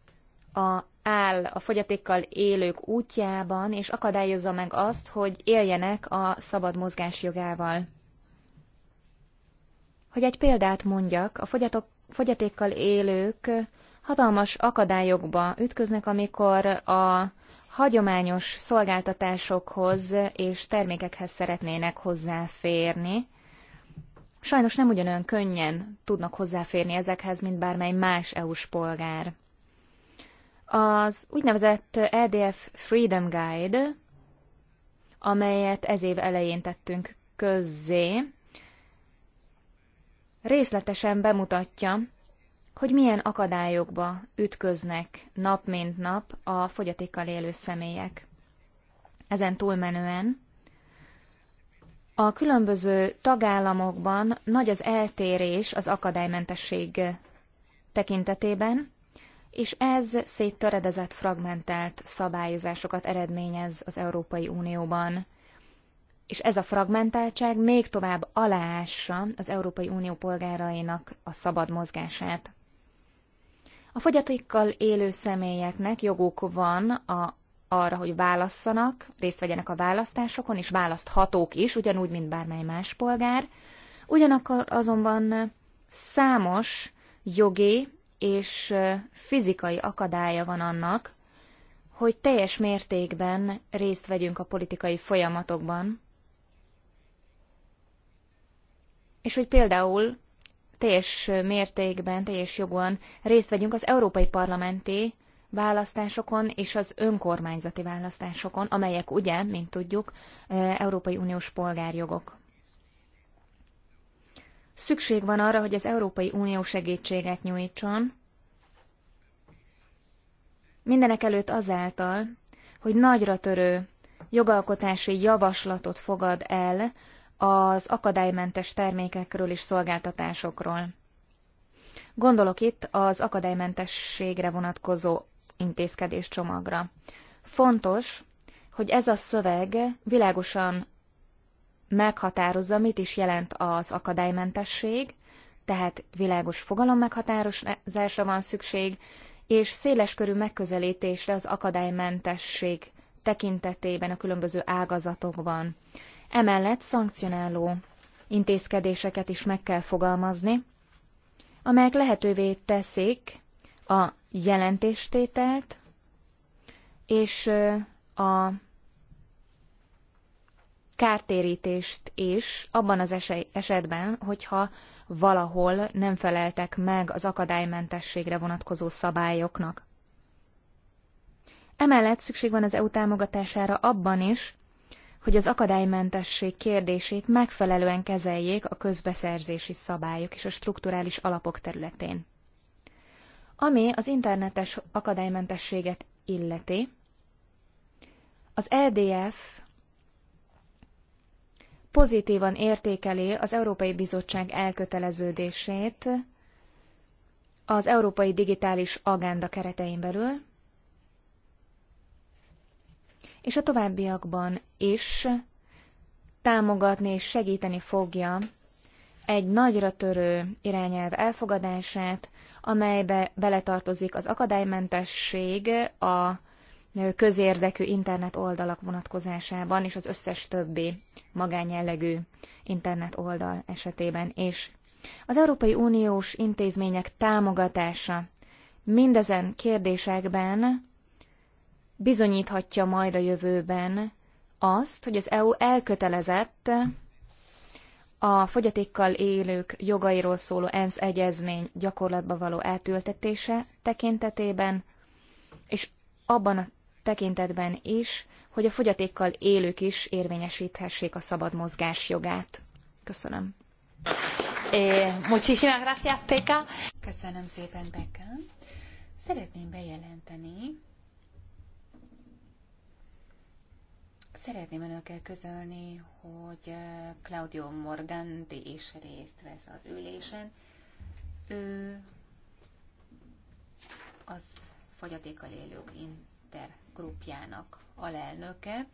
a, áll a fogyatékkal élők útjában, és akadályozza meg azt, hogy éljenek a szabad mozgás jogával. Hogy egy példát mondjak, a fogyatok, fogyatékkal élők hatalmas akadályokba ütköznek, amikor a hagyományos szolgáltatásokhoz és termékekhez szeretnének hozzáférni, sajnos nem ugyanolyan könnyen tudnak hozzáférni ezekhez, mint bármely más EU-s polgár. Az úgynevezett EDF Freedom Guide, amelyet ez év elején tettünk közzé, részletesen bemutatja, hogy milyen akadályokba ütköznek nap mint nap a fogyatékkal élő személyek. Ezen túlmenően a különböző tagállamokban nagy az eltérés az akadálymentesség tekintetében, és ez széttöredezett, fragmentált szabályozásokat eredményez az Európai Unióban. És ez a fragmentáltság még tovább aláássa az Európai Unió polgárainak a szabad mozgását. A fogyatékkal élő személyeknek joguk van a arra, hogy válasszanak, részt vegyenek a választásokon, és választhatók is, ugyanúgy, mint bármely más polgár. Ugyanakkor azonban számos jogi és fizikai akadálya van annak, hogy teljes mértékben részt vegyünk a politikai folyamatokban, és hogy például teljes mértékben, teljes jogon részt vegyünk az európai parlamenti választásokon és az önkormányzati választásokon, amelyek ugye, mint tudjuk, e, Európai Uniós polgárjogok. Szükség van arra, hogy az Európai Unió segítséget nyújtson, mindenek előtt azáltal, hogy nagyra törő jogalkotási javaslatot fogad el az akadálymentes termékekről és szolgáltatásokról. Gondolok itt az akadálymentességre vonatkozó intézkedés csomagra. Fontos, hogy ez a szöveg világosan meghatározza, mit is jelent az akadálymentesség, tehát világos fogalom meghatározásra van szükség, és széleskörű megközelítésre az akadálymentesség tekintetében a különböző ágazatokban. Emellett szankcionáló intézkedéseket is meg kell fogalmazni, amelyek lehetővé teszik a jelentéstételt, és a kártérítést is abban az esetben, hogyha valahol nem feleltek meg az akadálymentességre vonatkozó szabályoknak. Emellett szükség van az EU támogatására abban is, hogy az akadálymentesség kérdését megfelelően kezeljék a közbeszerzési szabályok és a strukturális alapok területén. Ami az internetes akadálymentességet illeti, az EDF pozitívan értékeli az Európai Bizottság elköteleződését az Európai Digitális Agenda keretein belül, és a továbbiakban is támogatni és segíteni fogja egy nagyra törő irányelv elfogadását, amelybe beletartozik az akadálymentesség a közérdekű internet oldalak vonatkozásában, és az összes többi magánjellegű internet oldal esetében is. Az Európai Uniós intézmények támogatása mindezen kérdésekben bizonyíthatja majd a jövőben azt, hogy az EU elkötelezett a fogyatékkal élők jogairól szóló ENSZ egyezmény gyakorlatba való eltültetése tekintetében, és abban a tekintetben is, hogy a fogyatékkal élők is érvényesíthessék a szabad mozgás jogát. Köszönöm. Eh, muchísimas gracias, Peka. Köszönöm szépen, Peka. Szeretném bejelenteni, Szeretném önökkel közölni, hogy eh, Claudio Morganti is részt vesz az ülésen. Ő az fogyatékkal élők intergrupjának alelnöke.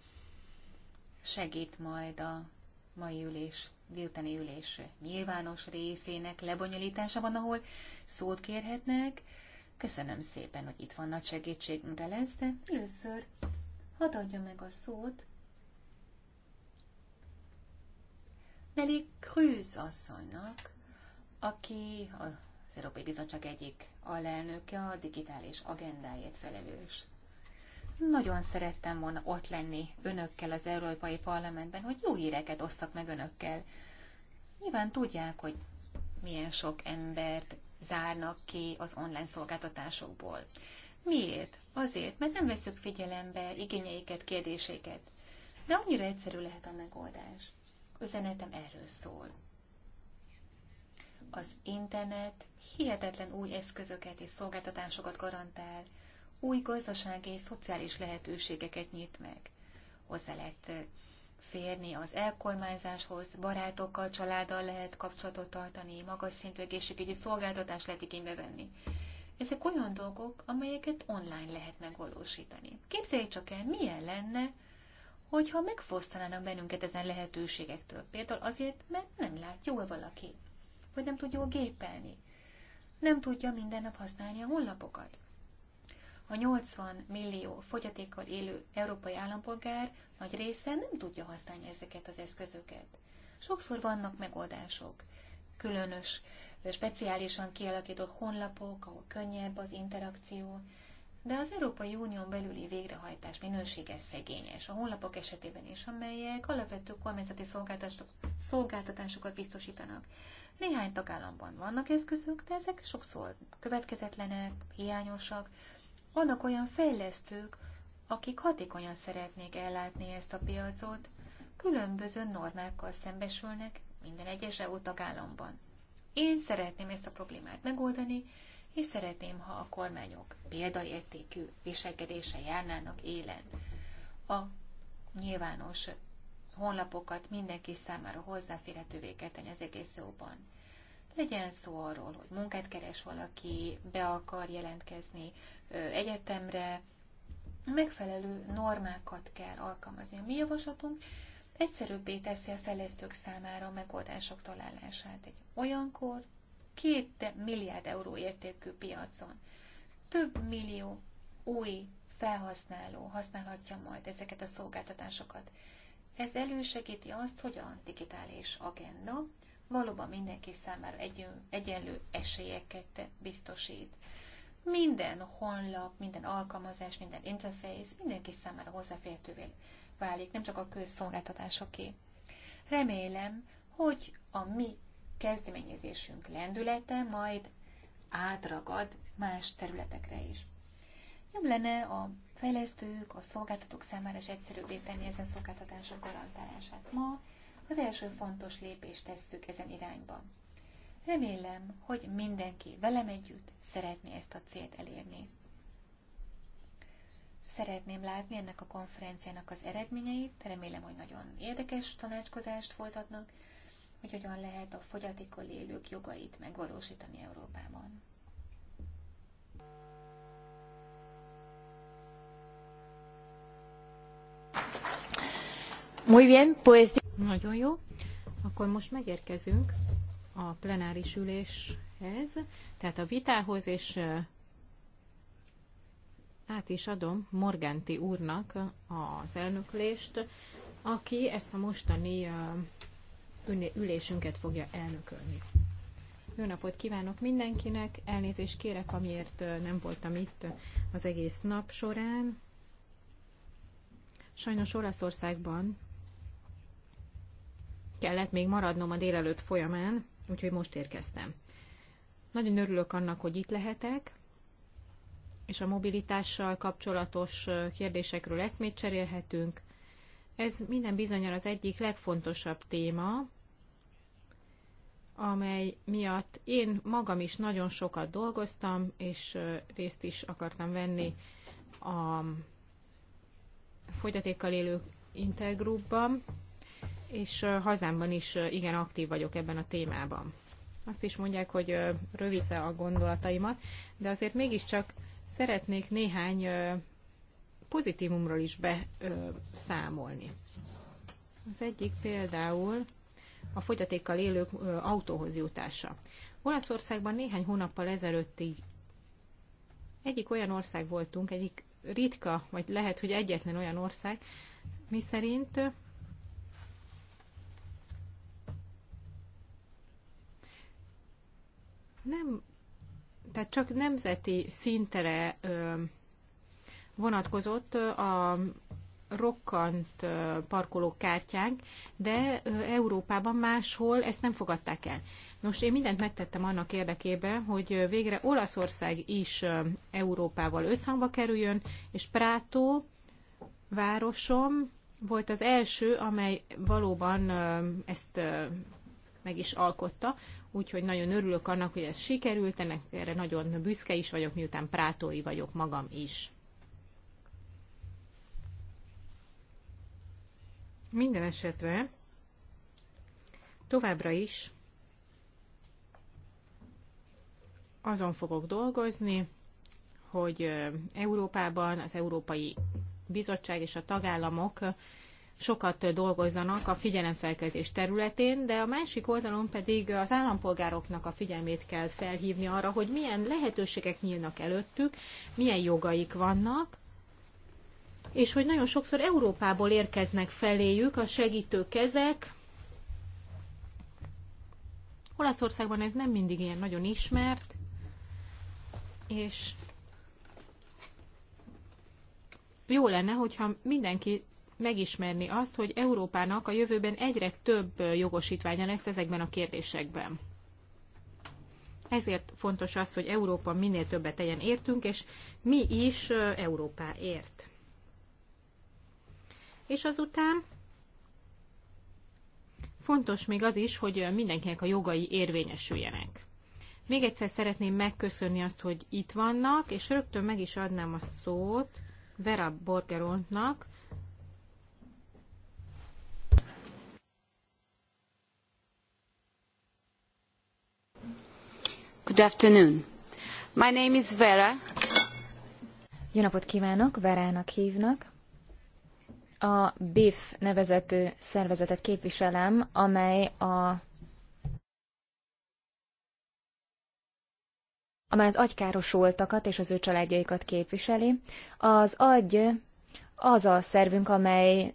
Segít majd a mai ülés, délutáni ülés nyilvános részének lebonyolításában, ahol szót kérhetnek. Köszönöm szépen, hogy itt van, nagy segítségünkre lesz, de először hadd adja meg a szót Nelly Krűz asszonynak, aki az Európai Bizottság egyik alelnöke, a digitális agendáért felelős. Nagyon szerettem volna ott lenni önökkel az Európai Parlamentben, hogy jó híreket osszak meg önökkel. Nyilván tudják, hogy milyen sok embert zárnak ki az online szolgáltatásokból. Miért? Azért, mert nem veszük figyelembe igényeiket, kérdéseiket. De annyira egyszerű lehet a megoldás üzenetem erről szól. Az internet hihetetlen új eszközöket és szolgáltatásokat garantál, új gazdasági és szociális lehetőségeket nyit meg. Hozzá lehet eh, férni az elkormányzáshoz, barátokkal, családdal lehet kapcsolatot tartani, magas szintű egészségügyi szolgáltatást lehet igénybe venni. Ezek olyan dolgok, amelyeket online lehet megvalósítani. Képzeljék csak el, milyen lenne, hogyha megfosztanának bennünket ezen lehetőségektől. Például azért, mert nem lát jól valaki, vagy nem tud jól gépelni, nem tudja minden nap használni a honlapokat. A 80 millió fogyatékkal élő európai állampolgár nagy része nem tudja használni ezeket az eszközöket. Sokszor vannak megoldások, különös, speciálisan kialakított honlapok, ahol könnyebb az interakció, de az Európai Unión belüli végrehajtás minősége szegényes, a honlapok esetében is, amelyek alapvető kormányzati szolgáltatásokat biztosítanak. Néhány tagállamban vannak eszközök, de ezek sokszor következetlenek, hiányosak. Vannak olyan fejlesztők, akik hatékonyan szeretnék ellátni ezt a piacot, különböző normákkal szembesülnek minden egyes EU tagállamban. Én szeretném ezt a problémát megoldani, és szeretném, ha a kormányok példaértékű viselkedése járnának élen. A nyilvános honlapokat mindenki számára hozzáférhetővé kell tenni az egész eu Legyen szó arról, hogy munkát keres valaki, be akar jelentkezni egyetemre, megfelelő normákat kell alkalmazni. A mi javaslatunk egyszerűbbé teszi a fejlesztők számára a megoldások találását. Egy olyan két milliárd euró értékű piacon. Több millió új felhasználó használhatja majd ezeket a szolgáltatásokat. Ez elősegíti azt, hogy a digitális agenda valóban mindenki számára egyenlő esélyeket biztosít. Minden honlap, minden alkalmazás, minden interface mindenki számára hozzáférhetővé válik, nem csak a közszolgáltatásoké. Remélem, hogy a mi kezdeményezésünk lendülete majd átragad más területekre is. Jobb lenne a fejlesztők, a szolgáltatók számára is egyszerűbbé tenni ezen szolgáltatások garantálását. Ma az első fontos lépést tesszük ezen irányba. Remélem, hogy mindenki velem együtt szeretné ezt a célt elérni. Szeretném látni ennek a konferenciának az eredményeit, remélem, hogy nagyon érdekes tanácskozást folytatnak, hogy hogyan lehet a fogyatékkal élők jogait megvalósítani Európában. Muy bien, pues... Nagyon jó. Akkor most megérkezünk a plenáris üléshez, tehát a vitához, és át is adom Morganti úrnak az elnöklést, aki ezt a mostani ülésünket fogja elnökölni. Jó napot kívánok mindenkinek, elnézést kérek, amiért nem voltam itt az egész nap során. Sajnos Olaszországban kellett még maradnom a délelőtt folyamán, úgyhogy most érkeztem. Nagyon örülök annak, hogy itt lehetek, és a mobilitással kapcsolatos kérdésekről eszmét cserélhetünk, ez minden bizonyal az egyik legfontosabb téma, amely miatt én magam is nagyon sokat dolgoztam, és részt is akartam venni a fogyatékkal élő intergrupban, és hazámban is igen aktív vagyok ebben a témában. Azt is mondják, hogy rövisze a gondolataimat, de azért mégiscsak szeretnék néhány pozitívumról is beszámolni. Az egyik például a fogyatékkal élők autóhoz jutása. Olaszországban néhány hónappal ezelőttig egyik olyan ország voltunk, egyik ritka, vagy lehet, hogy egyetlen olyan ország, mi szerint nem, tehát csak nemzeti szintere ö, vonatkozott a rokkant kártyánk, de Európában máshol ezt nem fogadták el. Nos, én mindent megtettem annak érdekében, hogy végre Olaszország is Európával összhangba kerüljön, és Prátó városom volt az első, amely valóban ezt meg is alkotta, úgyhogy nagyon örülök annak, hogy ez sikerült, ennek erre nagyon büszke is vagyok, miután Prátói vagyok magam is. Minden esetre továbbra is azon fogok dolgozni, hogy Európában az Európai Bizottság és a tagállamok sokat dolgozzanak a figyelemfelkeltés területén, de a másik oldalon pedig az állampolgároknak a figyelmét kell felhívni arra, hogy milyen lehetőségek nyílnak előttük, milyen jogaik vannak, és hogy nagyon sokszor Európából érkeznek feléjük a segítő kezek. Olaszországban ez nem mindig ilyen nagyon ismert, és jó lenne, hogyha mindenki megismerni azt, hogy Európának a jövőben egyre több jogosítványa lesz ezekben a kérdésekben. Ezért fontos az, hogy Európa minél többet tegyen értünk, és mi is Európáért. És azután fontos még az is, hogy mindenkinek a jogai érvényesüljenek. Még egyszer szeretném megköszönni azt, hogy itt vannak, és rögtön meg is adnám a szót Vera Borgerontnak, Good afternoon. My name is Vera. Jó napot kívánok, Verának hívnak a BIF nevezető szervezetet képviselem, amely a amely az agykárosultakat és az ő családjaikat képviseli. Az agy az a szervünk, amely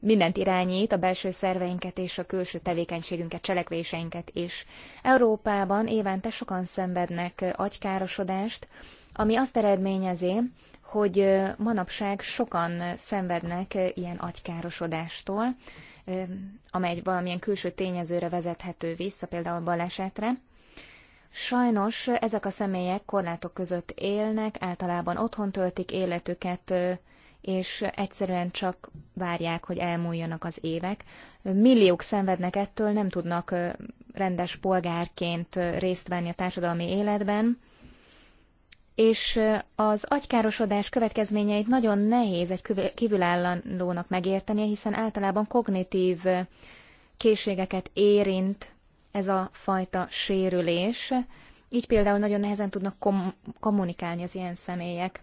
mindent irányít, a belső szerveinket és a külső tevékenységünket, cselekvéseinket is. Európában évente sokan szenvednek agykárosodást, ami azt eredményezi, hogy manapság sokan szenvednek ilyen agykárosodástól, amely valamilyen külső tényezőre vezethető vissza, például balesetre. Sajnos ezek a személyek korlátok között élnek, általában otthon töltik életüket, és egyszerűen csak várják, hogy elmúljanak az évek. Milliók szenvednek ettől, nem tudnak rendes polgárként részt venni a társadalmi életben, és az agykárosodás következményeit nagyon nehéz egy kívülállandónak megértenie, hiszen általában kognitív készségeket érint ez a fajta sérülés. Így például nagyon nehezen tudnak kom- kommunikálni az ilyen személyek.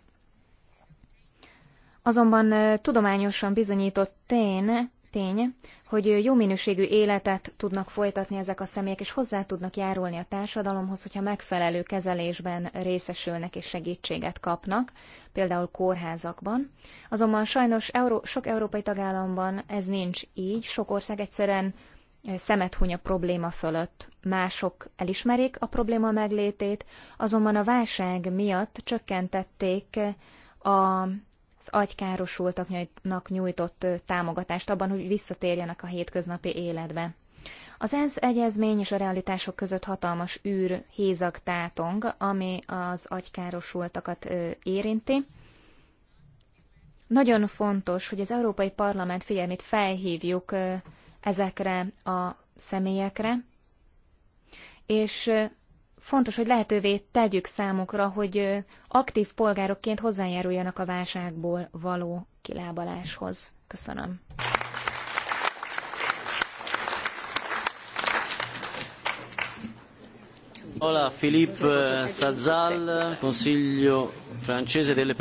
Azonban tudományosan bizonyított tény, tény, hogy jó minőségű életet tudnak folytatni ezek a személyek, és hozzá tudnak járulni a társadalomhoz, hogyha megfelelő kezelésben részesülnek és segítséget kapnak, például kórházakban. Azonban sajnos euró, sok európai tagállamban ez nincs így, sok ország egyszerűen szemet huny a probléma fölött. Mások elismerik a probléma meglétét, azonban a válság miatt csökkentették a az agykárosultaknak nyújtott támogatást abban, hogy visszatérjenek a hétköznapi életbe. Az ENSZ egyezmény és a realitások között hatalmas űr hézag tátong, ami az agykárosultakat érinti. Nagyon fontos, hogy az Európai Parlament figyelmét felhívjuk ezekre a személyekre, és fontos, hogy lehetővé tegyük számukra, hogy aktív polgárokként hozzájáruljanak a válságból való kilábaláshoz. Köszönöm. Hola, Philippe uh, Sazal, Consiglio francese delle...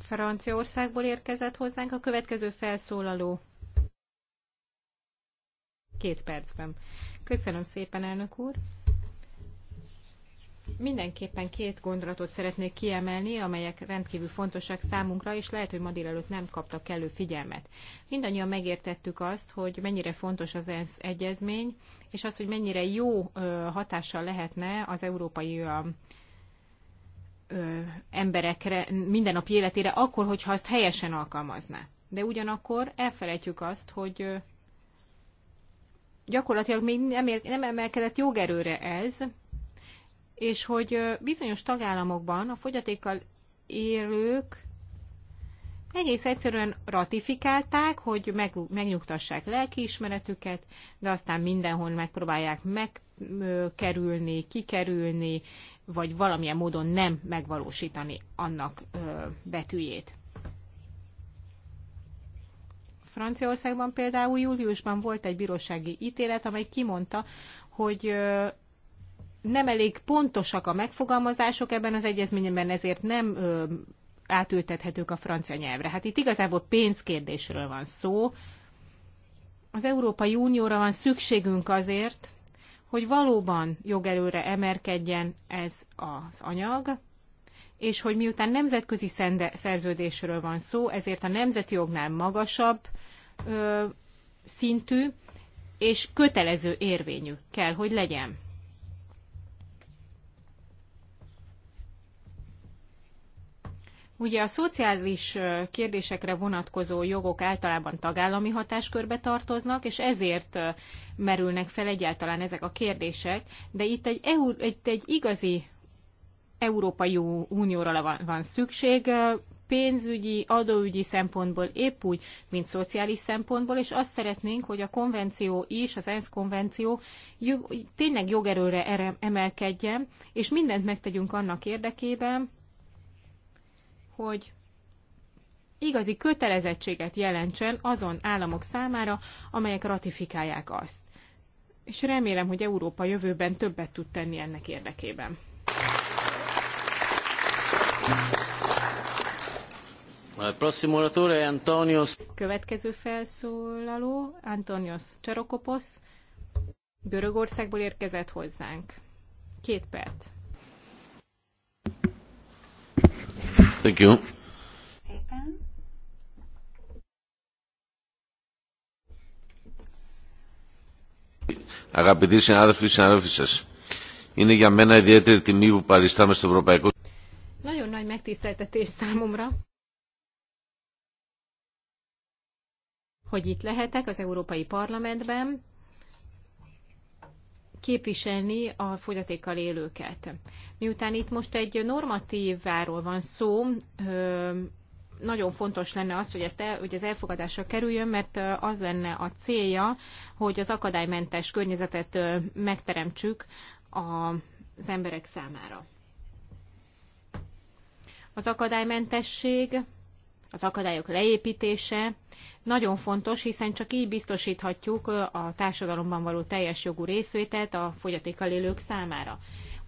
Franciaországból érkezett hozzánk a következő felszólaló. Két percben. Köszönöm szépen, elnök úr. Mindenképpen két gondolatot szeretnék kiemelni, amelyek rendkívül fontosak számunkra, és lehet, hogy ma délelőtt nem kaptak kellő figyelmet. Mindannyian megértettük azt, hogy mennyire fontos az ENSZ egyezmény, és az, hogy mennyire jó hatással lehetne az európai ö, emberekre, mindennapi életére, akkor, hogyha azt helyesen alkalmazná. De ugyanakkor elfelejtjük azt, hogy ö, gyakorlatilag még nem, ér, nem emelkedett jogerőre ez, és hogy bizonyos tagállamokban a fogyatékkal élők egész egyszerűen ratifikálták, hogy megnyugtassák lelkiismeretüket, de aztán mindenhol megpróbálják megkerülni, kikerülni, vagy valamilyen módon nem megvalósítani annak betűjét. Franciaországban például júliusban volt egy bírósági ítélet, amely kimondta, hogy nem elég pontosak a megfogalmazások ebben az egyezményben, ezért nem ö, átültethetők a francia nyelvre. Hát itt igazából pénzkérdésről van szó. Az Európai Unióra van szükségünk azért, hogy valóban jogerőre emelkedjen ez az anyag, és hogy miután nemzetközi szerződésről van szó, ezért a nemzeti jognál magasabb ö, szintű és kötelező érvényű kell, hogy legyen. Ugye a szociális kérdésekre vonatkozó jogok általában tagállami hatáskörbe tartoznak, és ezért merülnek fel egyáltalán ezek a kérdések, de itt egy, EU, egy, egy igazi Európai Unióra van, van szükség, pénzügyi, adóügyi szempontból épp úgy, mint szociális szempontból, és azt szeretnénk, hogy a konvenció is, az ENSZ konvenció tényleg jogerőre emelkedjen, és mindent megtegyünk annak érdekében, hogy igazi kötelezettséget jelentsen azon államok számára, amelyek ratifikálják azt. És remélem, hogy Európa jövőben többet tud tenni ennek érdekében. Következő felszólaló Antonios Cserokopos Görögországból érkezett hozzánk. Két perc. Thank you. Szépen. Αγαπητοί συνάδελφοι, συνάδελφοι σας, είναι για μένα ιδιαίτερη τιμή που παριστάμε στο Ευρωπαϊκό Nagyon nagy megtiszteltetés számomra, hogy itt lehetek az Európai Parlamentben, képviselni a fogyatékkal élőket. Miután itt most egy normatíváról van szó, nagyon fontos lenne az, hogy, ezt el, hogy ez elfogadásra kerüljön, mert az lenne a célja, hogy az akadálymentes környezetet megteremtsük az emberek számára. Az akadálymentesség az akadályok leépítése nagyon fontos, hiszen csak így biztosíthatjuk a társadalomban való teljes jogú részvételt a fogyatékkal élők számára.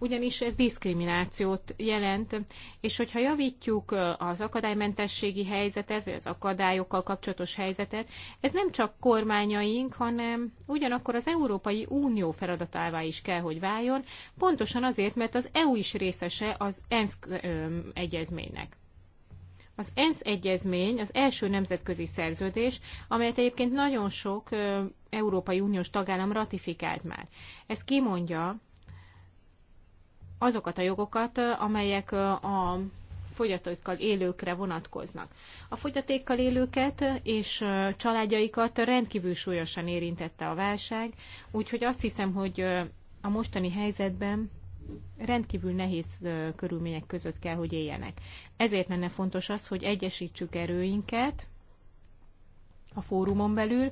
Ugyanis ez diszkriminációt jelent, és hogyha javítjuk az akadálymentességi helyzetet, vagy az akadályokkal kapcsolatos helyzetet, ez nem csak kormányaink, hanem ugyanakkor az Európai Unió feladatává is kell, hogy váljon, pontosan azért, mert az EU is részese az ENSZ egyezménynek. Az ENSZ egyezmény az első nemzetközi szerződés, amelyet egyébként nagyon sok Európai Uniós tagállam ratifikált már. Ez kimondja azokat a jogokat, amelyek a fogyatékkal élőkre vonatkoznak. A fogyatékkal élőket és családjaikat rendkívül súlyosan érintette a válság, úgyhogy azt hiszem, hogy a mostani helyzetben rendkívül nehéz körülmények között kell, hogy éljenek. Ezért lenne fontos az, hogy egyesítsük erőinket a fórumon belül,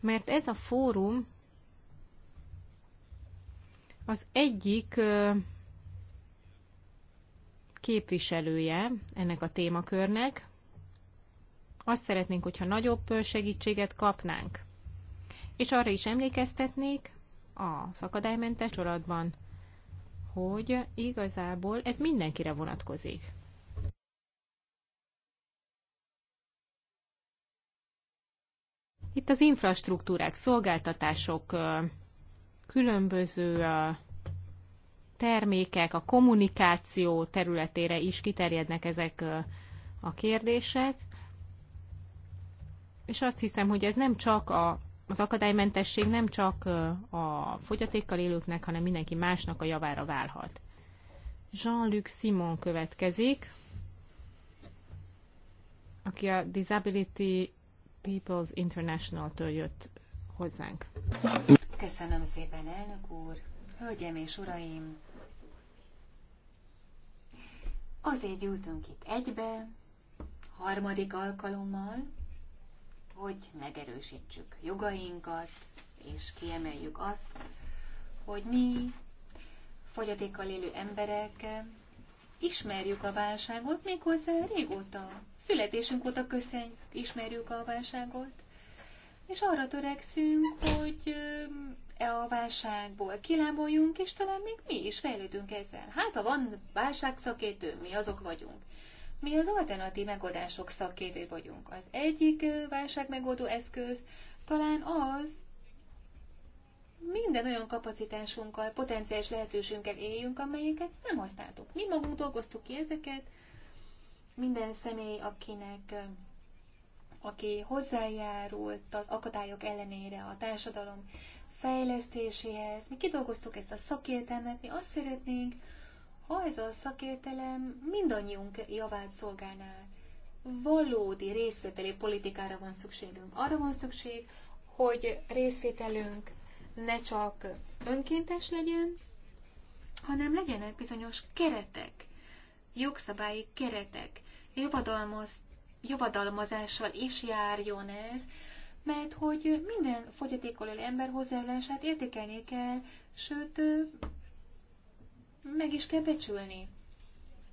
mert ez a fórum az egyik képviselője ennek a témakörnek. Azt szeretnénk, hogyha nagyobb segítséget kapnánk. És arra is emlékeztetnék, a szakadálymentes csolatban, hogy igazából ez mindenkire vonatkozik. Itt az infrastruktúrák, szolgáltatások, különböző termékek, a kommunikáció területére is kiterjednek ezek a kérdések. És azt hiszem, hogy ez nem csak a az akadálymentesség nem csak a fogyatékkal élőknek, hanem mindenki másnak a javára válhat. Jean-Luc Simon következik, aki a Disability People's International-től jött hozzánk. Köszönöm szépen, elnök úr! Hölgyem és uraim! Azért gyűltünk itt egybe, harmadik alkalommal, hogy megerősítsük jogainkat, és kiemeljük azt, hogy mi fogyatékkal élő emberek ismerjük a válságot, méghozzá régóta, születésünk óta köszön, ismerjük a válságot, és arra törekszünk, hogy e a válságból kiláboljunk, és talán még mi is fejlődünk ezzel. Hát, ha van válságszakértő, mi azok vagyunk. Mi az alternatív megoldások szakképé vagyunk. Az egyik válságmegoldó eszköz talán az, minden olyan kapacitásunkkal, potenciális lehetőségünkkel éljünk, amelyeket nem használtuk. Mi magunk dolgoztuk ki ezeket, minden személy, akinek, aki hozzájárult az akadályok ellenére a társadalom fejlesztéséhez, mi kidolgoztuk ezt a szakértelmet, mi azt szeretnénk, ha ez a szakértelem mindannyiunk javát szolgálná, valódi részvételi politikára van szükségünk. Arra van szükség, hogy részvételünk ne csak önkéntes legyen, hanem legyenek bizonyos keretek, jogszabályi keretek, javadalmaz, javadalmazással is járjon ez, mert hogy minden fogyatékkal ember hozzáállását értékelni kell, sőt, meg is kell becsülni.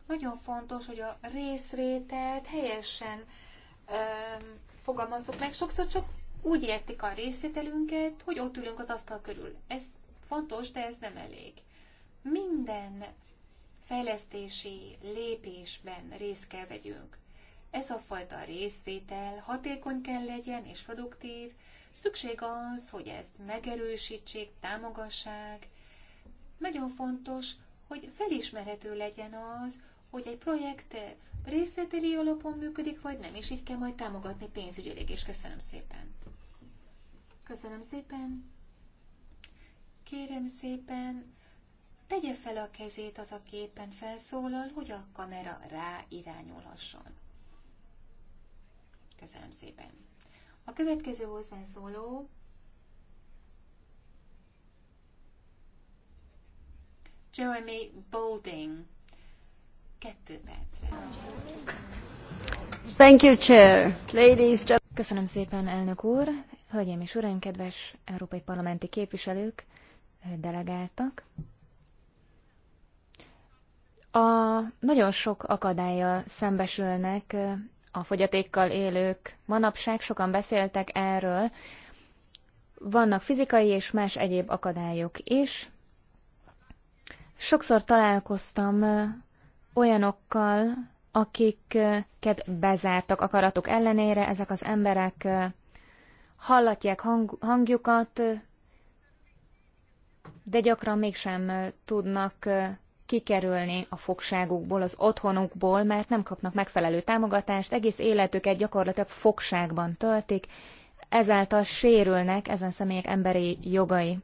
Nagyon fontos, hogy a részvételt helyesen ö, fogalmazzuk meg. Sokszor csak úgy értik a részvételünket, hogy ott ülünk az asztal körül. Ez fontos, de ez nem elég. Minden fejlesztési lépésben részt kell vegyünk. Ez a fajta részvétel hatékony kell legyen és produktív, szükség az, hogy ezt megerősítsék, támogassák. Nagyon fontos, hogy felismerhető legyen az, hogy egy projekt részleteli alapon működik, vagy nem, és így kell majd támogatni pénzügyileg, és köszönöm szépen. Köszönöm szépen. Kérem szépen, tegye fel a kezét az, a képen felszólal, hogy a kamera rá irányulhasson. Köszönöm szépen. A következő hozzászóló Jeremy Balding. Kettő percre. Thank you, Chair. Ladies, Köszönöm szépen, elnök úr. Hölgyeim és uraim, kedves európai parlamenti képviselők, delegáltak. A nagyon sok akadálya szembesülnek a fogyatékkal élők manapság, sokan beszéltek erről. Vannak fizikai és más egyéb akadályok is, Sokszor találkoztam olyanokkal, akiket bezártak akaratok ellenére, ezek az emberek hallatják hang, hangjukat, de gyakran mégsem tudnak kikerülni a fogságukból, az otthonukból, mert nem kapnak megfelelő támogatást, egész életüket gyakorlatilag fogságban töltik, ezáltal sérülnek ezen személyek emberi jogai.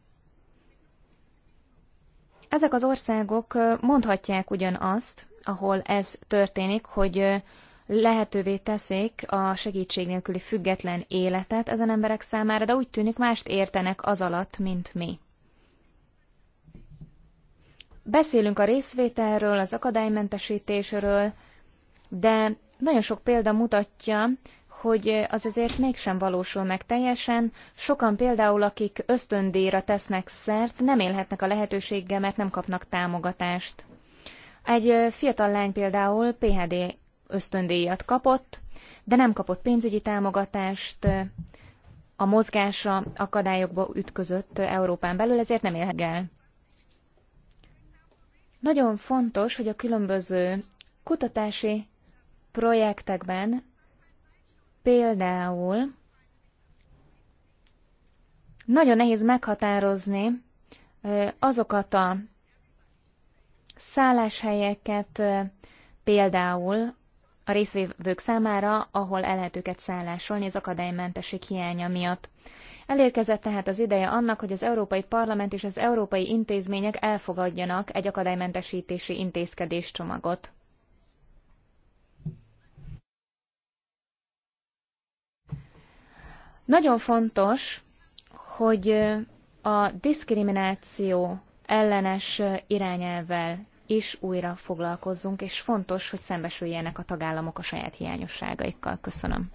Ezek az országok mondhatják ugyanazt, ahol ez történik, hogy lehetővé teszik a segítség nélküli független életet ezen emberek számára, de úgy tűnik mást értenek az alatt, mint mi. Beszélünk a részvételről, az akadálymentesítésről, de nagyon sok példa mutatja, hogy az azért mégsem valósul meg teljesen. Sokan például, akik ösztöndíjra tesznek szert, nem élhetnek a lehetőséggel, mert nem kapnak támogatást. Egy fiatal lány például PHD ösztöndíjat kapott, de nem kapott pénzügyi támogatást, a mozgása akadályokba ütközött Európán belül, ezért nem élhet el. Nagyon fontos, hogy a különböző kutatási projektekben Például nagyon nehéz meghatározni azokat a szálláshelyeket például a részvévők számára, ahol el lehet őket szállásolni az akadálymentesség hiánya miatt. Elérkezett tehát az ideje annak, hogy az Európai Parlament és az európai intézmények elfogadjanak egy akadálymentesítési intézkedéscsomagot. Nagyon fontos, hogy a diszkrimináció ellenes irányelvvel is újra foglalkozzunk, és fontos, hogy szembesüljenek a tagállamok a saját hiányosságaikkal. Köszönöm.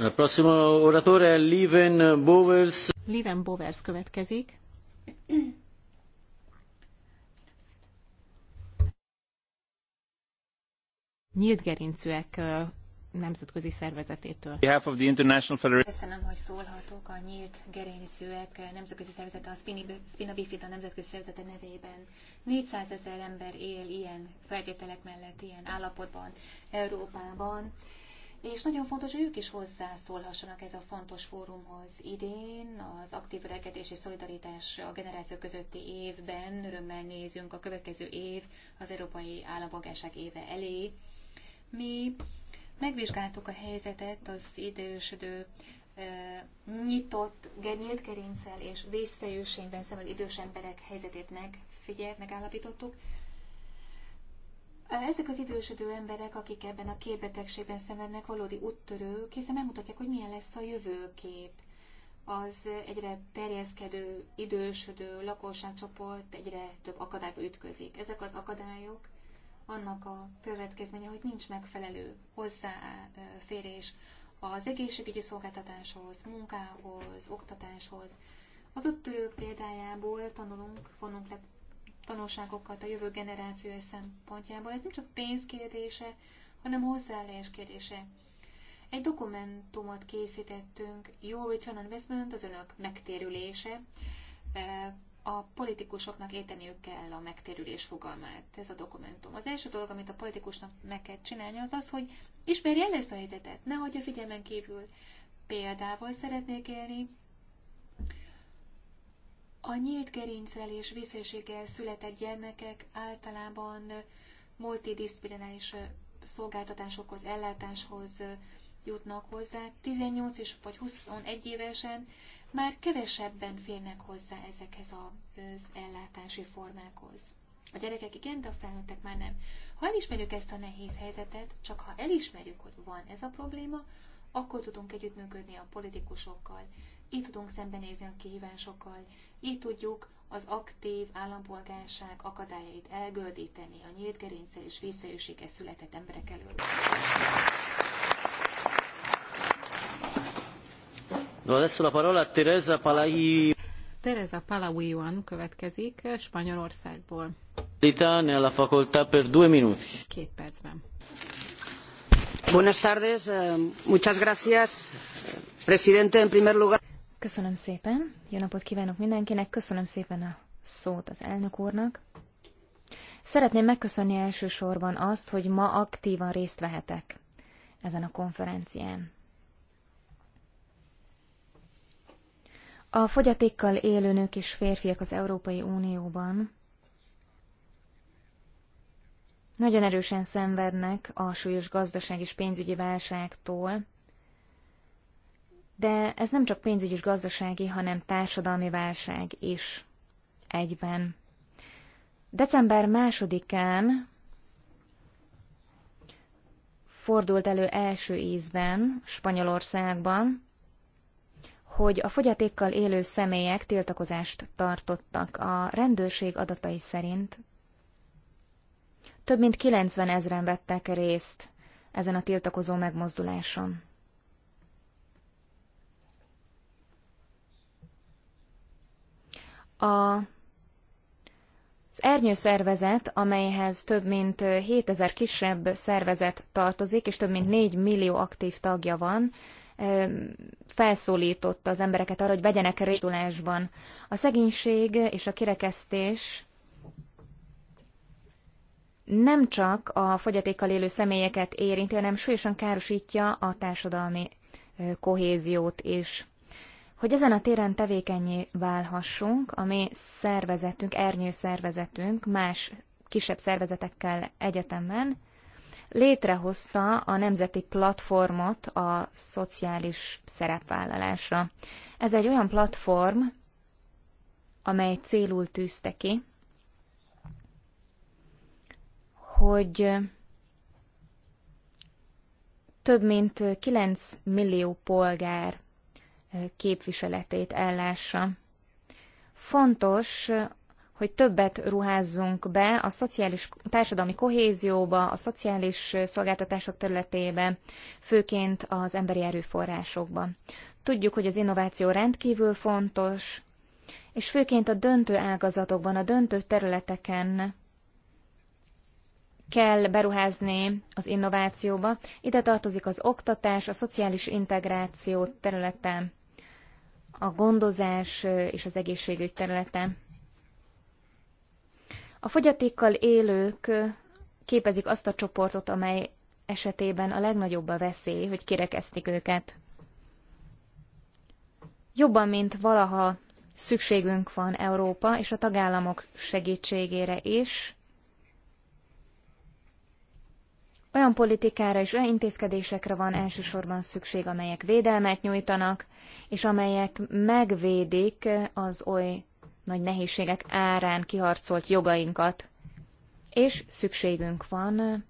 A prossimo oratore Liven Bowers. Liven Bowers következik. Nyílt gerincűek nemzetközi szervezetétől. Köszönöm, hogy szólhatok a Nyílt Gerincűek eh, nemzetközi szervezete, a Spina Bifida nemzetközi szervezete nevében. 400 ezer ember él ilyen feltételek mellett, ilyen állapotban Európában. És nagyon fontos, hogy ők is hozzászólhassanak ez a fontos fórumhoz. Idén az aktív öregedés és szolidaritás a generáció közötti évben örömmel nézünk a következő év az Európai Állampolgárság éve elé. Mi Megvizsgáltuk a helyzetet az idősödő nyitott genyét kerincsel és vészfejűségben szemben idős emberek helyzetét megfigyelt, megállapítottuk. Ezek az idősödő emberek, akik ebben a betegségben szenvednek, valódi úttörők, hiszen megmutatják, hogy milyen lesz a jövőkép. Az egyre terjeszkedő, idősödő lakosságcsoport egyre több akadályba ütközik. Ezek az akadályok annak a következménye, hogy nincs megfelelő hozzáférés az egészségügyi szolgáltatáshoz, munkához, oktatáshoz. Az ott ülők példájából tanulunk, vonunk le tanulságokat a jövő generációja szempontjából. Ez nem csak pénz kérdése, hanem hozzáállás kérdése. Egy dokumentumot készítettünk, Your Return on Investment, az önök megtérülése a politikusoknak érteniük kell a megtérülés fogalmát, ez a dokumentum. Az első dolog, amit a politikusnak meg kell csinálni, az az, hogy ismerje el ezt a helyzetet, ne hagyja figyelmen kívül. Példával szeretnék élni, a nyílt gerincel és visszaséggel született gyermekek általában multidisziplinális szolgáltatásokhoz, ellátáshoz jutnak hozzá. 18 és vagy 21 évesen már kevesebben férnek hozzá ezekhez az ellátási formákhoz. A gyerekek igen, de a felnőttek már nem. Ha elismerjük ezt a nehéz helyzetet, csak ha elismerjük, hogy van ez a probléma, akkor tudunk együttműködni a politikusokkal, így tudunk szembenézni a kihívásokkal, így tudjuk az aktív állampolgárság akadályait elgördíteni a nyílt gerincsel és vízfejűséges született emberek elől. Teresa Palai. Teresa következik Spanyolországból. Nella facoltà per due minuti. Két percben. Buenas tardes, eh, muchas gracias, presidente, en primer lugar. Köszönöm szépen, jó napot kívánok mindenkinek, köszönöm szépen a szót az elnök úrnak. Szeretném megköszönni elsősorban azt, hogy ma aktívan részt vehetek ezen a konferencián. A fogyatékkal élő nők és férfiak az Európai Unióban nagyon erősen szenvednek a súlyos gazdaság és pénzügyi válságtól, de ez nem csak pénzügyi és gazdasági, hanem társadalmi válság is egyben. December másodikán fordult elő első ízben Spanyolországban, hogy a fogyatékkal élő személyek tiltakozást tartottak. A rendőrség adatai szerint több mint 90 ezren vettek részt ezen a tiltakozó megmozduláson. A az Ernyő szervezet, amelyhez több mint 7000 kisebb szervezet tartozik, és több mint 4 millió aktív tagja van, felszólította az embereket arra, hogy vegyenek részulásban. A szegénység és a kirekesztés nem csak a fogyatékkal élő személyeket érinti, hanem súlyosan károsítja a társadalmi kohéziót is. Hogy ezen a téren tevékenyé válhassunk, a mi szervezetünk, ernyő szervezetünk más kisebb szervezetekkel egyetemben létrehozta a nemzeti platformot a szociális szerepvállalásra. Ez egy olyan platform, amely célul tűzte ki, hogy több mint 9 millió polgár képviseletét ellássa. Fontos hogy többet ruházzunk be a szociális társadalmi kohézióba, a szociális szolgáltatások területébe, főként az emberi erőforrásokba. Tudjuk, hogy az innováció rendkívül fontos, és főként a döntő ágazatokban, a döntő területeken kell beruházni az innovációba. Ide tartozik az oktatás, a szociális integráció területe, a gondozás és az egészségügy területe. A fogyatékkal élők képezik azt a csoportot, amely esetében a legnagyobb a veszély, hogy kirekesztik őket. Jobban, mint valaha szükségünk van Európa és a tagállamok segítségére is, olyan politikára és olyan intézkedésekre van elsősorban szükség, amelyek védelmet nyújtanak, és amelyek megvédik az oly nagy nehézségek árán kiharcolt jogainkat, és szükségünk van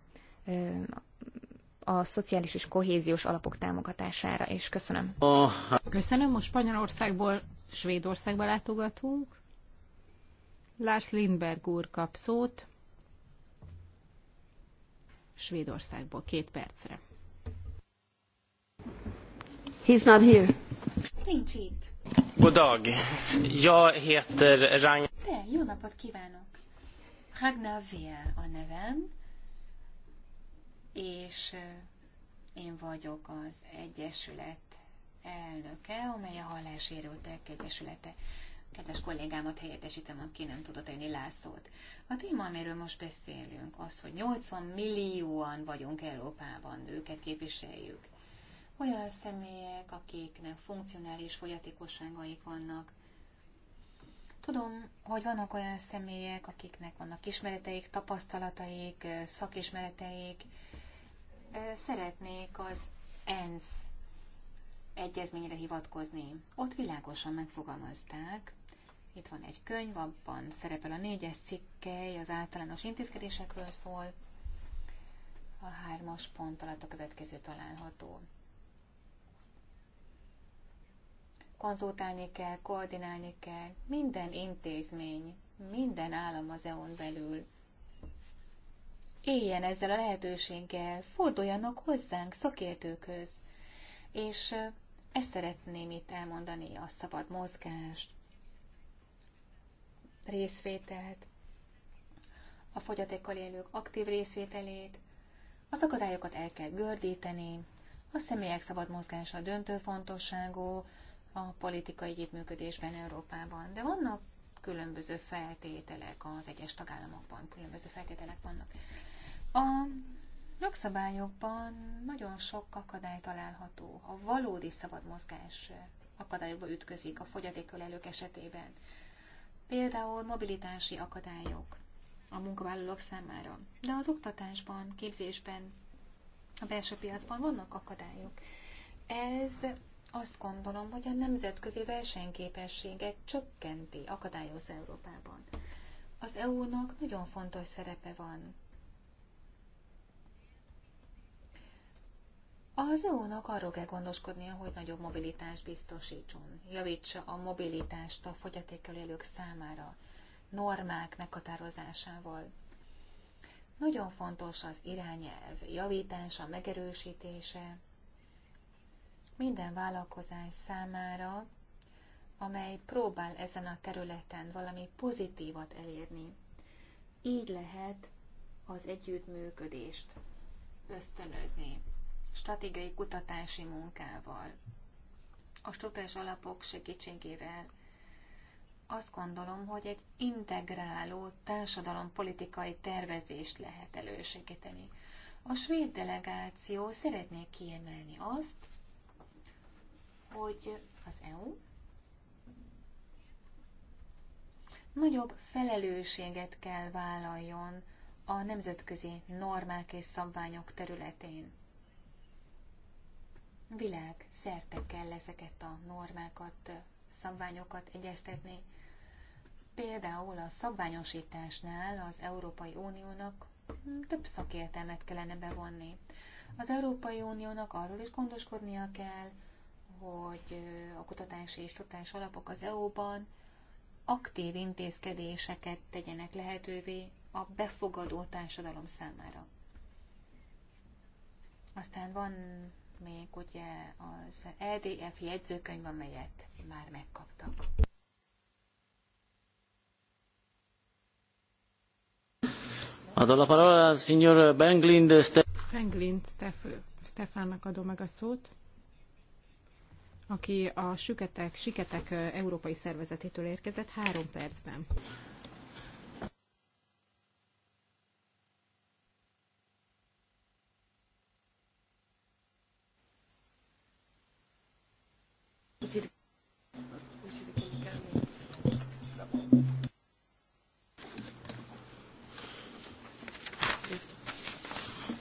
a szociális és kohéziós alapok támogatására, és köszönöm. Köszönöm, most Spanyolországból Svédországba látogatunk. Lars Lindberg úr kap szót. Svédországból két percre. He's not here. Nincs itt. God dag. Jag heter Ragnar... Te, jó napot kívánok! Ragnar Vél a nevem, és én vagyok az Egyesület elnöke, amely a Hallássérültek Egyesülete. Kedves kollégámat helyettesítem, aki nem tudott élni Lászlót. A téma, amiről most beszélünk, az, hogy 80 millióan vagyunk Európában, őket képviseljük olyan személyek, akiknek funkcionális fogyatékosságaik vannak. Tudom, hogy vannak olyan személyek, akiknek vannak ismereteik, tapasztalataik, szakismereteik. Szeretnék az ENSZ egyezményre hivatkozni. Ott világosan megfogalmazták, itt van egy könyv, abban szerepel a négyes cikkely, az általános intézkedésekről szól, a hármas pont alatt a következő található. konzultálni kell, koordinálni kell. Minden intézmény, minden állam az EU-n belül éljen ezzel a lehetőséggel, forduljanak hozzánk szakértőkhöz. És ezt szeretném itt elmondani, a szabad mozgást, részvételt, a fogyatékkal élők aktív részvételét, az akadályokat el kell gördíteni, a személyek szabad mozgása döntő fontosságú, a politikai együttműködésben Európában. De vannak különböző feltételek az egyes tagállamokban, különböző feltételek vannak. A jogszabályokban nagyon sok akadály található. A valódi szabad mozgás akadályokba ütközik a fogyatékölelők esetében. Például mobilitási akadályok a munkavállalók számára. De az oktatásban, képzésben, a belső piacban vannak akadályok. Ez azt gondolom, hogy a nemzetközi versenyképességet csökkenti, akadályoz Európában. Az EU-nak nagyon fontos szerepe van. Az EU-nak arról kell gondoskodnia, hogy nagyobb mobilitást biztosítson, javítsa a mobilitást a fogyatékkal élők számára, normák meghatározásával. Nagyon fontos az irányelv javítása, megerősítése, minden vállalkozás számára, amely próbál ezen a területen valami pozitívat elérni, így lehet az együttműködést ösztönözni stratégiai kutatási munkával, a struktúrás alapok segítségével. Azt gondolom, hogy egy integráló társadalompolitikai tervezést lehet elősegíteni. A svéd delegáció szeretné kiemelni azt, hogy az EU nagyobb felelősséget kell vállaljon a nemzetközi normák és szabványok területén. Világ szerte kell ezeket a normákat, szabványokat egyeztetni. Például a szabványosításnál az Európai Uniónak több szakértelmet kellene bevonni. Az Európai Uniónak arról is gondoskodnia kell, hogy a kutatási és tudás alapok az EU-ban aktív intézkedéseket tegyenek lehetővé a befogadó társadalom számára. Aztán van még ugye az EDF jegyzőkönyv, amelyet már megkaptak. Adom a parola signor Benglind Stefánnak adom meg a szót aki a Süketek, Siketek Európai Szervezetétől érkezett három percben.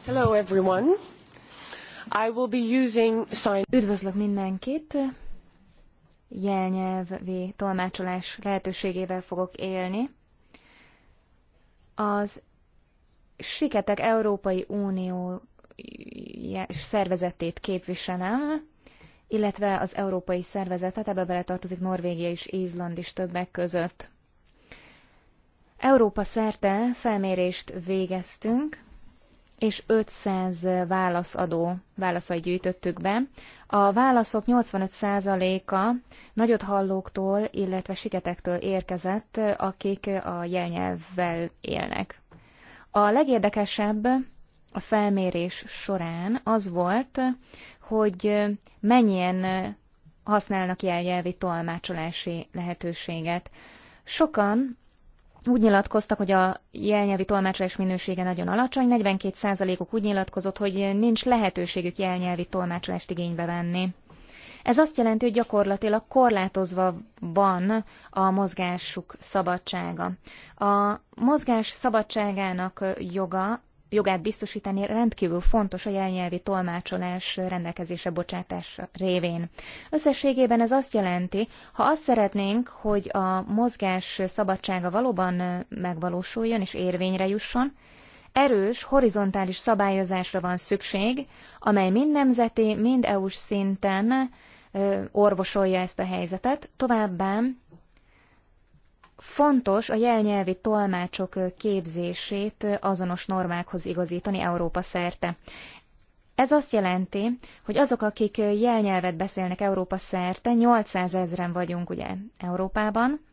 Hello everyone. I will be using sign... Üdvözlök mindenkit! Jelnyelvi tolmácsolás lehetőségével fogok élni. Az Siketek Európai Unió szervezetét képviselem, illetve az európai szervezetet, ebbe beletartozik Norvégia és Izland is többek között. Európa szerte felmérést végeztünk, és 500 válaszadó válaszait gyűjtöttük be. A válaszok 85%-a nagyot hallóktól, illetve siketektől érkezett, akik a jelnyelvvel élnek. A legérdekesebb a felmérés során az volt, hogy mennyien használnak jelnyelvi tolmácsolási lehetőséget. Sokan úgy nyilatkoztak, hogy a jelnyelvi tolmácsolás minősége nagyon alacsony, 42%-uk úgy nyilatkozott, hogy nincs lehetőségük jelnyelvi tolmácsolást igénybe venni. Ez azt jelenti, hogy gyakorlatilag korlátozva van a mozgásuk szabadsága. A mozgás szabadságának joga jogát biztosítani rendkívül fontos a jelnyelvi tolmácsolás rendelkezésre bocsátás révén. Összességében ez azt jelenti, ha azt szeretnénk, hogy a mozgás szabadsága valóban megvalósuljon és érvényre jusson, erős, horizontális szabályozásra van szükség, amely mind nemzeti, mind EU-s szinten orvosolja ezt a helyzetet, továbbá Fontos a jelnyelvi tolmácsok képzését azonos normákhoz igazítani Európa szerte. Ez azt jelenti, hogy azok, akik jelnyelvet beszélnek Európa szerte, 800 ezren vagyunk ugye Európában,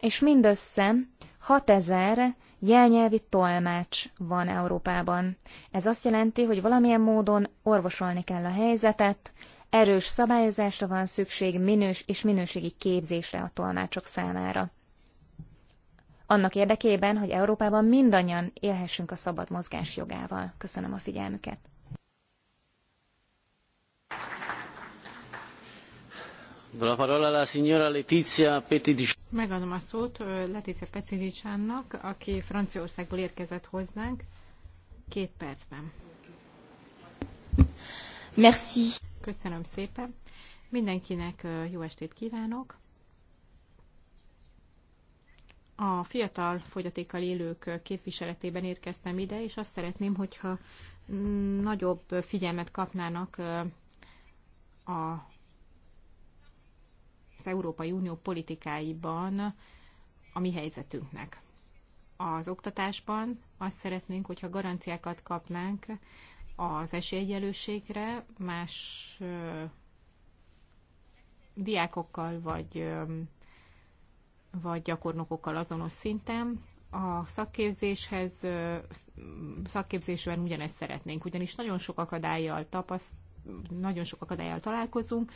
és mindössze 6000 jelnyelvi tolmács van Európában. Ez azt jelenti, hogy valamilyen módon orvosolni kell a helyzetet, erős szabályozásra van szükség minős és minőségi képzésre a tolmácsok számára annak érdekében, hogy Európában mindannyian élhessünk a szabad mozgás jogával. Köszönöm a figyelmüket. Megadom a szót Letizia Petidicsának, aki Franciaországból érkezett hozzánk. Két percben. Merci. Köszönöm szépen. Mindenkinek jó estét kívánok a fiatal fogyatékkal élők képviseletében érkeztem ide, és azt szeretném, hogyha nagyobb figyelmet kapnának a, az Európai Unió politikáiban a mi helyzetünknek. Az oktatásban azt szeretnénk, hogyha garanciákat kapnánk az esélyegyelőségre más diákokkal vagy vagy gyakornokokkal azonos szinten. A szakképzéshez, szakképzésben ugyanezt szeretnénk, ugyanis nagyon sok akadályjal tapaszt, nagyon sok akadályjal találkozunk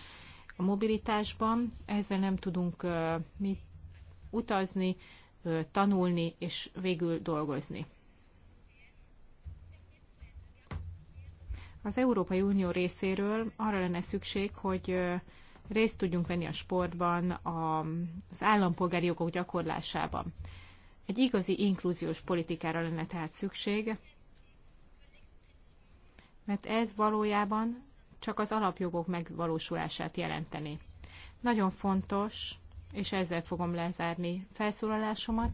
a mobilitásban, ezzel nem tudunk mit utazni, tanulni és végül dolgozni. Az Európai Unió részéről arra lenne szükség, hogy részt tudjunk venni a sportban, a, az állampolgári jogok gyakorlásában. Egy igazi inkluziós politikára lenne tehát szükség, mert ez valójában csak az alapjogok megvalósulását jelenteni. Nagyon fontos, és ezzel fogom lezárni felszólalásomat,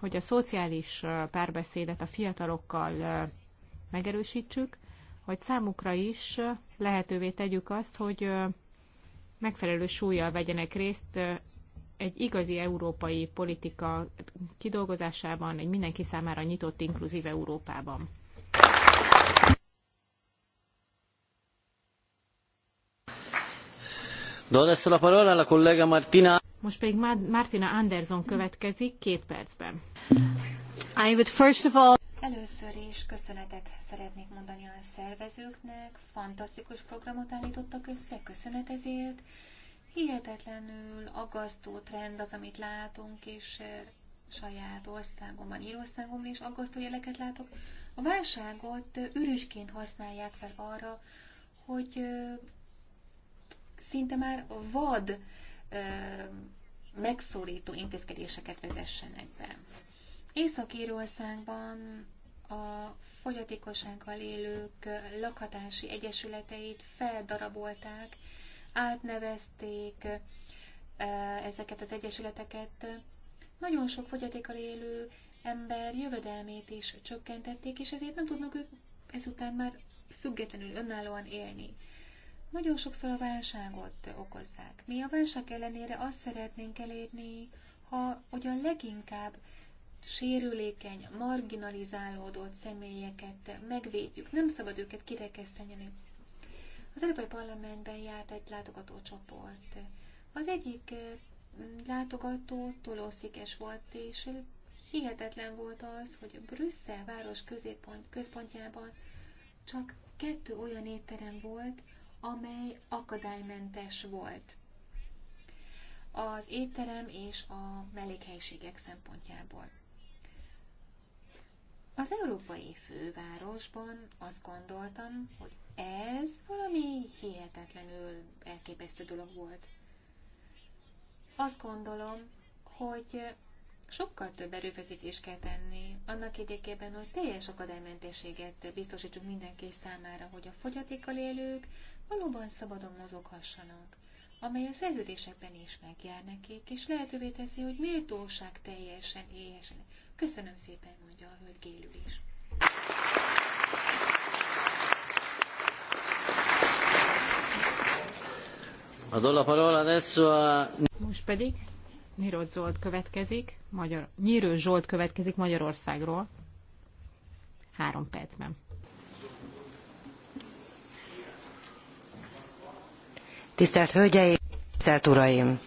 hogy a szociális párbeszédet a fiatalokkal megerősítsük, hogy számukra is lehetővé tegyük azt, hogy megfelelő súlyjal vegyenek részt egy igazi európai politika kidolgozásában, egy mindenki számára nyitott, inkluzív Európában. Most pedig Martina Anderson következik két percben. I would first of all... Először is köszönetet szeretnék mondani a szervezőknek, fantasztikus programot állítottak össze, köszönet ezért. Hihetetlenül aggasztó trend az, amit látunk, és eh, saját országomban, Írországomban is aggasztó jeleket látok. A válságot eh, ürügyként használják fel arra, hogy eh, szinte már vad megszólító intézkedéseket vezessenek be. Észak-Írországban a fogyatékossággal élők lakhatási egyesületeit feldarabolták, átnevezték e, ezeket az egyesületeket. Nagyon sok fogyatékkal élő ember jövedelmét is csökkentették, és ezért nem tudnak ők ezután már függetlenül, önállóan élni. Nagyon sokszor a válságot okozzák. Mi a válság ellenére azt szeretnénk elérni, ha, ugyan leginkább sérülékeny, marginalizálódott személyeket megvédjük. Nem szabad őket kirekeszteni. Az Európai Parlamentben járt egy csoport. Az egyik eh, látogató tolószikes volt, és hihetetlen volt az, hogy Brüsszel város középpont, központjában csak kettő olyan étterem volt, amely akadálymentes volt az étterem és a mellékhelyiségek szempontjából. Az európai fővárosban azt gondoltam, hogy ez valami hihetetlenül elképesztő dolog volt. Azt gondolom, hogy sokkal több erőfeszítést kell tenni annak érdekében, hogy teljes akadálymentességet biztosítsuk mindenki számára, hogy a fogyatékkal élők valóban szabadon mozoghassanak, amely a szerződésekben is megjár nekik, és lehetővé teszi, hogy méltóság teljesen éljenek Köszönöm szépen, mondja a hölgy gélül is. Most pedig nyíró Zsolt következik, Magyar, Nyírő Zsolt következik Magyarországról. Három percben. Tisztelt Hölgyeim, tisztelt Uraim,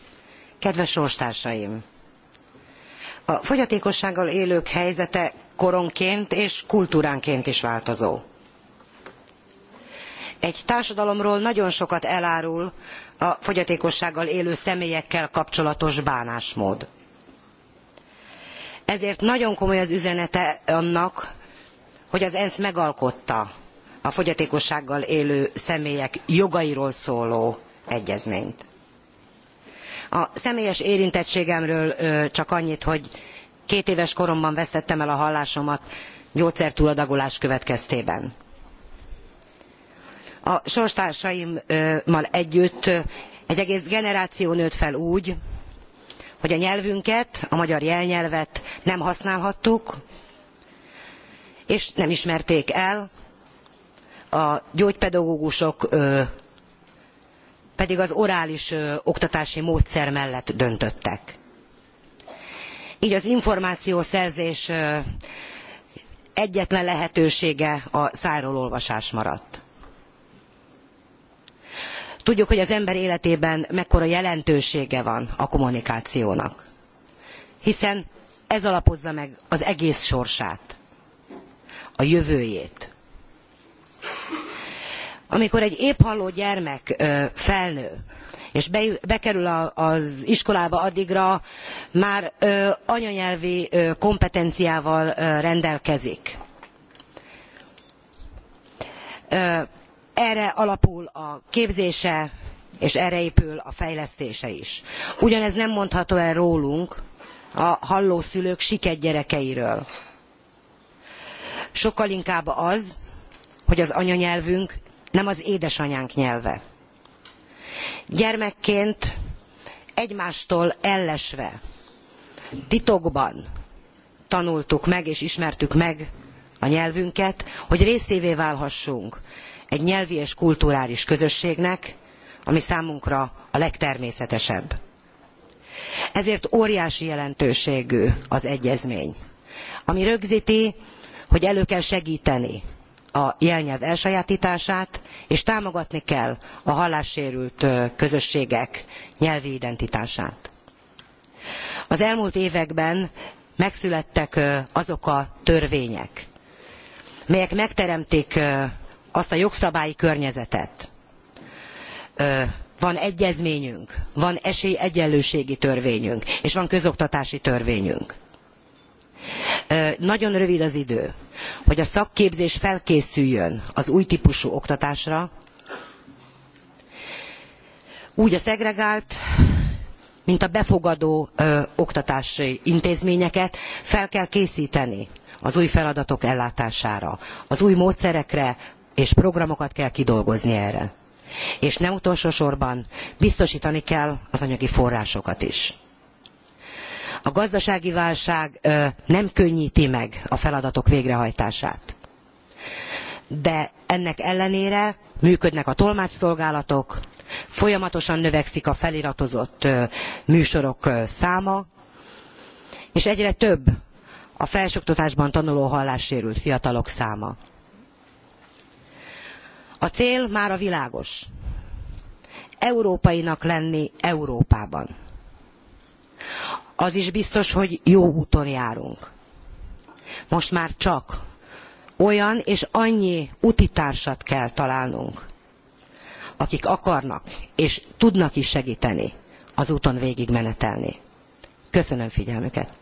kedves sorstársaim! A fogyatékossággal élők helyzete koronként és kultúránként is változó. Egy társadalomról nagyon sokat elárul a fogyatékossággal élő személyekkel kapcsolatos bánásmód. Ezért nagyon komoly az üzenete annak, hogy az ENSZ megalkotta a fogyatékossággal élő személyek jogairól szóló egyezményt. A személyes érintettségemről csak annyit, hogy két éves koromban vesztettem el a hallásomat gyógyszertúladagolás következtében. A sorstársaimmal együtt egy egész generáció nőtt fel úgy, hogy a nyelvünket, a magyar jelnyelvet nem használhattuk, és nem ismerték el, a gyógypedagógusok pedig az orális oktatási módszer mellett döntöttek. Így az információszerzés egyetlen lehetősége a szájról olvasás maradt. Tudjuk, hogy az ember életében mekkora jelentősége van a kommunikációnak, hiszen ez alapozza meg az egész sorsát, a jövőjét amikor egy halló gyermek felnő és bekerül az iskolába addigra már anyanyelvi kompetenciával rendelkezik. erre alapul a képzése és erre épül a fejlesztése is. ugyanez nem mondható el rólunk a hallószülők siket gyerekeiről. sokkal inkább az hogy az anyanyelvünk nem az édesanyánk nyelve. Gyermekként egymástól ellesve, titokban tanultuk meg és ismertük meg a nyelvünket, hogy részévé válhassunk egy nyelvi és kulturális közösségnek, ami számunkra a legtermészetesebb. Ezért óriási jelentőségű az egyezmény, ami rögzíti, hogy elő kell segíteni a jelnyelv elsajátítását, és támogatni kell a hallássérült közösségek nyelvi identitását. Az elmúlt években megszülettek azok a törvények, melyek megteremtik azt a jogszabályi környezetet. Van egyezményünk, van esélyegyenlőségi törvényünk, és van közoktatási törvényünk nagyon rövid az idő, hogy a szakképzés felkészüljön az új típusú oktatásra, úgy a szegregált, mint a befogadó ö, oktatási intézményeket fel kell készíteni az új feladatok ellátására, az új módszerekre és programokat kell kidolgozni erre. És nem utolsó sorban biztosítani kell az anyagi forrásokat is a gazdasági válság nem könnyíti meg a feladatok végrehajtását. De ennek ellenére működnek a tolmácsszolgálatok, folyamatosan növekszik a feliratozott műsorok száma, és egyre több a felsőoktatásban tanuló hallássérült fiatalok száma. A cél már a világos. Európainak lenni Európában az is biztos, hogy jó úton járunk. Most már csak olyan és annyi utitársat kell találnunk, akik akarnak és tudnak is segíteni az úton végigmenetelni. Köszönöm figyelmüket!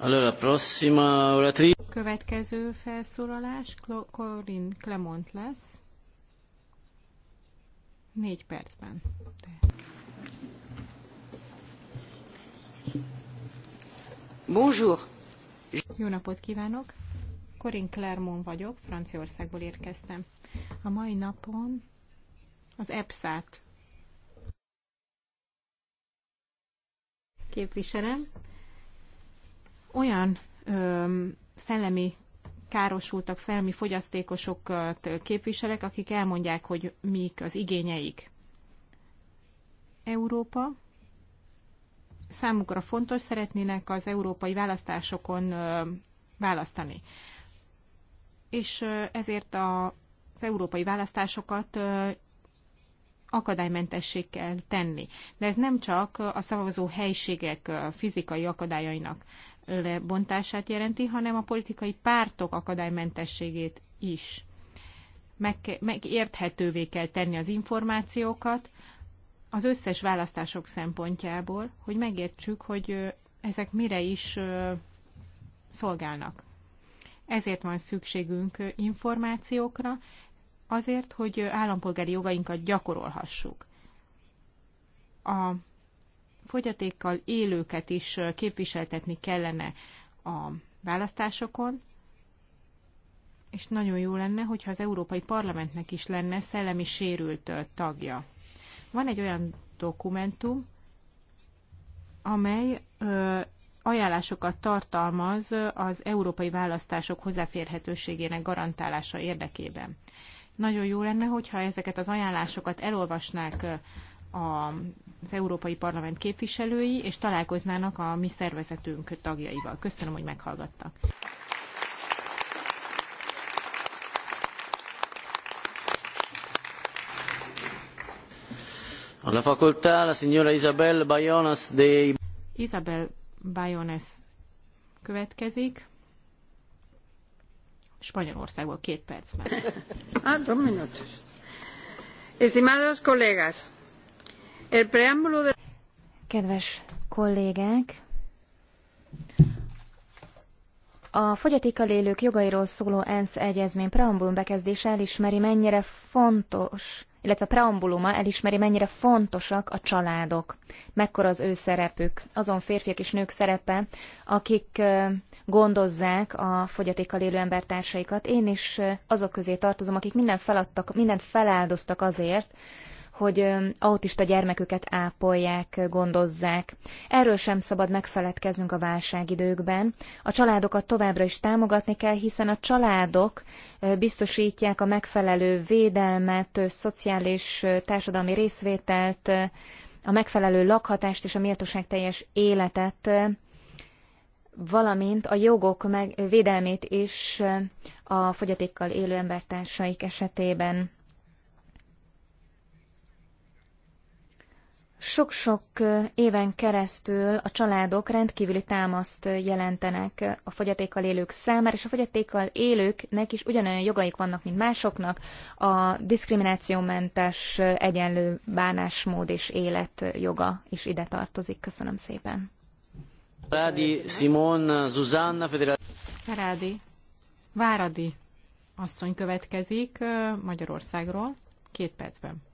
Allora, prossima oratrice. Következő felszólalás Corin Clement lesz. Négy percben. De. Bonjour. Jó napot kívánok! Corin Clermont vagyok, Franciaországból érkeztem. A mai napon az EPSZ-t képviselem, olyan öm, szellemi károsultak, szellemi fogyasztékosokat képviselek, akik elmondják, hogy mik az igényeik. Európa számukra fontos, szeretnének az európai választásokon választani. És ezért az európai választásokat akadálymentessé kell tenni. De ez nem csak a szavazó helységek fizikai akadályainak lebontását jelenti, hanem a politikai pártok akadálymentességét is. Meg, megérthetővé kell tenni az információkat az összes választások szempontjából, hogy megértsük, hogy ezek mire is szolgálnak. Ezért van szükségünk információkra, azért, hogy állampolgári jogainkat gyakorolhassuk. A fogyatékkal élőket is képviseltetni kellene a választásokon, és nagyon jó lenne, hogyha az Európai Parlamentnek is lenne szellemi sérült tagja. Van egy olyan dokumentum, amely ö, ajánlásokat tartalmaz az európai választások hozzáférhetőségének garantálása érdekében. Nagyon jó lenne, hogyha ezeket az ajánlásokat elolvasnák az Európai Parlament képviselői, és találkoznának a mi szervezetünk tagjaival. Köszönöm, hogy meghallgattak. La facoltà la signora Isabel Bayonas de... Isabel Bayonas következik. Spanyolországból két percben. ah, dos minutos. Estimados colegas, Kedves kollégák! A fogyatékkal élők jogairól szóló ENSZ egyezmény preambulum bekezdése elismeri, mennyire fontos, illetve preambuluma elismeri, mennyire fontosak a családok, mekkora az ő szerepük, azon férfiak és nők szerepe, akik gondozzák a fogyatékkal élő embertársaikat. Én is azok közé tartozom, akik mindent feladtak, mindent feláldoztak azért, hogy autista gyermeküket ápolják, gondozzák. Erről sem szabad megfeledkeznünk a válságidőkben. A családokat továbbra is támogatni kell, hiszen a családok biztosítják a megfelelő védelmet, szociális, társadalmi részvételt, a megfelelő lakhatást és a méltóság teljes életet, valamint a jogok meg, védelmét is a fogyatékkal élő embertársaik esetében. Sok-sok éven keresztül a családok rendkívüli támaszt jelentenek a fogyatékkal élők számára, és a fogyatékkal élőknek is ugyanolyan jogaik vannak, mint másoknak, a diszkriminációmentes egyenlő bánásmód és élet joga is ide tartozik. Köszönöm szépen. Rádi Simon Zuzanna Federal... Rádi. Váradi asszony következik Magyarországról két percben.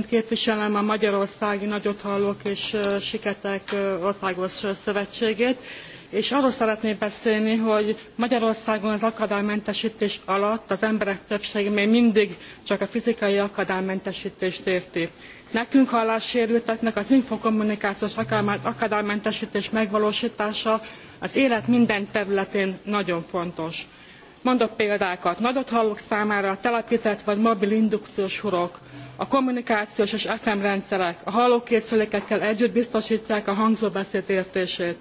Én képviselem a Magyarországi Nagyothallók és Siketek Országos Szövetségét, és arról szeretnék beszélni, hogy Magyarországon az akadálymentesítés alatt az emberek többsége még mindig csak a fizikai akadálymentesítést érti. Nekünk hallássérülteknek az infokommunikációs akadálymentesítés megvalósítása az élet minden területén nagyon fontos Mondok példákat, Nagyot hallók számára a telepített vagy mobil indukciós hurok, a kommunikációs és FM rendszerek, a hallókészülékekkel együtt biztosítják a hangzóbeszéd értését.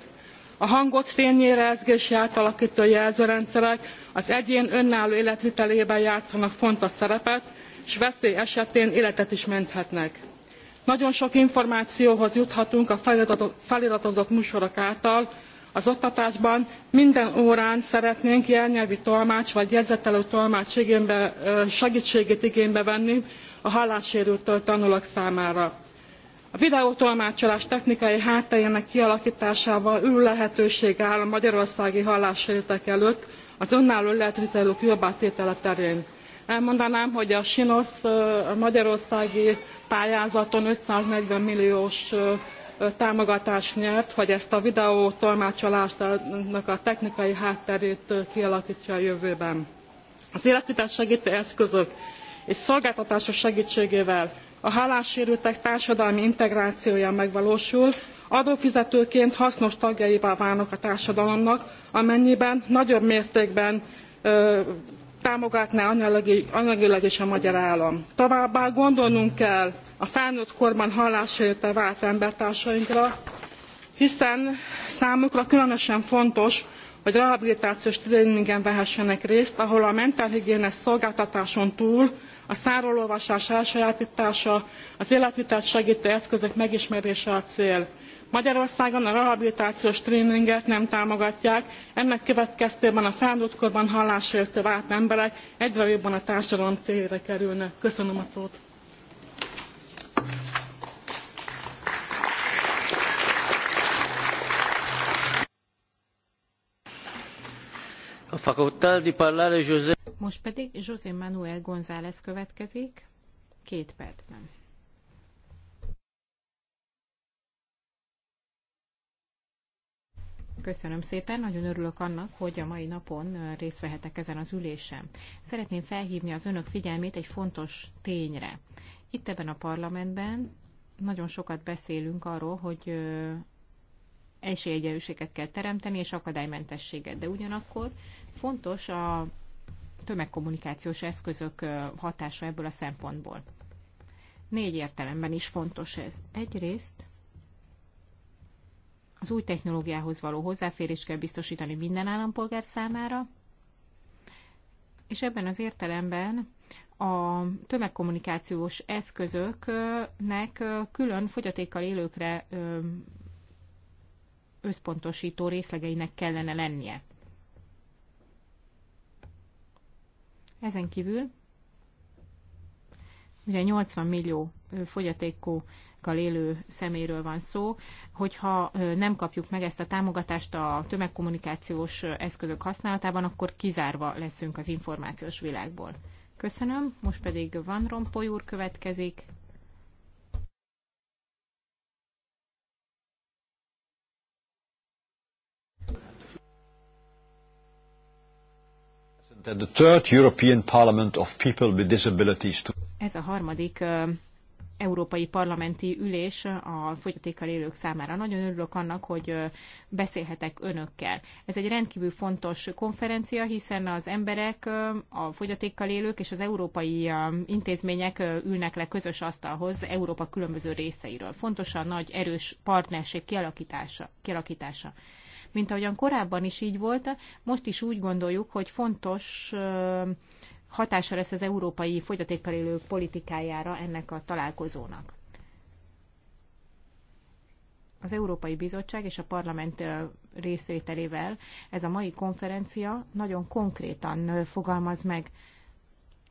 A hangot fényérezgési átalakító jelzőrendszerek az egyén önálló életvitelében játszanak fontos szerepet, és veszély esetén életet is menthetnek. Nagyon sok információhoz juthatunk a feliratozott műsorok által, az oktatásban minden órán szeretnénk jelnyelvi tolmács vagy jegyzetelő tolmács igénybe, segítségét igénybe venni a hallássérültől tanulók számára. A videótolmácsolás technikai hátterének kialakításával ül lehetőség áll a magyarországi hallássérültek előtt az önálló lehetőtelők jobbá tétele terén. Elmondanám, hogy a Sinosz magyarországi pályázaton 540 milliós támogatást nyert, hogy ezt a videó tolmácsolásnak a technikai hátterét kialakítsa a jövőben. Az életvitel segítő eszközök és szolgáltatások segítségével a hálássérültek társadalmi integrációja megvalósul, adófizetőként hasznos tagjaivá válnak a társadalomnak, amennyiben nagyobb mértékben támogatná anyagilag is a magyar állam. Továbbá gondolnunk kell a felnőtt korban hallásérte vált embertársainkra, hiszen számukra különösen fontos, hogy rehabilitációs tréningen vehessenek részt, ahol a mentálhigiénes szolgáltatáson túl a szárololvasás elsajátítása, az életvitelt segítő eszközök megismerése a cél. Magyarországon a rehabilitációs tréninget nem támogatják, ennek következtében a felnőtt korban hallássértő vált emberek egyre jobban a társadalom célére kerülnek. Köszönöm a szót. A facoltà di parlare José. Most pedig José Manuel González következik, két percben. Köszönöm szépen, nagyon örülök annak, hogy a mai napon részt vehetek ezen az ülésen. Szeretném felhívni az önök figyelmét egy fontos tényre. Itt ebben a parlamentben nagyon sokat beszélünk arról, hogy esélyegyenlőséget kell teremteni, és akadálymentességet. De ugyanakkor fontos a tömegkommunikációs eszközök hatása ebből a szempontból. Négy értelemben is fontos ez. Egyrészt az új technológiához való hozzáférést kell biztosítani minden állampolgár számára, és ebben az értelemben a tömegkommunikációs eszközöknek külön fogyatékkal élőkre összpontosító részlegeinek kellene lennie. Ezen kívül ugye 80 millió fogyatékú fogyatékkal élő szeméről van szó, hogyha nem kapjuk meg ezt a támogatást a tömegkommunikációs eszközök használatában, akkor kizárva leszünk az információs világból. Köszönöm, most pedig Van Rompoly úr következik. that the third European Parliament of People with Disabilities. Ez a harmadik európai parlamenti ülés a fogyatékkal élők számára. Nagyon örülök annak, hogy beszélhetek önökkel. Ez egy rendkívül fontos konferencia, hiszen az emberek, a fogyatékkal élők és az európai intézmények ülnek le közös asztalhoz Európa különböző részeiről. Fontos a nagy, erős partnerség kialakítása. kialakítása. Mint ahogyan korábban is így volt, most is úgy gondoljuk, hogy fontos hatása lesz az európai fogyatékkal élők politikájára ennek a találkozónak. Az Európai Bizottság és a parlament részvételével ez a mai konferencia nagyon konkrétan fogalmaz meg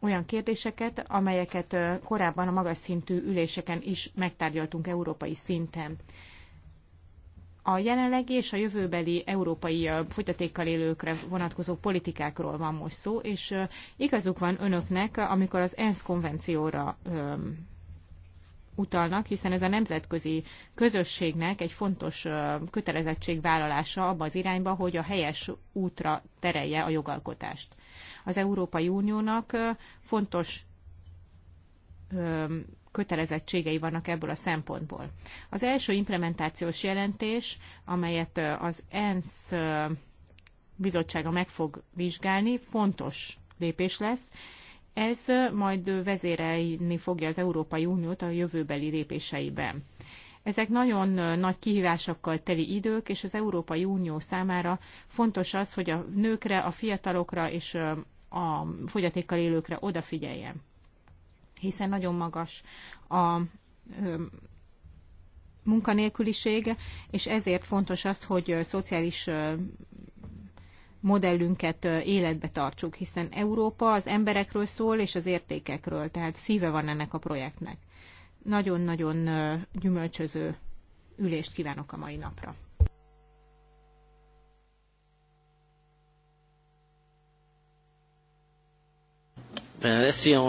olyan kérdéseket, amelyeket korábban a magas szintű üléseken is megtárgyaltunk európai szinten a jelenlegi és a jövőbeli európai fogyatékkal élőkre vonatkozó politikákról van most szó, és igazuk van önöknek, amikor az ENSZ konvencióra utalnak, hiszen ez a nemzetközi közösségnek egy fontos kötelezettségvállalása abba az irányba, hogy a helyes útra terelje a jogalkotást. Az Európai Uniónak fontos kötelezettségei vannak ebből a szempontból. Az első implementációs jelentés, amelyet az ENSZ bizottsága meg fog vizsgálni, fontos lépés lesz. Ez majd vezérelni fogja az Európai Uniót a jövőbeli lépéseiben. Ezek nagyon nagy kihívásokkal teli idők, és az Európai Unió számára fontos az, hogy a nőkre, a fiatalokra és a fogyatékkal élőkre odafigyeljen hiszen nagyon magas a munkanélküliség, és ezért fontos az, hogy szociális modellünket életbe tartsuk, hiszen Európa az emberekről szól és az értékekről, tehát szíve van ennek a projektnek. Nagyon-nagyon gyümölcsöző ülést kívánok a mai napra.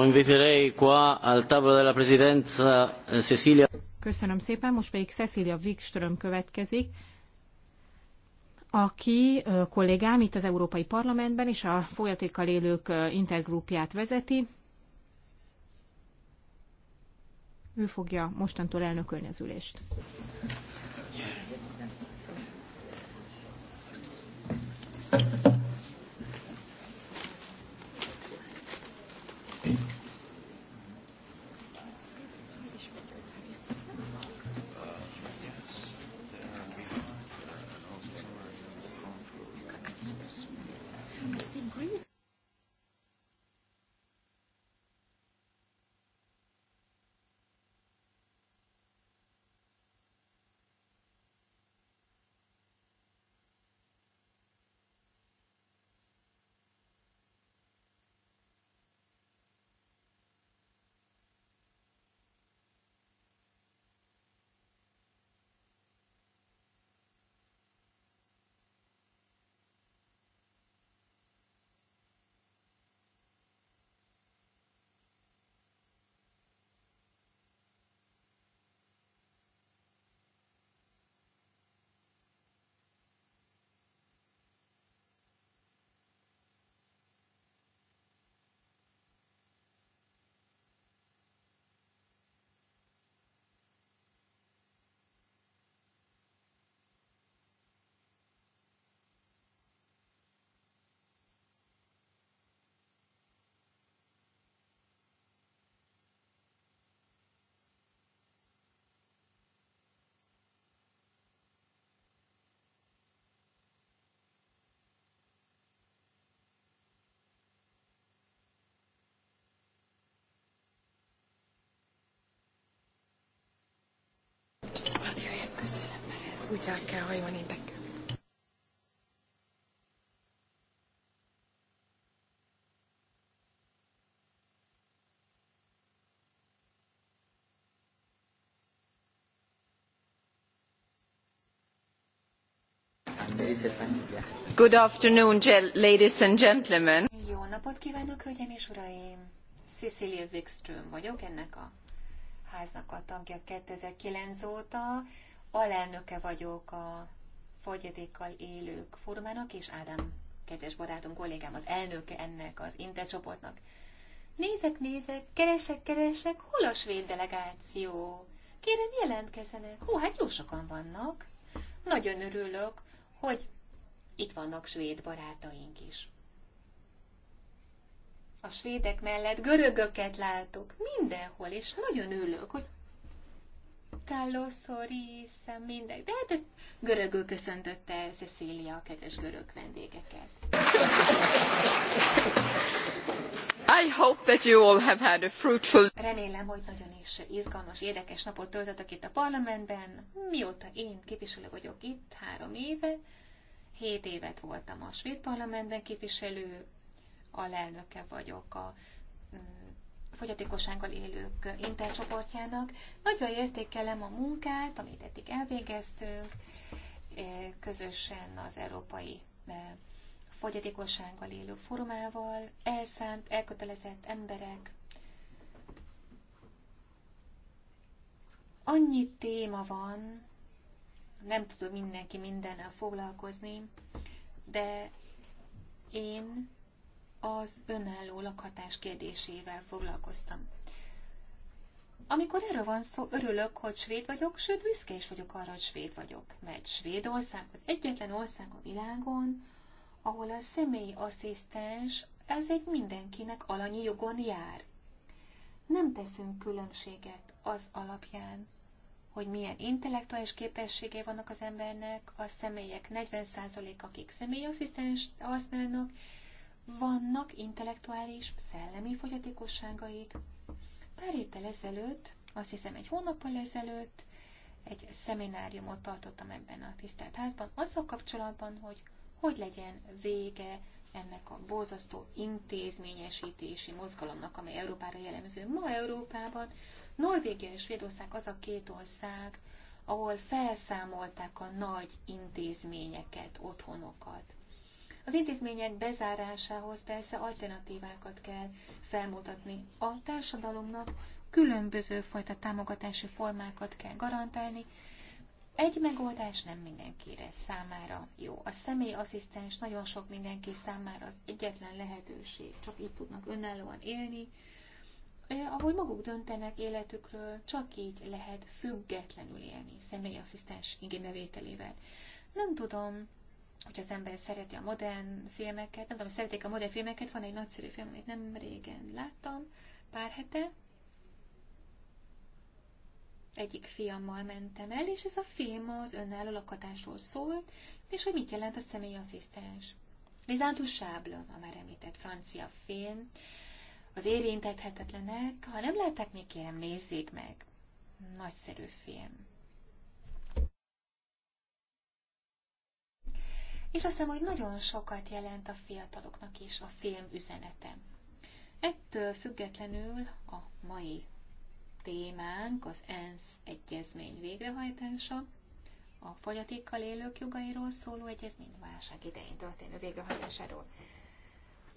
inviterei qua al tavolo della presidenza eh, Cecilia. Köszönöm szépen, most pedig Cecilia Wikström következik, aki kollégám itt az Európai Parlamentben és a folyatékkal élők intergrupját vezeti. Ő fogja mostantól elnökölni az ülést. úgy rá kell hajolni Good afternoon, ladies and gentlemen. Jó napot kívánok, hölgyeim és uraim! Cecilia Wikström vagyok, ennek a háznak a tagja 2009 óta alelnöke vagyok a fogyatékkal élők formának, és Ádám, kedves barátom, kollégám, az elnöke ennek az intercsoportnak. Nézek, nézek, keresek, keresek, hol a svéd delegáció? Kérem, jelentkezenek. Hú, hát jó sokan vannak. Nagyon örülök, hogy itt vannak svéd barátaink is. A svédek mellett görögöket látok mindenhol, és nagyon örülök, hogy Kalló, mindegy. De hát ez görögül köszöntötte Cecília a kedves görög vendégeket. I hope that you all have had a fruitful... Remélem, hogy nagyon is izgalmas, érdekes napot töltöttek itt a parlamentben. Mióta én képviselő vagyok itt, három éve, hét évet voltam a svéd parlamentben képviselő, alelnöke vagyok a fogyatékossággal élők intercsoportjának. Nagyra értékelem a munkát, amit eddig elvégeztünk, eh, közösen az Európai eh, Fogyatékossággal élő formával, elszánt, elkötelezett emberek. Annyi téma van, nem tudom mindenki mindennel foglalkozni, de én az önálló lakhatás kérdésével foglalkoztam. Amikor erről van szó, örülök, hogy svéd vagyok, sőt büszke is vagyok arra, hogy svéd vagyok, mert Svédország az egyetlen ország a világon, ahol a személyi asszisztens ez egy mindenkinek alanyi jogon jár. Nem teszünk különbséget az alapján, hogy milyen intellektuális képessége vannak az embernek, a személyek 40% akik személyasszisztens használnak, vannak intellektuális, szellemi fogyatékosságaik. Pár héttel ezelőtt, azt hiszem egy hónappal ezelőtt, egy szemináriumot tartottam ebben a tisztelt házban, azzal kapcsolatban, hogy hogy legyen vége ennek a borzasztó intézményesítési mozgalomnak, amely Európára jellemző. Ma Európában Norvégia és Svédország az a két ország, ahol felszámolták a nagy intézményeket, otthonokat. Az intézmények bezárásához persze alternatívákat kell felmutatni. A társadalomnak különböző fajta támogatási formákat kell garantálni, egy megoldás nem mindenkire számára jó. A személyasszisztens nagyon sok mindenki számára az egyetlen lehetőség, csak így tudnak önállóan élni, e, ahogy maguk döntenek életükről, csak így lehet függetlenül élni személyasszisztens igénybevételével. Nem tudom, hogy az ember szereti a modern filmeket, nem tudom, szeretik a modern filmeket, van egy nagyszerű film, amit nem régen láttam, pár hete, egyik fiammal mentem el, és ez a film az önálló lakatásról szólt, és hogy mit jelent a asszisztens. Lizantus Sábla, a már említett francia film, az érintethetetlenek, ha nem látták, még kérem, nézzék meg. Nagyszerű film. és azt hiszem, hogy nagyon sokat jelent a fiataloknak is a film üzenete. Ettől függetlenül a mai témánk az ENSZ egyezmény végrehajtása, a fogyatékkal élők jogairól szóló egyezmény válság idején történő végrehajtásáról.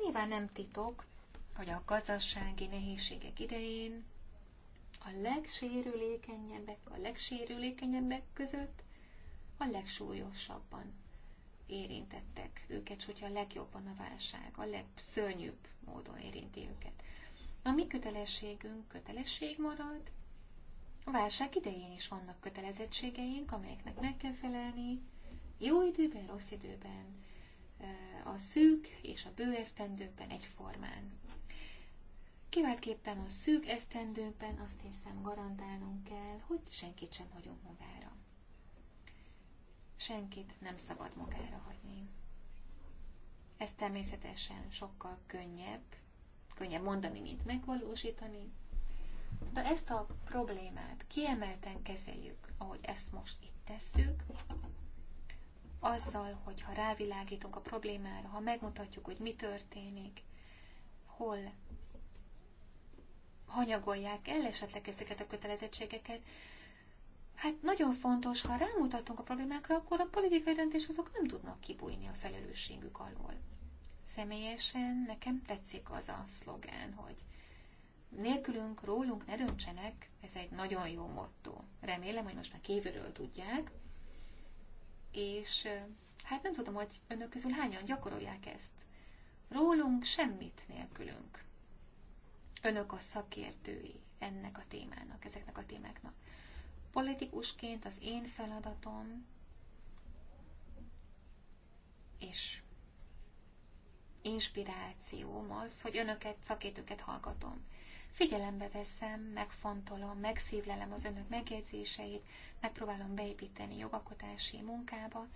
Nyilván nem titok, hogy a gazdasági nehézségek idején a legsérülékenyebbek, a legsérülékenyebbek között a legsúlyosabban érintettek őket, hogyha a legjobban a válság, a legszörnyűbb módon érinti őket. A mi kötelességünk kötelesség marad, a válság idején is vannak kötelezettségeink, amelyeknek meg kell felelni, jó időben, rossz időben, a szűk és a bő esztendőkben egyformán. Kiváltképpen a szűk esztendőkben azt hiszem garantálnunk kell, hogy senkit sem hagyunk magára. Senkit nem szabad magára hagyni. Ez természetesen sokkal könnyebb, könnyebb mondani, mint megvalósítani, de ezt a problémát kiemelten kezeljük, ahogy ezt most itt tesszük, azzal, hogyha rávilágítunk a problémára, ha megmutatjuk, hogy mi történik, hol hanyagolják el esetleg ezeket a kötelezettségeket, Hát nagyon fontos, ha rámutatunk a problémákra, akkor a politikai döntéshozók nem tudnak kibújni a felelősségük alól. Személyesen nekem tetszik az a szlogán, hogy nélkülünk, rólunk ne döntsenek, ez egy nagyon jó motto. Remélem, hogy most már kívülről tudják, és hát nem tudom, hogy önök közül hányan gyakorolják ezt. Rólunk semmit nélkülünk. Önök a szakértői ennek a témának, ezeknek a témáknak. Politikusként az én feladatom, és inspirációm az, hogy önöket, szakértőket hallgatom. Figyelembe veszem, megfontolom, megszívlelem az önök megjegyzéseit, megpróbálom beépíteni jogalkotási munkába.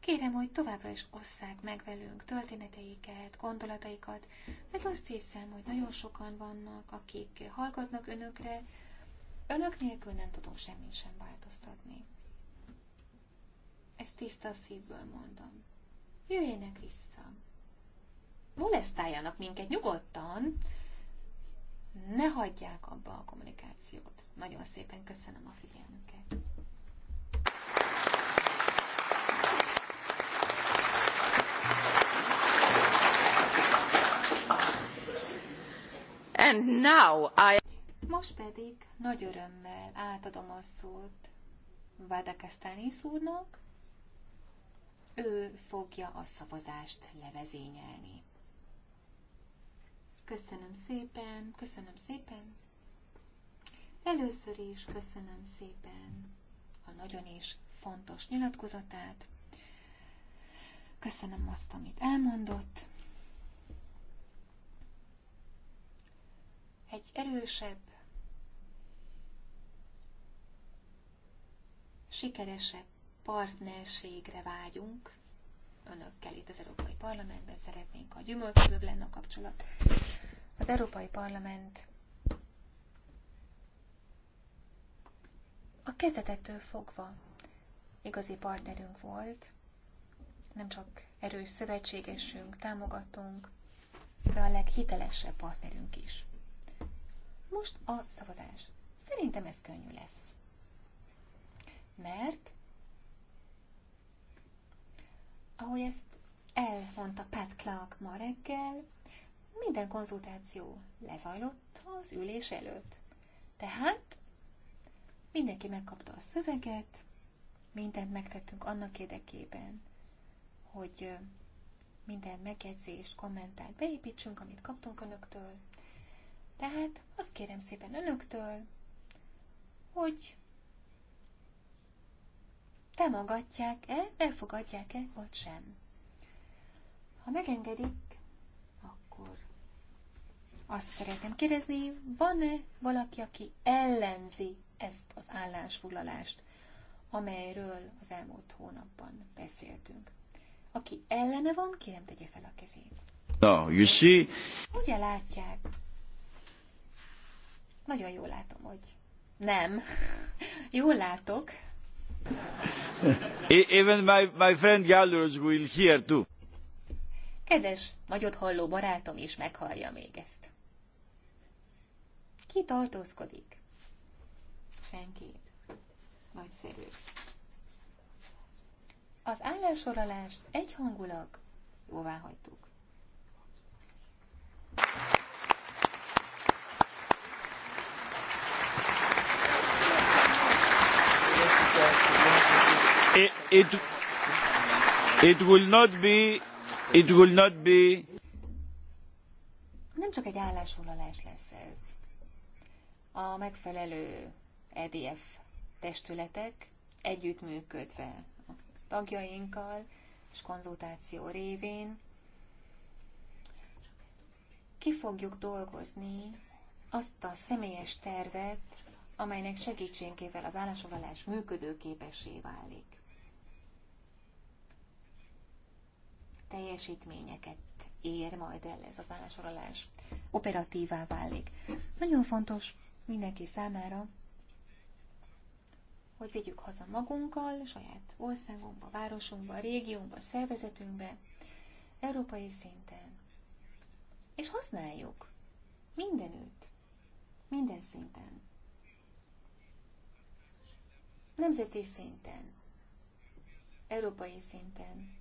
Kérem, hogy továbbra is osszák meg velünk történeteiket, gondolataikat, mert azt hiszem, hogy nagyon sokan vannak, akik hallgatnak önökre, Önök nélkül nem tudunk semmit sem változtatni. Ezt tiszta szívből mondom. Jöjjenek vissza. Molesztáljanak minket nyugodtan. Ne hagyják abba a kommunikációt. Nagyon szépen köszönöm a figyelmüket. And now I most pedig nagy örömmel átadom a szót Vadakasztánis úrnak. Ő fogja a szavazást levezényelni. Köszönöm szépen, köszönöm szépen. Először is köszönöm szépen a nagyon is fontos nyilatkozatát. Köszönöm azt, amit elmondott. egy erősebb, sikeresebb partnerségre vágyunk. Önökkel itt az Európai Parlamentben szeretnénk, ha gyümölcsözőbb lenne a kapcsolat. Az Európai Parlament a kezdetettől fogva igazi partnerünk volt, nem csak erős szövetségesünk, támogatunk, de a leghitelesebb partnerünk is. Most a szavazás. Szerintem ez könnyű lesz. Mert, ahogy ezt elmondta Pat Clark ma reggel, minden konzultáció lezajlott az ülés előtt. Tehát mindenki megkapta a szöveget, mindent megtettünk annak érdekében, hogy minden megjegyzést, kommentárt beépítsünk, amit kaptunk önöktől. Tehát azt kérem szépen önöktől, hogy támogatják-e, elfogadják-e, vagy sem. Ha megengedik, akkor azt szeretném kérdezni, van-e valaki, aki ellenzi ezt az állásfoglalást, amelyről az elmúlt hónapban beszéltünk. Aki ellene van, kérem tegye fel a kezét. no, you see? Ugye látják, nagyon jól látom, hogy nem. Jól látok. E-, even my, my friend Gallus will hear too. Kedves, nagyot halló barátom is meghallja még ezt. Ki tartózkodik? Senki. Nagyszerű. Az állásoralást egyhangulag jóvá hagytuk. It, it, it will not be, it will not be. Nem csak egy állásfoglalás lesz ez. A megfelelő EDF testületek együttműködve a tagjainkkal és konzultáció révén ki fogjuk dolgozni azt a személyes tervet, amelynek segítségével az állásfoglalás működőképessé válik. Teljesítményeket ér majd el ez az állásfoglalás. Operatívá válik. Nagyon fontos mindenki számára, hogy vigyük haza magunkkal, saját országunkba, városunkba, régiónkba, szervezetünkbe, európai szinten. És használjuk mindenütt, minden szinten nemzeti szinten, európai szinten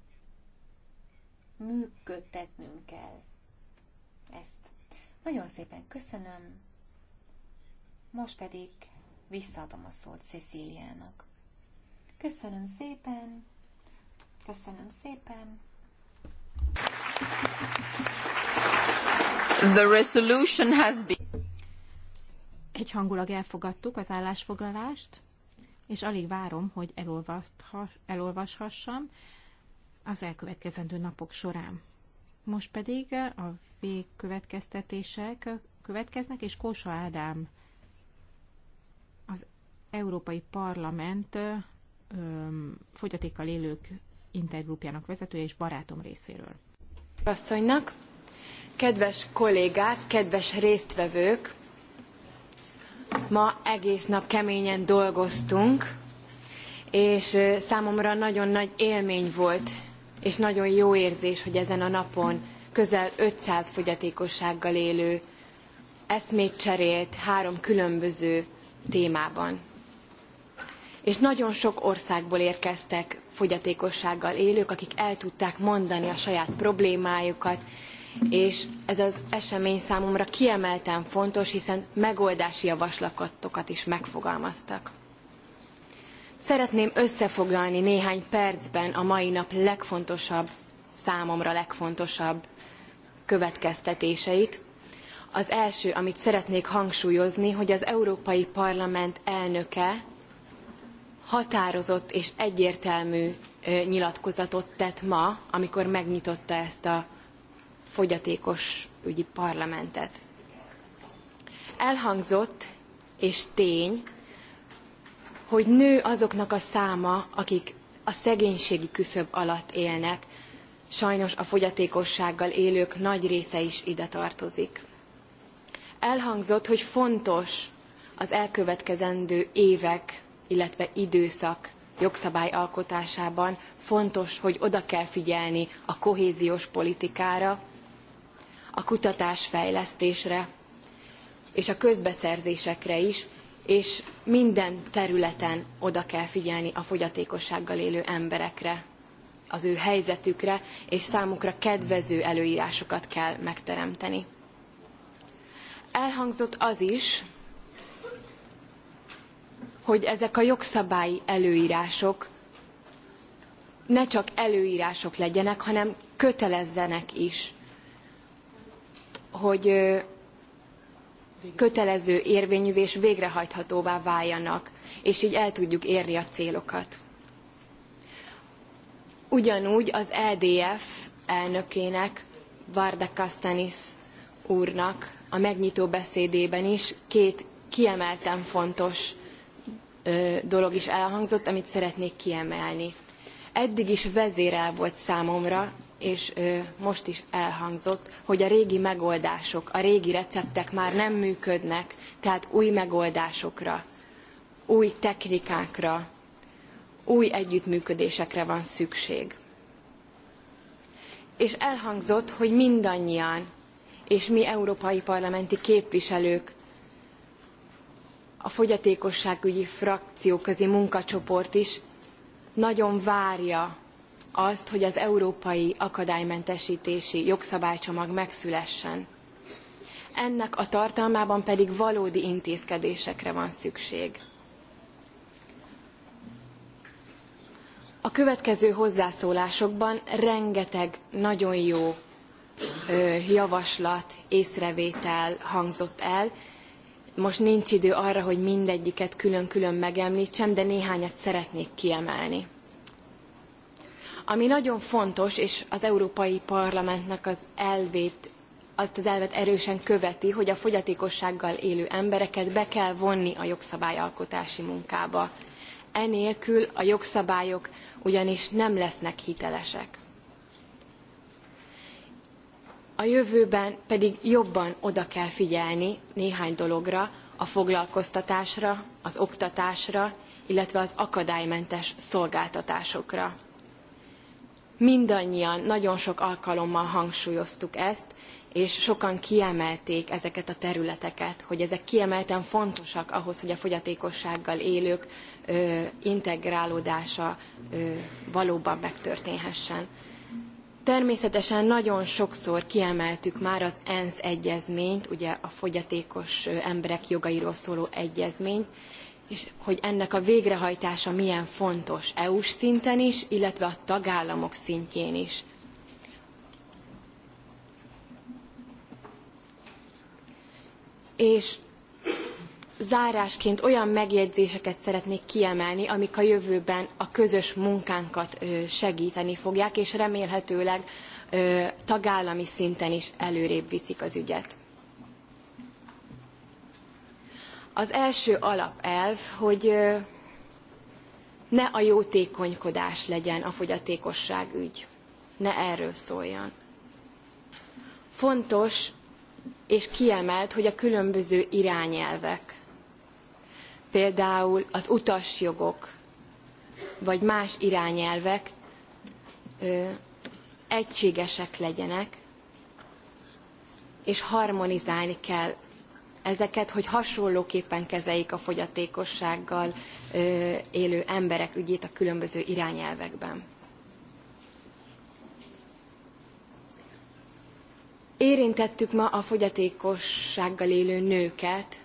működtetnünk kell ezt. Nagyon szépen köszönöm, most pedig visszaadom a szót Cecíliának. Köszönöm szépen, köszönöm szépen. The resolution has been. Egy hangulag elfogadtuk az állásfoglalást és alig várom, hogy elolvashassam az elkövetkezendő napok során. Most pedig a végkövetkeztetések következnek, és Kósa Ádám az Európai Parlament öm, fogyatékkal élők intergrupjának vezetője és barátom részéről. Asszonynak, kedves kollégák, kedves résztvevők! Ma egész nap keményen dolgoztunk, és számomra nagyon nagy élmény volt, és nagyon jó érzés, hogy ezen a napon közel 500 fogyatékossággal élő eszmét cserélt három különböző témában. És nagyon sok országból érkeztek fogyatékossággal élők, akik el tudták mondani a saját problémájukat, és ez az esemény számomra kiemelten fontos, hiszen megoldási javaslatokat is megfogalmaztak. Szeretném összefoglalni néhány percben a mai nap legfontosabb, számomra legfontosabb következtetéseit. Az első, amit szeretnék hangsúlyozni, hogy az Európai Parlament elnöke határozott és egyértelmű nyilatkozatot tett ma, amikor megnyitotta ezt a fogyatékos ügyi parlamentet. Elhangzott és tény, hogy nő azoknak a száma, akik a szegénységi küszöb alatt élnek, sajnos a fogyatékossággal élők nagy része is ide tartozik. Elhangzott, hogy fontos az elkövetkezendő évek, illetve időszak jogszabály alkotásában fontos, hogy oda kell figyelni a kohéziós politikára, a kutatásfejlesztésre és a közbeszerzésekre is, és minden területen oda kell figyelni a fogyatékossággal élő emberekre, az ő helyzetükre, és számukra kedvező előírásokat kell megteremteni. Elhangzott az is, hogy ezek a jogszabályi előírások ne csak előírások legyenek, hanem kötelezzenek is hogy kötelező érvényűvé és végrehajthatóvá váljanak, és így el tudjuk érni a célokat. Ugyanúgy az EDF elnökének, Varda Kastanis úrnak a megnyitó beszédében is két kiemelten fontos dolog is elhangzott, amit szeretnék kiemelni. Eddig is vezérel volt számomra és most is elhangzott, hogy a régi megoldások, a régi receptek már nem működnek, tehát új megoldásokra, új technikákra, új együttműködésekre van szükség. És elhangzott, hogy mindannyian, és mi európai parlamenti képviselők a fogyatékosságügyi frakcióközi munkacsoport is nagyon várja azt, hogy az európai akadálymentesítési jogszabálycsomag megszülessen. Ennek a tartalmában pedig valódi intézkedésekre van szükség. A következő hozzászólásokban rengeteg nagyon jó javaslat, észrevétel hangzott el. Most nincs idő arra, hogy mindegyiket külön-külön megemlítsem, de néhányat szeretnék kiemelni ami nagyon fontos, és az Európai Parlamentnek az elvét azt az elvet erősen követi, hogy a fogyatékossággal élő embereket be kell vonni a jogszabályalkotási munkába. Enélkül a jogszabályok ugyanis nem lesznek hitelesek. A jövőben pedig jobban oda kell figyelni néhány dologra, a foglalkoztatásra, az oktatásra, illetve az akadálymentes szolgáltatásokra mindannyian nagyon sok alkalommal hangsúlyoztuk ezt, és sokan kiemelték ezeket a területeket, hogy ezek kiemelten fontosak ahhoz, hogy a fogyatékossággal élők ö, integrálódása ö, valóban megtörténhessen. Természetesen nagyon sokszor kiemeltük már az ENSZ egyezményt, ugye a fogyatékos emberek jogairól szóló egyezményt, és hogy ennek a végrehajtása milyen fontos EU-s szinten is, illetve a tagállamok szintjén is. És zárásként olyan megjegyzéseket szeretnék kiemelni, amik a jövőben a közös munkánkat segíteni fogják, és remélhetőleg tagállami szinten is előrébb viszik az ügyet. Az első alapelv, hogy ne a jótékonykodás legyen a fogyatékosság ügy. Ne erről szóljon. Fontos és kiemelt, hogy a különböző irányelvek, például az utasjogok, vagy más irányelvek ö, egységesek legyenek, és harmonizálni kell ezeket, hogy hasonlóképpen kezeljék a fogyatékossággal élő emberek ügyét a különböző irányelvekben. Érintettük ma a fogyatékossággal élő nőket,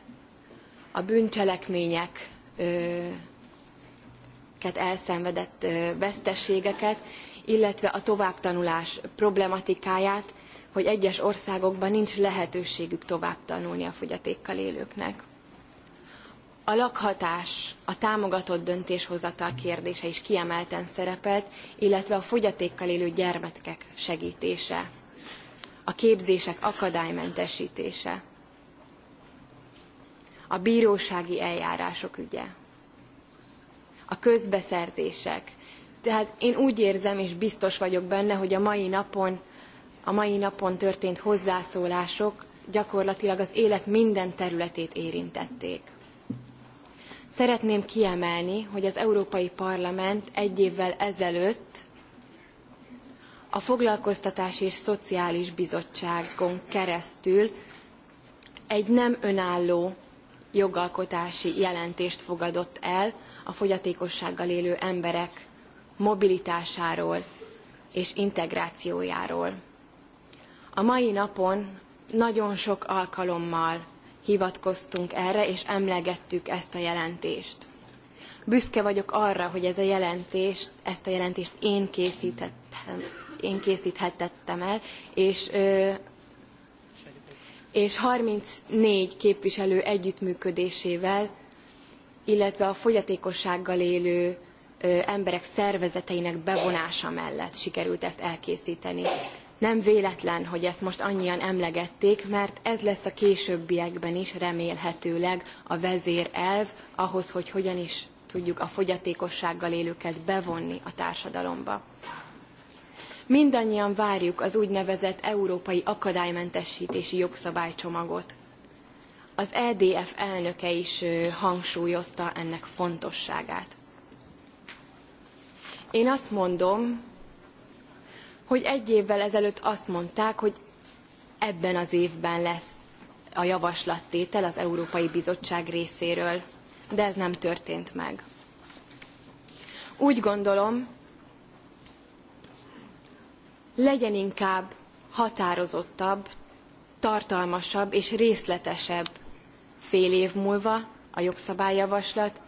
a bűncselekményeket elszenvedett veszteségeket, illetve a továbbtanulás problematikáját, hogy egyes országokban nincs lehetőségük tovább tanulni a fogyatékkal élőknek. A lakhatás, a támogatott döntéshozatal kérdése is kiemelten szerepelt, illetve a fogyatékkal élő gyermekek segítése, a képzések akadálymentesítése, a bírósági eljárások ügye, a közbeszerzések. Tehát én úgy érzem, és biztos vagyok benne, hogy a mai napon a mai napon történt hozzászólások gyakorlatilag az élet minden területét érintették. Szeretném kiemelni, hogy az Európai Parlament egy évvel ezelőtt a foglalkoztatás és Szociális Bizottságon keresztül egy nem önálló jogalkotási jelentést fogadott el a fogyatékossággal élő emberek mobilitásáról és integrációjáról. A mai napon nagyon sok alkalommal hivatkoztunk erre, és emlegettük ezt a jelentést. Büszke vagyok arra, hogy ez a ezt a jelentést én készítettem, én készíthettettem el, és ö, és 34 képviselő együttműködésével, illetve a fogyatékossággal élő emberek szervezeteinek bevonása mellett sikerült ezt elkészíteni. Nem véletlen, hogy ezt most annyian emlegették, mert ez lesz a későbbiekben is remélhetőleg a vezérelv ahhoz, hogy hogyan is tudjuk a fogyatékossággal élőket bevonni a társadalomba. Mindannyian várjuk az úgynevezett európai akadálymentesítési jogszabálycsomagot. Az EDF elnöke is hangsúlyozta ennek fontosságát. Én azt mondom, hogy egy évvel ezelőtt azt mondták, hogy ebben az évben lesz a javaslattétel az Európai Bizottság részéről, de ez nem történt meg. Úgy gondolom, legyen inkább határozottabb, tartalmasabb és részletesebb fél év múlva a jogszabályjavaslat,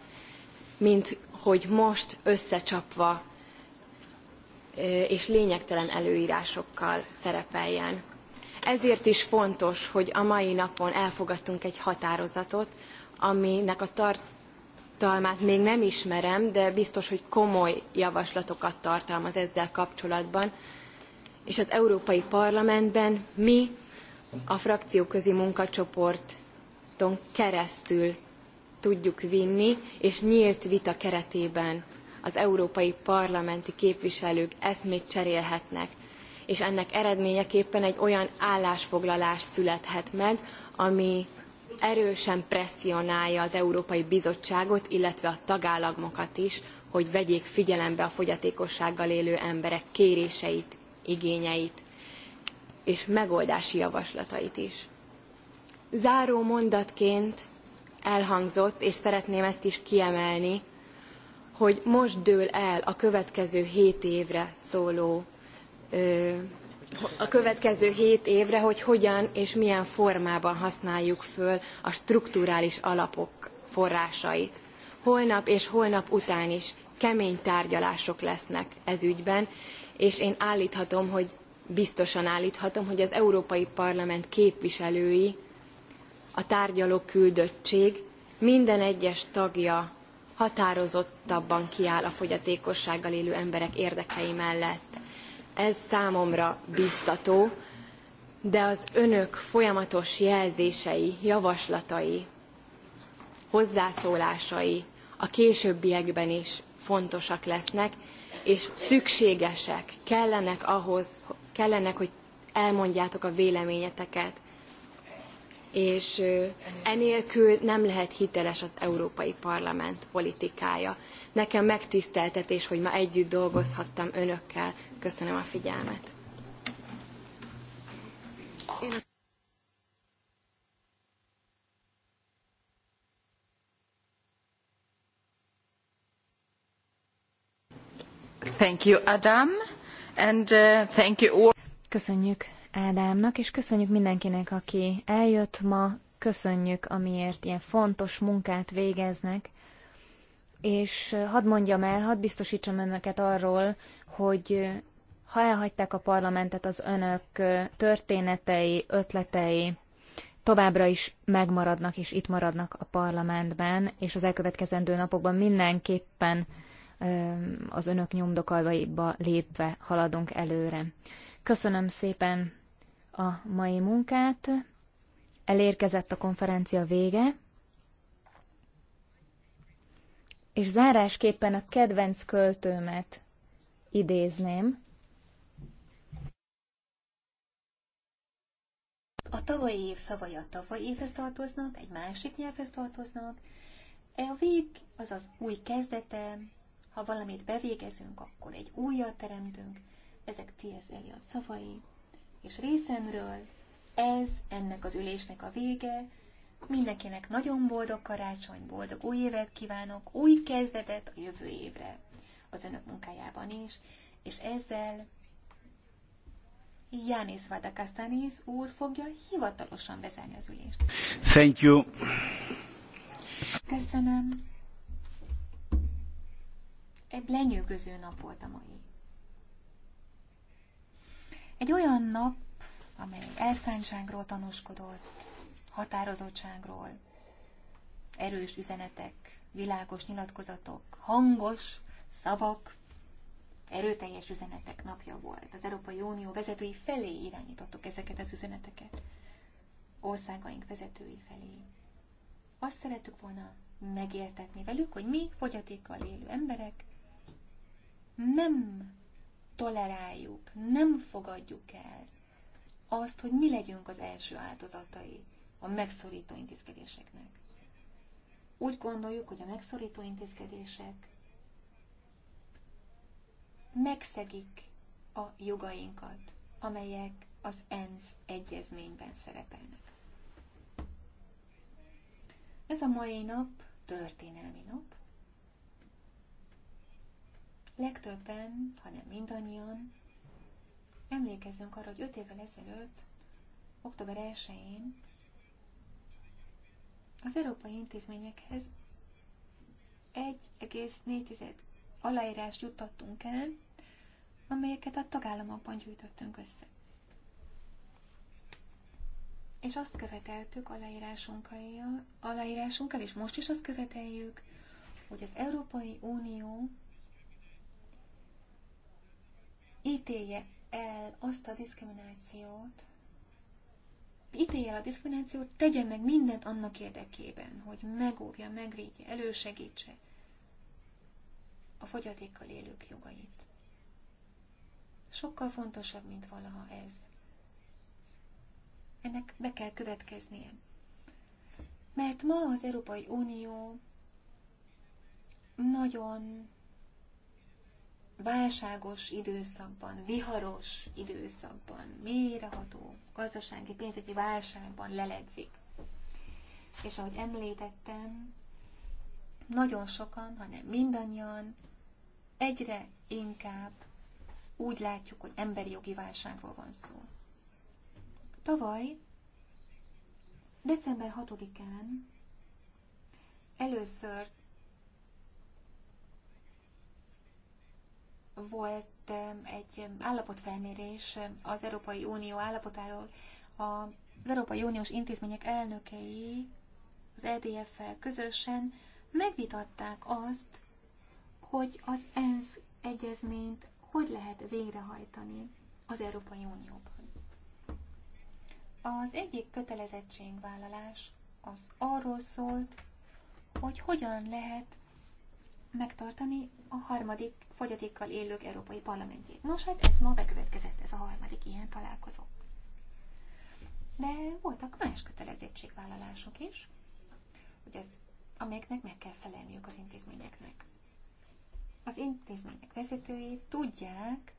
mint hogy most összecsapva és lényegtelen előírásokkal szerepeljen. Ezért is fontos, hogy a mai napon elfogadtunk egy határozatot, aminek a tartalmát még nem ismerem, de biztos, hogy komoly javaslatokat tartalmaz ezzel kapcsolatban, és az Európai Parlamentben mi a frakcióközi munkacsoporton keresztül tudjuk vinni, és nyílt vita keretében az európai parlamenti képviselők eszmét cserélhetnek, és ennek eredményeképpen egy olyan állásfoglalás születhet meg, ami erősen presszionálja az Európai Bizottságot, illetve a tagállamokat is, hogy vegyék figyelembe a fogyatékossággal élő emberek kéréseit, igényeit és megoldási javaslatait is. Záró mondatként elhangzott, és szeretném ezt is kiemelni, hogy most dől el a következő 7 évre szóló a következő 7 évre, hogy hogyan és milyen formában használjuk föl a strukturális alapok forrásait. Holnap és holnap után is kemény tárgyalások lesznek ez ügyben, és én állíthatom, hogy biztosan állíthatom, hogy az Európai Parlament képviselői, a tárgyaló küldöttség minden egyes tagja határozottabban kiáll a fogyatékossággal élő emberek érdekei mellett. Ez számomra biztató, de az önök folyamatos jelzései, javaslatai, hozzászólásai a későbbiekben is fontosak lesznek, és szükségesek, kellenek ahhoz, kellenek, hogy elmondjátok a véleményeteket, és enélkül nem lehet hiteles az Európai Parlament politikája. Nekem megtiszteltetés, hogy ma együtt dolgozhattam önökkel. Köszönöm a figyelmet. Thank you, Adam, and uh, thank you all. Köszönjük Ádámnak, és köszönjük mindenkinek, aki eljött ma, köszönjük, amiért ilyen fontos munkát végeznek, és hadd mondjam el, hadd biztosítsam önöket arról, hogy ha elhagyták a parlamentet, az önök történetei, ötletei továbbra is megmaradnak és itt maradnak a parlamentben, és az elkövetkezendő napokban mindenképpen az önök nyomdokalvaiba lépve haladunk előre. Köszönöm szépen a mai munkát. Elérkezett a konferencia vége. És zárásképpen a kedvenc költőmet idézném. A tavalyi év szavai a tavalyi évhez tartoznak, egy másik nyelvhez tartoznak. E a vég az az új kezdete, ha valamit bevégezünk, akkor egy újat teremtünk. Ezek T.S. Eliot szavai és részemről ez ennek az ülésnek a vége. Mindenkinek nagyon boldog karácsony, boldog új évet kívánok, új kezdetet a jövő évre az önök munkájában is, és ezzel Jánisz Vadakastanis úr fogja hivatalosan bezárni az ülést. Thank you. Köszönöm. Egy lenyűgöző nap volt a mai. Egy olyan nap, amely elszántságról tanúskodott, határozottságról, erős üzenetek, világos nyilatkozatok, hangos szavak, erőteljes üzenetek napja volt. Az Európai Unió vezetői felé irányítottuk ezeket az üzeneteket. Országaink vezetői felé. Azt szerettük volna megértetni velük, hogy mi fogyatékkal élő emberek nem toleráljuk, nem fogadjuk el azt, hogy mi legyünk az első áldozatai a megszorító intézkedéseknek. Úgy gondoljuk, hogy a megszorító intézkedések megszegik a jogainkat, amelyek az ENSZ egyezményben szerepelnek. Ez a mai nap történelmi nap, legtöbben, hanem mindannyian emlékezzünk arra, hogy 5 évvel ezelőtt, október 1-én az európai intézményekhez 1,4 aláírást juttattunk el, amelyeket a tagállamokban gyűjtöttünk össze. És azt követeltük aláírásunkkal, aláírásunkkal, és most is azt követeljük, hogy az Európai Unió ítélje el azt a diszkriminációt, ítélje el a diszkriminációt, tegye meg mindent annak érdekében, hogy megóvja, megvédje, elősegítse a fogyatékkal élők jogait. Sokkal fontosabb, mint valaha ez. Ennek be kell következnie. Mert ma az Európai Unió nagyon válságos időszakban, viharos időszakban, mélyreható gazdasági pénzügyi válságban leledzik. És ahogy említettem, nagyon sokan, hanem mindannyian egyre inkább úgy látjuk, hogy emberi jogi válságról van szó. Tavaly, december 6-án először volt egy állapotfelmérés az Európai Unió állapotáról. Az Európai Uniós intézmények elnökei az EDF-fel közösen megvitatták azt, hogy az ENSZ egyezményt hogy lehet végrehajtani az Európai Unióban. Az egyik kötelezettségvállalás az arról szólt, hogy hogyan lehet megtartani a harmadik fogyatékkal élők Európai Parlamentjét. Nos, hát ez ma bekövetkezett, ez a harmadik ilyen találkozó. De voltak más kötelezettségvállalások is, hogy az, amelyeknek meg kell felelniük az intézményeknek. Az intézmények vezetői tudják,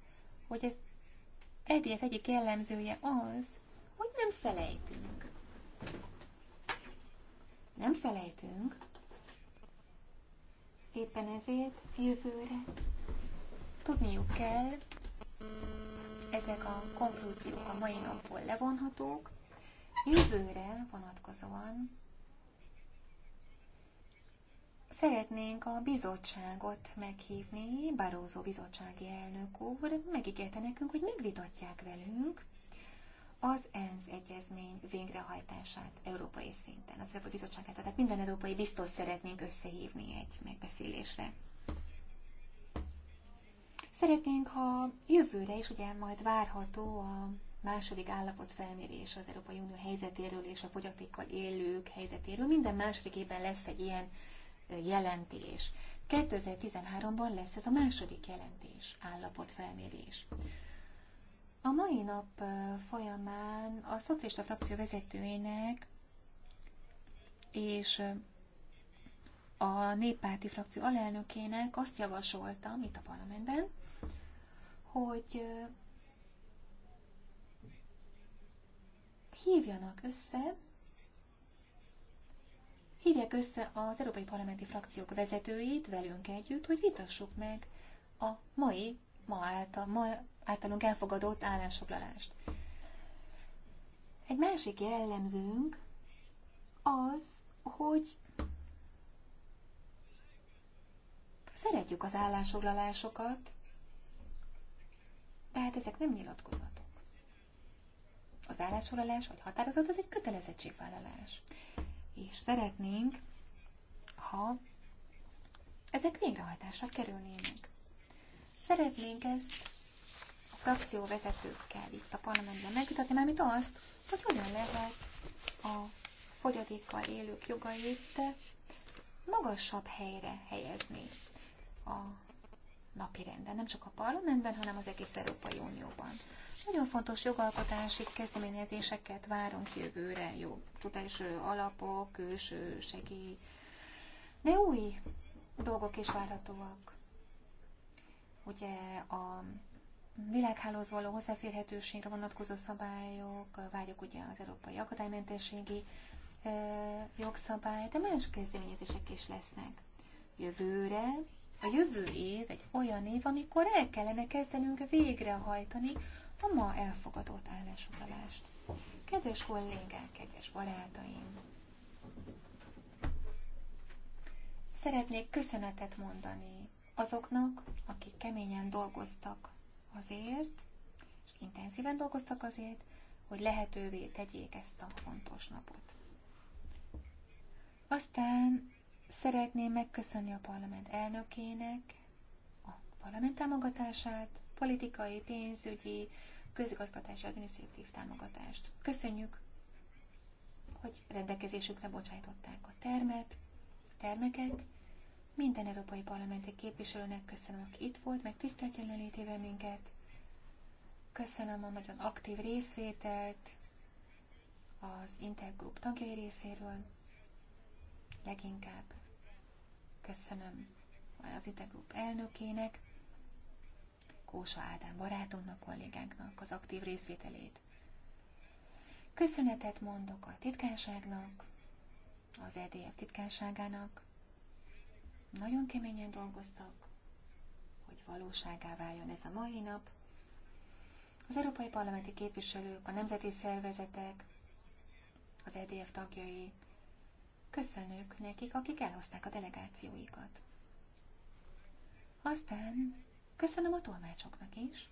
hogy ez Edért egyik jellemzője az, hogy nem felejtünk. Nem felejtünk, Éppen ezért jövőre tudniuk kell, ezek a konklúziók a mai napból levonhatók, jövőre vonatkozóan Szeretnénk a bizottságot meghívni, Barózó bizottsági elnök úr megígérte nekünk, hogy megvitatják velünk az ENSZ egyezmény végrehajtását európai szinten, az Európai Bizottságát. Tehát minden európai biztos szeretnénk összehívni egy megbeszélésre. Szeretnénk, ha jövőre is ugye majd várható a második állapot felmérés az Európai Unió helyzetéről és a fogyatékkal élők helyzetéről. Minden második évben lesz egy ilyen jelentés. 2013-ban lesz ez a második jelentés, állapotfelmérés. A mai nap folyamán a szocialista frakció vezetőjének és a néppárti frakció alelnökének azt javasoltam itt a parlamentben, hogy hívjanak össze, hívják össze az európai parlamenti frakciók vezetőit velünk együtt, hogy vitassuk meg a mai ma, által, ma általunk elfogadott állásfoglalást. Egy másik jellemzőnk az, hogy szeretjük az állásfoglalásokat, tehát ezek nem nyilatkozatok. Az állásfoglalás vagy határozat az egy kötelezettségvállalás. És szeretnénk, ha ezek végrehajtásra kerülnének. Szeretnénk ezt a frakcióvezetőkkel itt a parlamentben megvitatni, mármint azt, hogy hogyan lehet a fogyatékkal élők jogait magasabb helyre helyezni a napi renden, nem csak a parlamentben, hanem az egész Európai Unióban. Nagyon fontos jogalkotási kezdeményezéseket várunk jövőre, jó, belső alapok, külső segély, de új dolgok is várhatóak. Ugye a világhálóz való hozzáférhetőségre vonatkozó szabályok, várjuk ugye az európai akadálymentességi jogszabály, de más kezdeményezések is lesznek. Jövőre, a jövő év egy olyan év, amikor el kellene kezdenünk végrehajtani a ma elfogadott állásfoglalást. Kedves kollégák, kedves barátaim! Szeretnék köszönetet mondani azoknak, akik keményen dolgoztak azért, és intenzíven dolgoztak azért, hogy lehetővé tegyék ezt a fontos napot. Aztán szeretném megköszönni a parlament elnökének a parlament támogatását, politikai, pénzügyi, közigazgatási, adminisztratív támogatást. Köszönjük, hogy rendelkezésükre bocsájtották a termet, termeket, minden európai parlamenti képviselőnek köszönöm, aki itt volt, meg tisztelt jelenlétével minket. Köszönöm a nagyon aktív részvételt az Intergroup tagjai részéről. Leginkább köszönöm az Intergroup elnökének, Kósa Ádám barátunknak, kollégánknak az aktív részvételét. Köszönetet mondok a titkárságnak, az EDF titkárságának, nagyon keményen dolgoztak, hogy valóságá váljon ez a mai nap. Az európai parlamenti képviselők, a nemzeti szervezetek, az EDF tagjai, köszönök nekik, akik elhozták a delegációikat. Aztán köszönöm a tolmácsoknak is.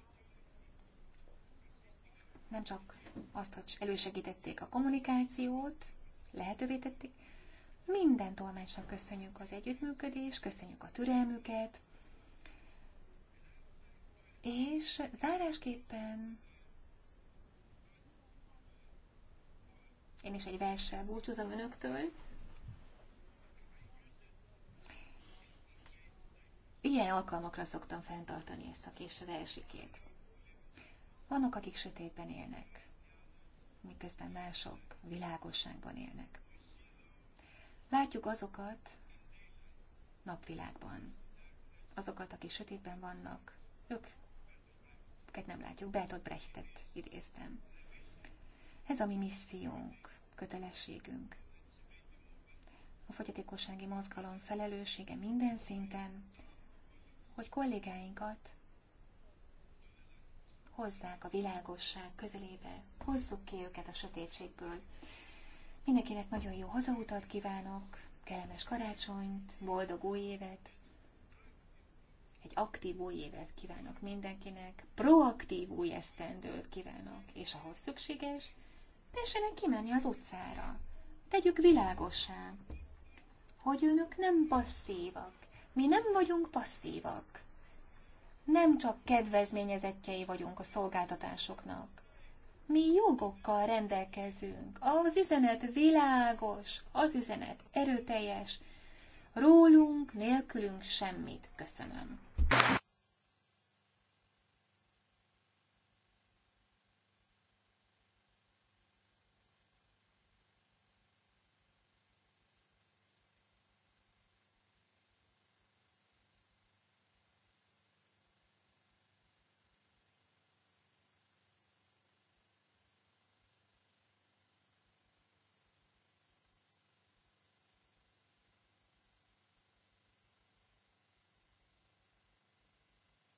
Nem csak azt, hogy elősegítették a kommunikációt, lehetővé tették, minden tolmácsnak köszönjük az együttműködést, köszönjük a türelmüket, és zárásképpen én is egy verssel búcsúzom önöktől. Ilyen alkalmakra szoktam fenntartani ezt a késő versikét. Vannak, akik sötétben élnek, miközben mások világosságban élnek. Látjuk azokat napvilágban. Azokat, akik sötétben vannak, ők őket nem látjuk. Bertolt Brechtet idéztem. Ez a mi missziónk, kötelességünk. A fogyatékossági mozgalom felelőssége minden szinten, hogy kollégáinkat hozzák a világosság közelébe, hozzuk ki őket a sötétségből. Mindenkinek nagyon jó hazautat kívánok, kellemes karácsonyt, boldog új évet, egy aktív új évet kívánok mindenkinek, proaktív új esztendőt kívánok, és ahhoz szükséges, tessenek kimenni az utcára. Tegyük világosá, hogy önök nem passzívak. Mi nem vagyunk passzívak. Nem csak kedvezményezettjei vagyunk a szolgáltatásoknak mi jogokkal rendelkezünk. Az üzenet világos, az üzenet erőteljes. Rólunk, nélkülünk semmit. Köszönöm.